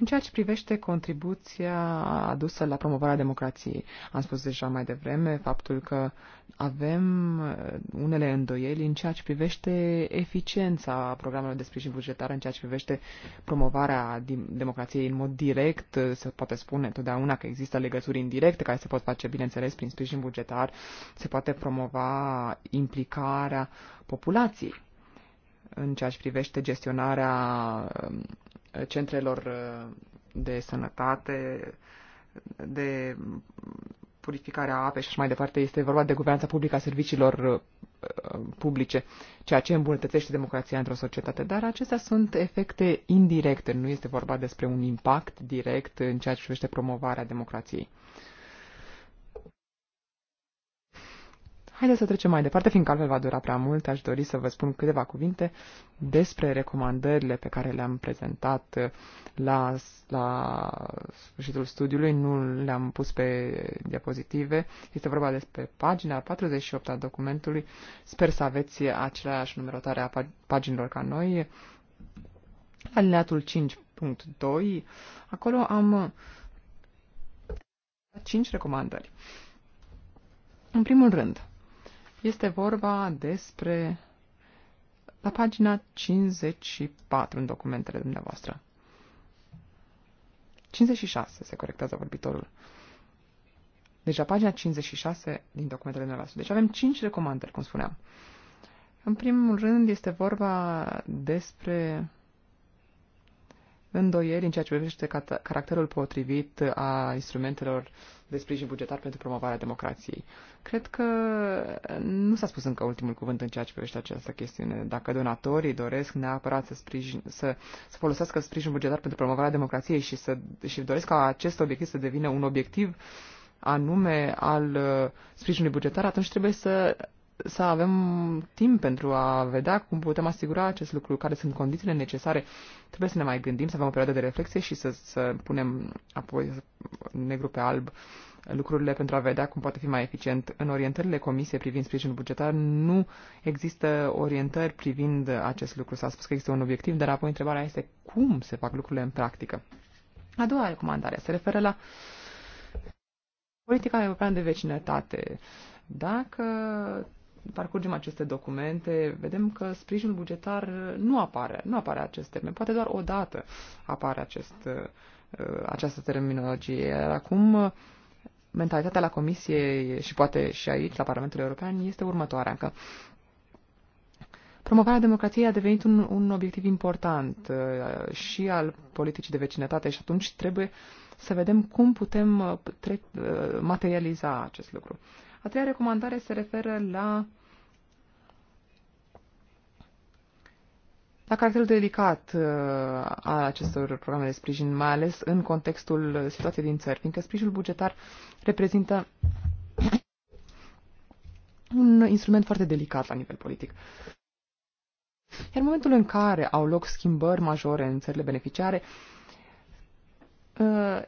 În ceea ce privește contribuția adusă la promovarea democrației, am spus deja mai devreme faptul că avem uh, unele îndoieli în ceea ce privește eficiența programelor de sprijin bugetar, în ceea ce privește promovarea democrației în mod direct, uh, se poate spune întotdeauna că există legături indirecte care se pot face, bineînțeles, prin sprijin bugetar, se poate promova implicarea populației în ceea ce privește gestionarea um, centrelor uh, de sănătate, de purificarea apei și așa mai departe. Este vorba de guvernanța publică a serviciilor uh, uh, publice, ceea ce îmbunătățește democrația într-o societate. Dar acestea sunt efecte indirecte, nu este vorba despre un impact direct în ceea ce privește promovarea democrației. Haideți să trecem mai departe, fiindcă altfel va dura prea mult. Aș dori să vă spun câteva cuvinte despre recomandările pe care le-am prezentat uh, la, la sfârșitul studiului. Nu le-am pus pe diapozitive. Este vorba despre pagina 48 a documentului. Sper să aveți aceleași numerotare a paginilor ca noi. Alineatul 5.2. Acolo am 5 uh, recomandări. În primul rând, este vorba despre la pagina 54 în documentele dumneavoastră. 56 se corectează vorbitorul. Deci la pagina 56 din documentele dumneavoastră. Deci avem 5 recomandări, cum spuneam. În primul rând este vorba despre îndoieli în ceea ce privește caracterul potrivit uh, a instrumentelor de sprijin bugetar pentru promovarea democrației. Cred că nu s-a spus încă ultimul cuvânt în ceea ce privește această chestiune. Dacă donatorii doresc neapărat să, sprijin, să, să folosească sprijin bugetar pentru promovarea democrației și, să, și doresc ca acest obiectiv să devină un obiectiv anume al uh, sprijinului bugetar, atunci trebuie să să avem timp pentru a vedea cum putem asigura acest lucru, care sunt condițiile necesare. Trebuie să ne mai gândim, să avem o perioadă de reflexie și să, să punem apoi negru pe alb lucrurile pentru a vedea cum poate fi mai eficient. În orientările comisiei privind sprijinul bugetar nu există orientări privind acest lucru. S-a spus că există un obiectiv, dar apoi întrebarea este cum se fac lucrurile în practică. A doua recomandare se referă la politica europeană de vecinătate. Dacă parcurgem aceste documente, vedem că sprijinul bugetar nu apare, nu apare acest termen. Poate doar o dată apare acest, uh, această terminologie. Iar acum uh, mentalitatea la Comisie și poate și aici, la Parlamentul European, este următoarea, că Promovarea democrației a devenit un, un obiectiv important uh, și al politicii de vecinătate și atunci trebuie să vedem cum putem materializa acest lucru. A treia recomandare se referă la la caracterul delicat uh, al acestor programe de sprijin, mai ales în contextul situației din țări, fiindcă sprijinul bugetar reprezintă un instrument foarte delicat la nivel politic. Iar în momentul în care au loc schimbări majore în țările beneficiare, uh,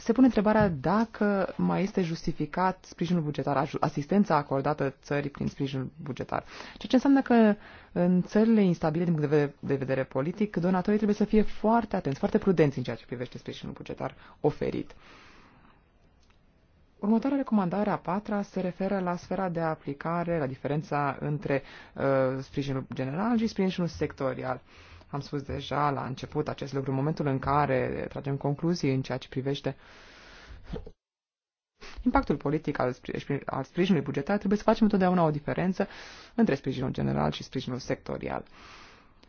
se pune întrebarea dacă mai este justificat sprijinul bugetar, asistența acordată țării prin sprijinul bugetar. Ceea ce înseamnă că în țările instabile din punct de vedere, de vedere politic, donatorii trebuie să fie foarte atenți, foarte prudenți în ceea ce privește sprijinul bugetar oferit. Următoarea recomandare a patra se referă la sfera de aplicare, la diferența între uh, sprijinul general și sprijinul sectorial. Uh, am spus deja la început acest lucru, în momentul în care tragem concluzii în ceea ce privește impactul politic al, sprijin, al sprijinului bugetar, trebuie să facem întotdeauna o diferență între sprijinul general și sprijinul sectorial.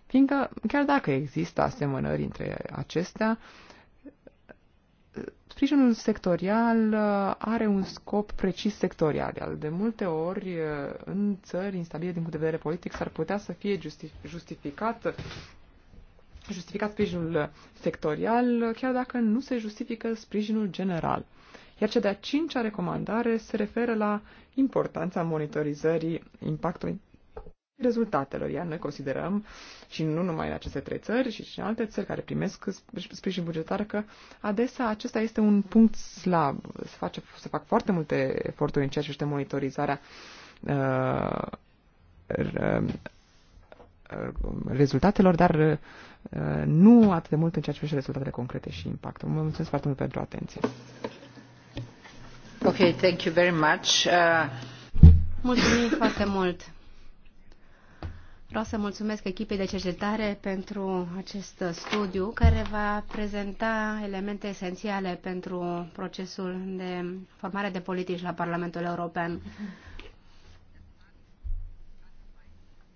Fiindcă, chiar dacă există asemănări între acestea, sprijinul sectorial uh, are un scop precis sectorial, de multe ori uh, în țări instabile din punct de vedere politic s-ar putea să fie justificat justificat sprijinul sectorial, chiar dacă nu se justifică sprijinul general. Iar cea de-a cincea recomandare se referă la importanța monitorizării impactului rezultatelor. Iar noi considerăm, și nu numai în aceste trei țări, și în alte țări care primesc sprijin bugetar, că adesea acesta este un punct slab. Se, face, se fac foarte multe eforturi în ceea ce este monitorizarea uh, Uh, rezultatelor, dar uh, nu atât de mult în ceea ce privește rezultatele concrete și impactul. Vă mulțumesc foarte mult pentru atenție. Ok, thank you very much. Uh... Mulțumim foarte mult. Vreau să mulțumesc echipei de cercetare pentru acest studiu care va prezenta elemente esențiale pentru procesul de formare de politici la Parlamentul European. Uh-huh.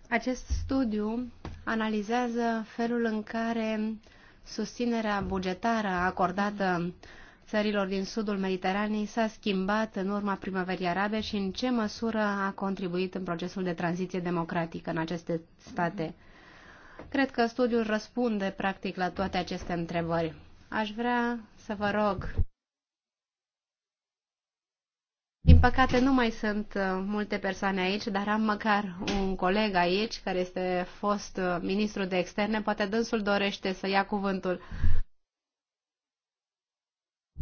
Acest studiu analizează felul în care susținerea bugetară acordată țărilor din sudul Mediteranei s-a schimbat în urma primăverii arabe și în ce măsură a contribuit în procesul de tranziție democratică în aceste state. Cred că studiul răspunde practic la toate aceste întrebări. Aș vrea să vă rog din păcate nu mai sunt uh, multe persoane aici, dar am măcar un coleg aici care este fost uh, ministru de externe. Poate dânsul dorește să ia cuvântul.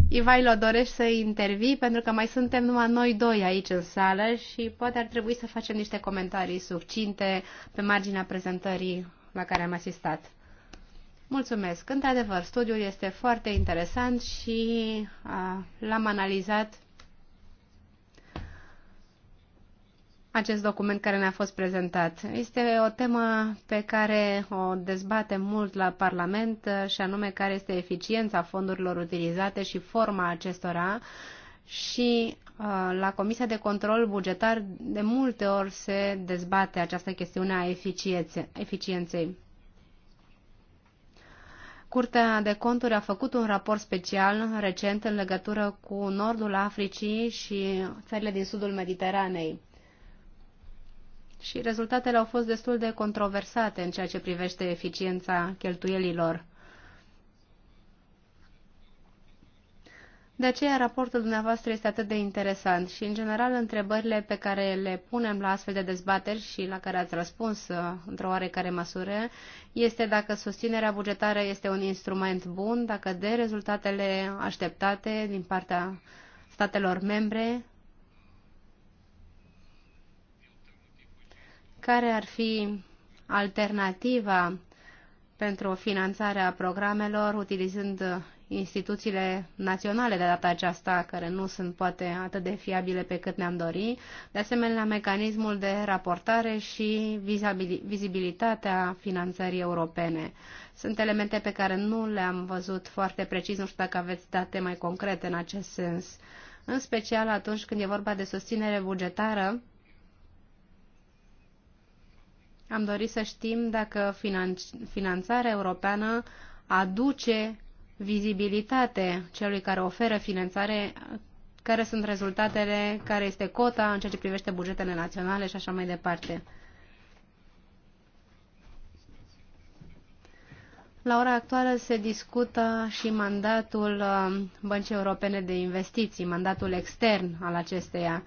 Ivailo, dorești să intervii? Pentru că mai suntem numai noi doi aici în sală și poate ar trebui să facem niște comentarii succinte pe marginea prezentării la care am asistat. Mulțumesc! Într-adevăr, studiul este foarte interesant și uh, l-am analizat acest document care ne-a fost prezentat. Este o temă pe care o dezbatem mult la Parlament și anume care este eficiența fondurilor utilizate și forma acestora și uh, la Comisia de Control Bugetar de multe ori se dezbate această chestiune a eficienței. Curtea de Conturi a făcut un raport special recent în legătură cu nordul Africii și țările din sudul Mediteranei și rezultatele au fost destul de controversate în ceea ce privește eficiența cheltuielilor. De aceea, raportul dumneavoastră este atât de interesant și, în general, întrebările pe care le punem la astfel de dezbateri și la care ați răspuns uh, într-o oarecare măsură este dacă susținerea bugetară este un instrument bun, dacă de rezultatele așteptate din partea statelor membre care ar fi alternativa pentru finanțarea programelor utilizând instituțiile naționale de data aceasta, care nu sunt poate atât de fiabile pe cât ne-am dori, de asemenea mecanismul de raportare și vizibilitatea finanțării europene. Sunt elemente pe care nu le-am văzut foarte precis, nu știu dacă aveți date mai concrete în acest sens, în special atunci când e vorba de susținere bugetară am dorit să știm dacă finanțarea europeană aduce vizibilitate celui care oferă finanțare, care sunt rezultatele, care este cota în ceea ce privește bugetele naționale și așa mai departe. La ora actuală se discută și mandatul um, Băncii Europene de Investiții, mandatul extern al acesteia.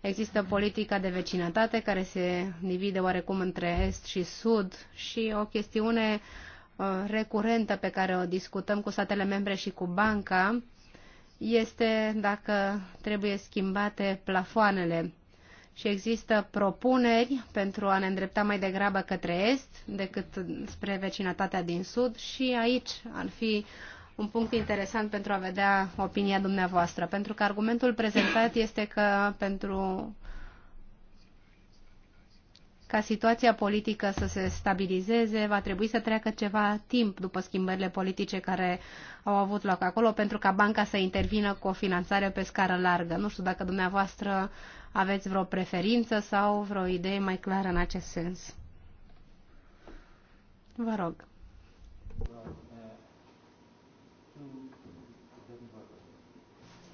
Există politica de vecinătate care se divide oarecum între Est și Sud și o chestiune uh, recurentă pe care o discutăm cu statele membre și cu banca este dacă trebuie schimbate plafoanele și există propuneri pentru a ne îndrepta mai degrabă către est decât spre vecinătatea din sud și aici ar fi un punct interesant pentru a vedea opinia dumneavoastră, pentru că argumentul prezentat este că pentru ca situația politică să se stabilizeze, va trebui să treacă ceva timp după schimbările politice care au avut loc acolo pentru ca banca să intervină cu o finanțare pe scară largă. Nu știu dacă dumneavoastră aveți vreo preferință sau vreo idee mai clară în acest sens. Vă rog.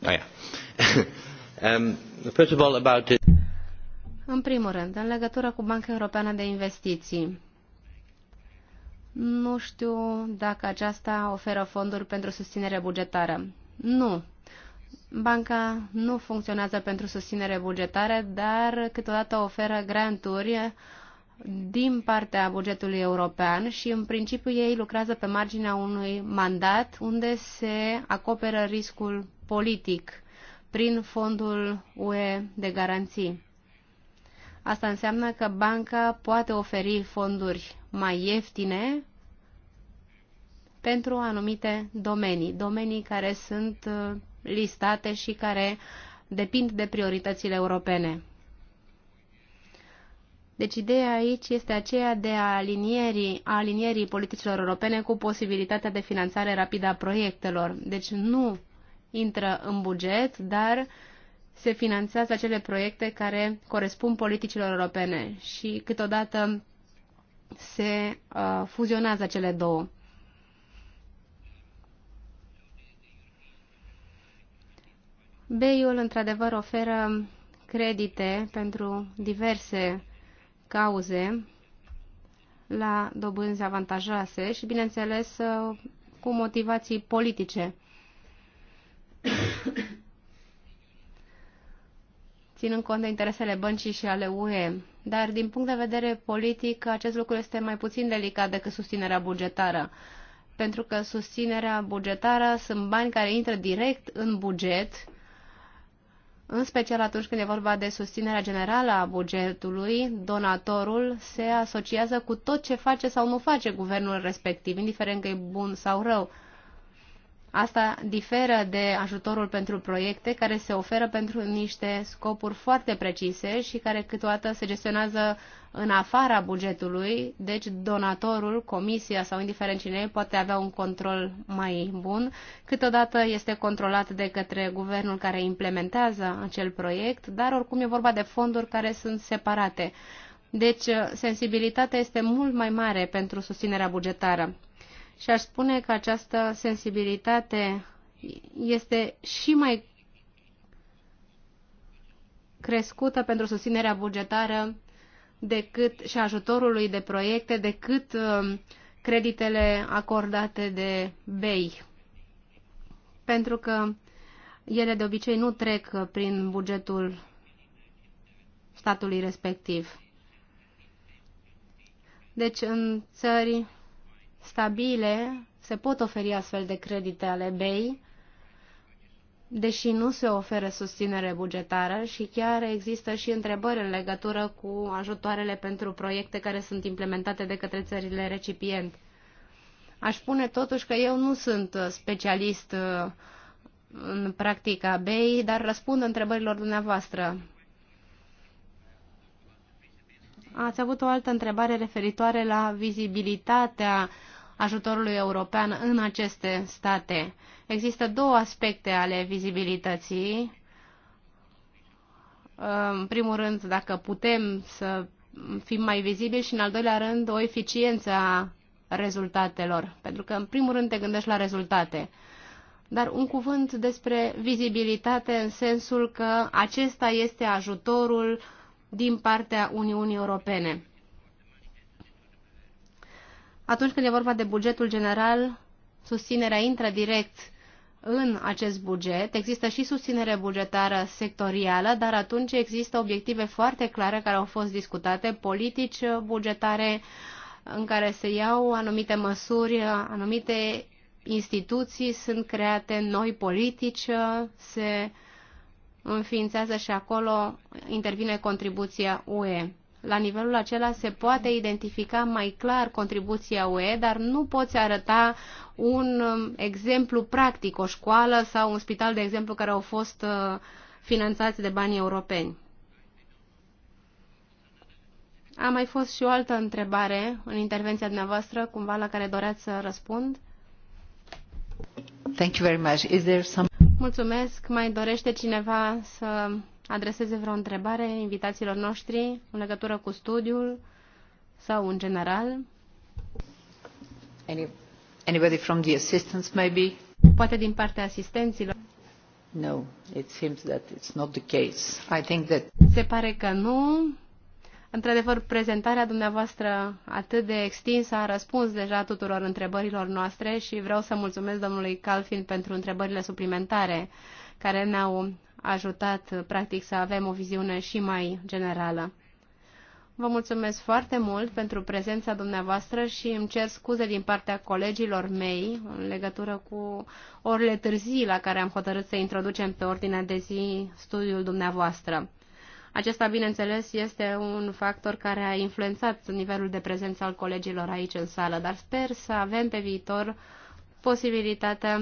Oh, *laughs* um, în primul rând, în legătură cu Banca Europeană de Investiții, nu știu dacă aceasta oferă fonduri pentru susținere bugetară. Nu. Banca nu funcționează pentru susținere bugetară, dar câteodată oferă granturi din partea bugetului european și în principiu ei lucrează pe marginea unui mandat unde se acoperă riscul politic prin fondul UE de garanții. Asta înseamnă că banca poate oferi fonduri mai ieftine pentru anumite domenii, domenii care sunt uh, listate și care depind de prioritățile europene. Deci ideea aici este aceea de a alinierii, a alinierii politicilor europene cu posibilitatea de finanțare rapidă a proiectelor. Deci nu intră în buget, dar se finanțează acele proiecte care corespund politicilor europene și câteodată se uh, fuzionează cele două. BEI-ul într-adevăr oferă credite pentru diverse cauze la dobânzi avantajoase și, bineînțeles, uh, cu motivații politice. *coughs* ținând cont de interesele băncii și ale UE. Dar, din punct de vedere politic, acest lucru este mai puțin delicat decât susținerea bugetară. Pentru că susținerea bugetară sunt bani care intră direct în buget, în special atunci când e vorba de susținerea generală a bugetului, donatorul se asociază cu tot ce face sau nu face guvernul respectiv, indiferent că e bun sau rău. Asta diferă de ajutorul pentru proiecte care se oferă pentru niște scopuri foarte precise și care câteodată se gestionează în afara bugetului, deci donatorul, comisia sau indiferent cine poate avea un control mai bun. Câteodată este controlat de către guvernul care implementează acel proiect, dar oricum e vorba de fonduri care sunt separate. Deci sensibilitatea este mult mai mare pentru susținerea bugetară. Și aș spune că această sensibilitate este și mai crescută pentru susținerea bugetară decât și ajutorului de proiecte decât um, creditele acordate de BEI. Pentru că ele de obicei nu trec prin bugetul statului respectiv. Deci în țări stabile se pot oferi astfel de credite ale BEI, deși nu se oferă susținere bugetară și chiar există și întrebări în legătură cu ajutoarele pentru proiecte care sunt implementate de către țările recipient. Aș spune totuși că eu nu sunt specialist uh, în practica BEI, dar răspund întrebărilor dumneavoastră. Ați avut o altă întrebare referitoare la vizibilitatea uh, ajutorului european în aceste state. Există două aspecte ale vizibilității. În primul rând, dacă putem să fim mai vizibili și, în al doilea rând, o eficiență a rezultatelor. Pentru că, în primul rând, te gândești la rezultate. Dar un cuvânt despre vizibilitate în sensul că acesta este ajutorul din partea Uniunii Europene. Atunci când e vorba de bugetul general, susținerea intră direct în acest buget. Există și susținere bugetară sectorială, dar atunci există obiective foarte clare care au fost discutate, politici bugetare în care se iau anumite măsuri, anumite instituții sunt create, noi politici se înființează și acolo intervine contribuția UE la nivelul acela se poate identifica mai clar contribuția UE, dar nu poți arăta un um, exemplu practic, o școală sau un spital, de exemplu, care au fost uh, finanțați de bani europeni. A mai fost și o altă întrebare în intervenția dumneavoastră, cumva la care doreați să răspund. Thank you very much. Is there some... Mulțumesc. Mai dorește cineva să adreseze vreo întrebare invitațiilor noștri în legătură cu studiul sau în general. Any, anybody from the assistants maybe? Poate din partea asistenților. No, it seems that it's not the case. I think that Se pare că nu. Într-adevăr, prezentarea dumneavoastră atât de extinsă a răspuns deja tuturor întrebărilor noastre și vreau să mulțumesc domnului Calfin pentru întrebările suplimentare care ne-au ajutat, uh, practic, să avem o viziune și mai generală. Vă mulțumesc foarte mult pentru prezența dumneavoastră și îmi cer scuze din partea colegilor mei în legătură cu orele târzii la care am hotărât să introducem pe ordinea de zi studiul dumneavoastră. Acesta, bineînțeles, este un factor care a influențat nivelul de prezență al colegilor aici în sală, dar sper să avem pe viitor posibilitatea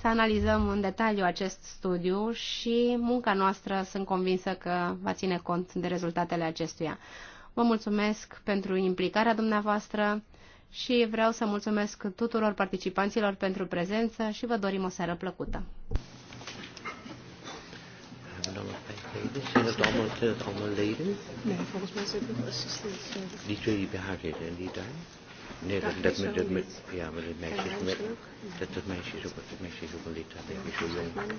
să analizăm în detaliu acest studiu și munca noastră sunt convinsă că va ține cont de rezultatele acestuia. Vă mulțumesc pentru implicarea dumneavoastră și vreau să mulțumesc tuturor participanților pentru prezență și vă dorim o seară plăcută. Nee, dat, dat, dat, dat, ja, maar dat meisje is, dat, dat meisje is ook, dat meisje is ook een lid, dat is zo jong.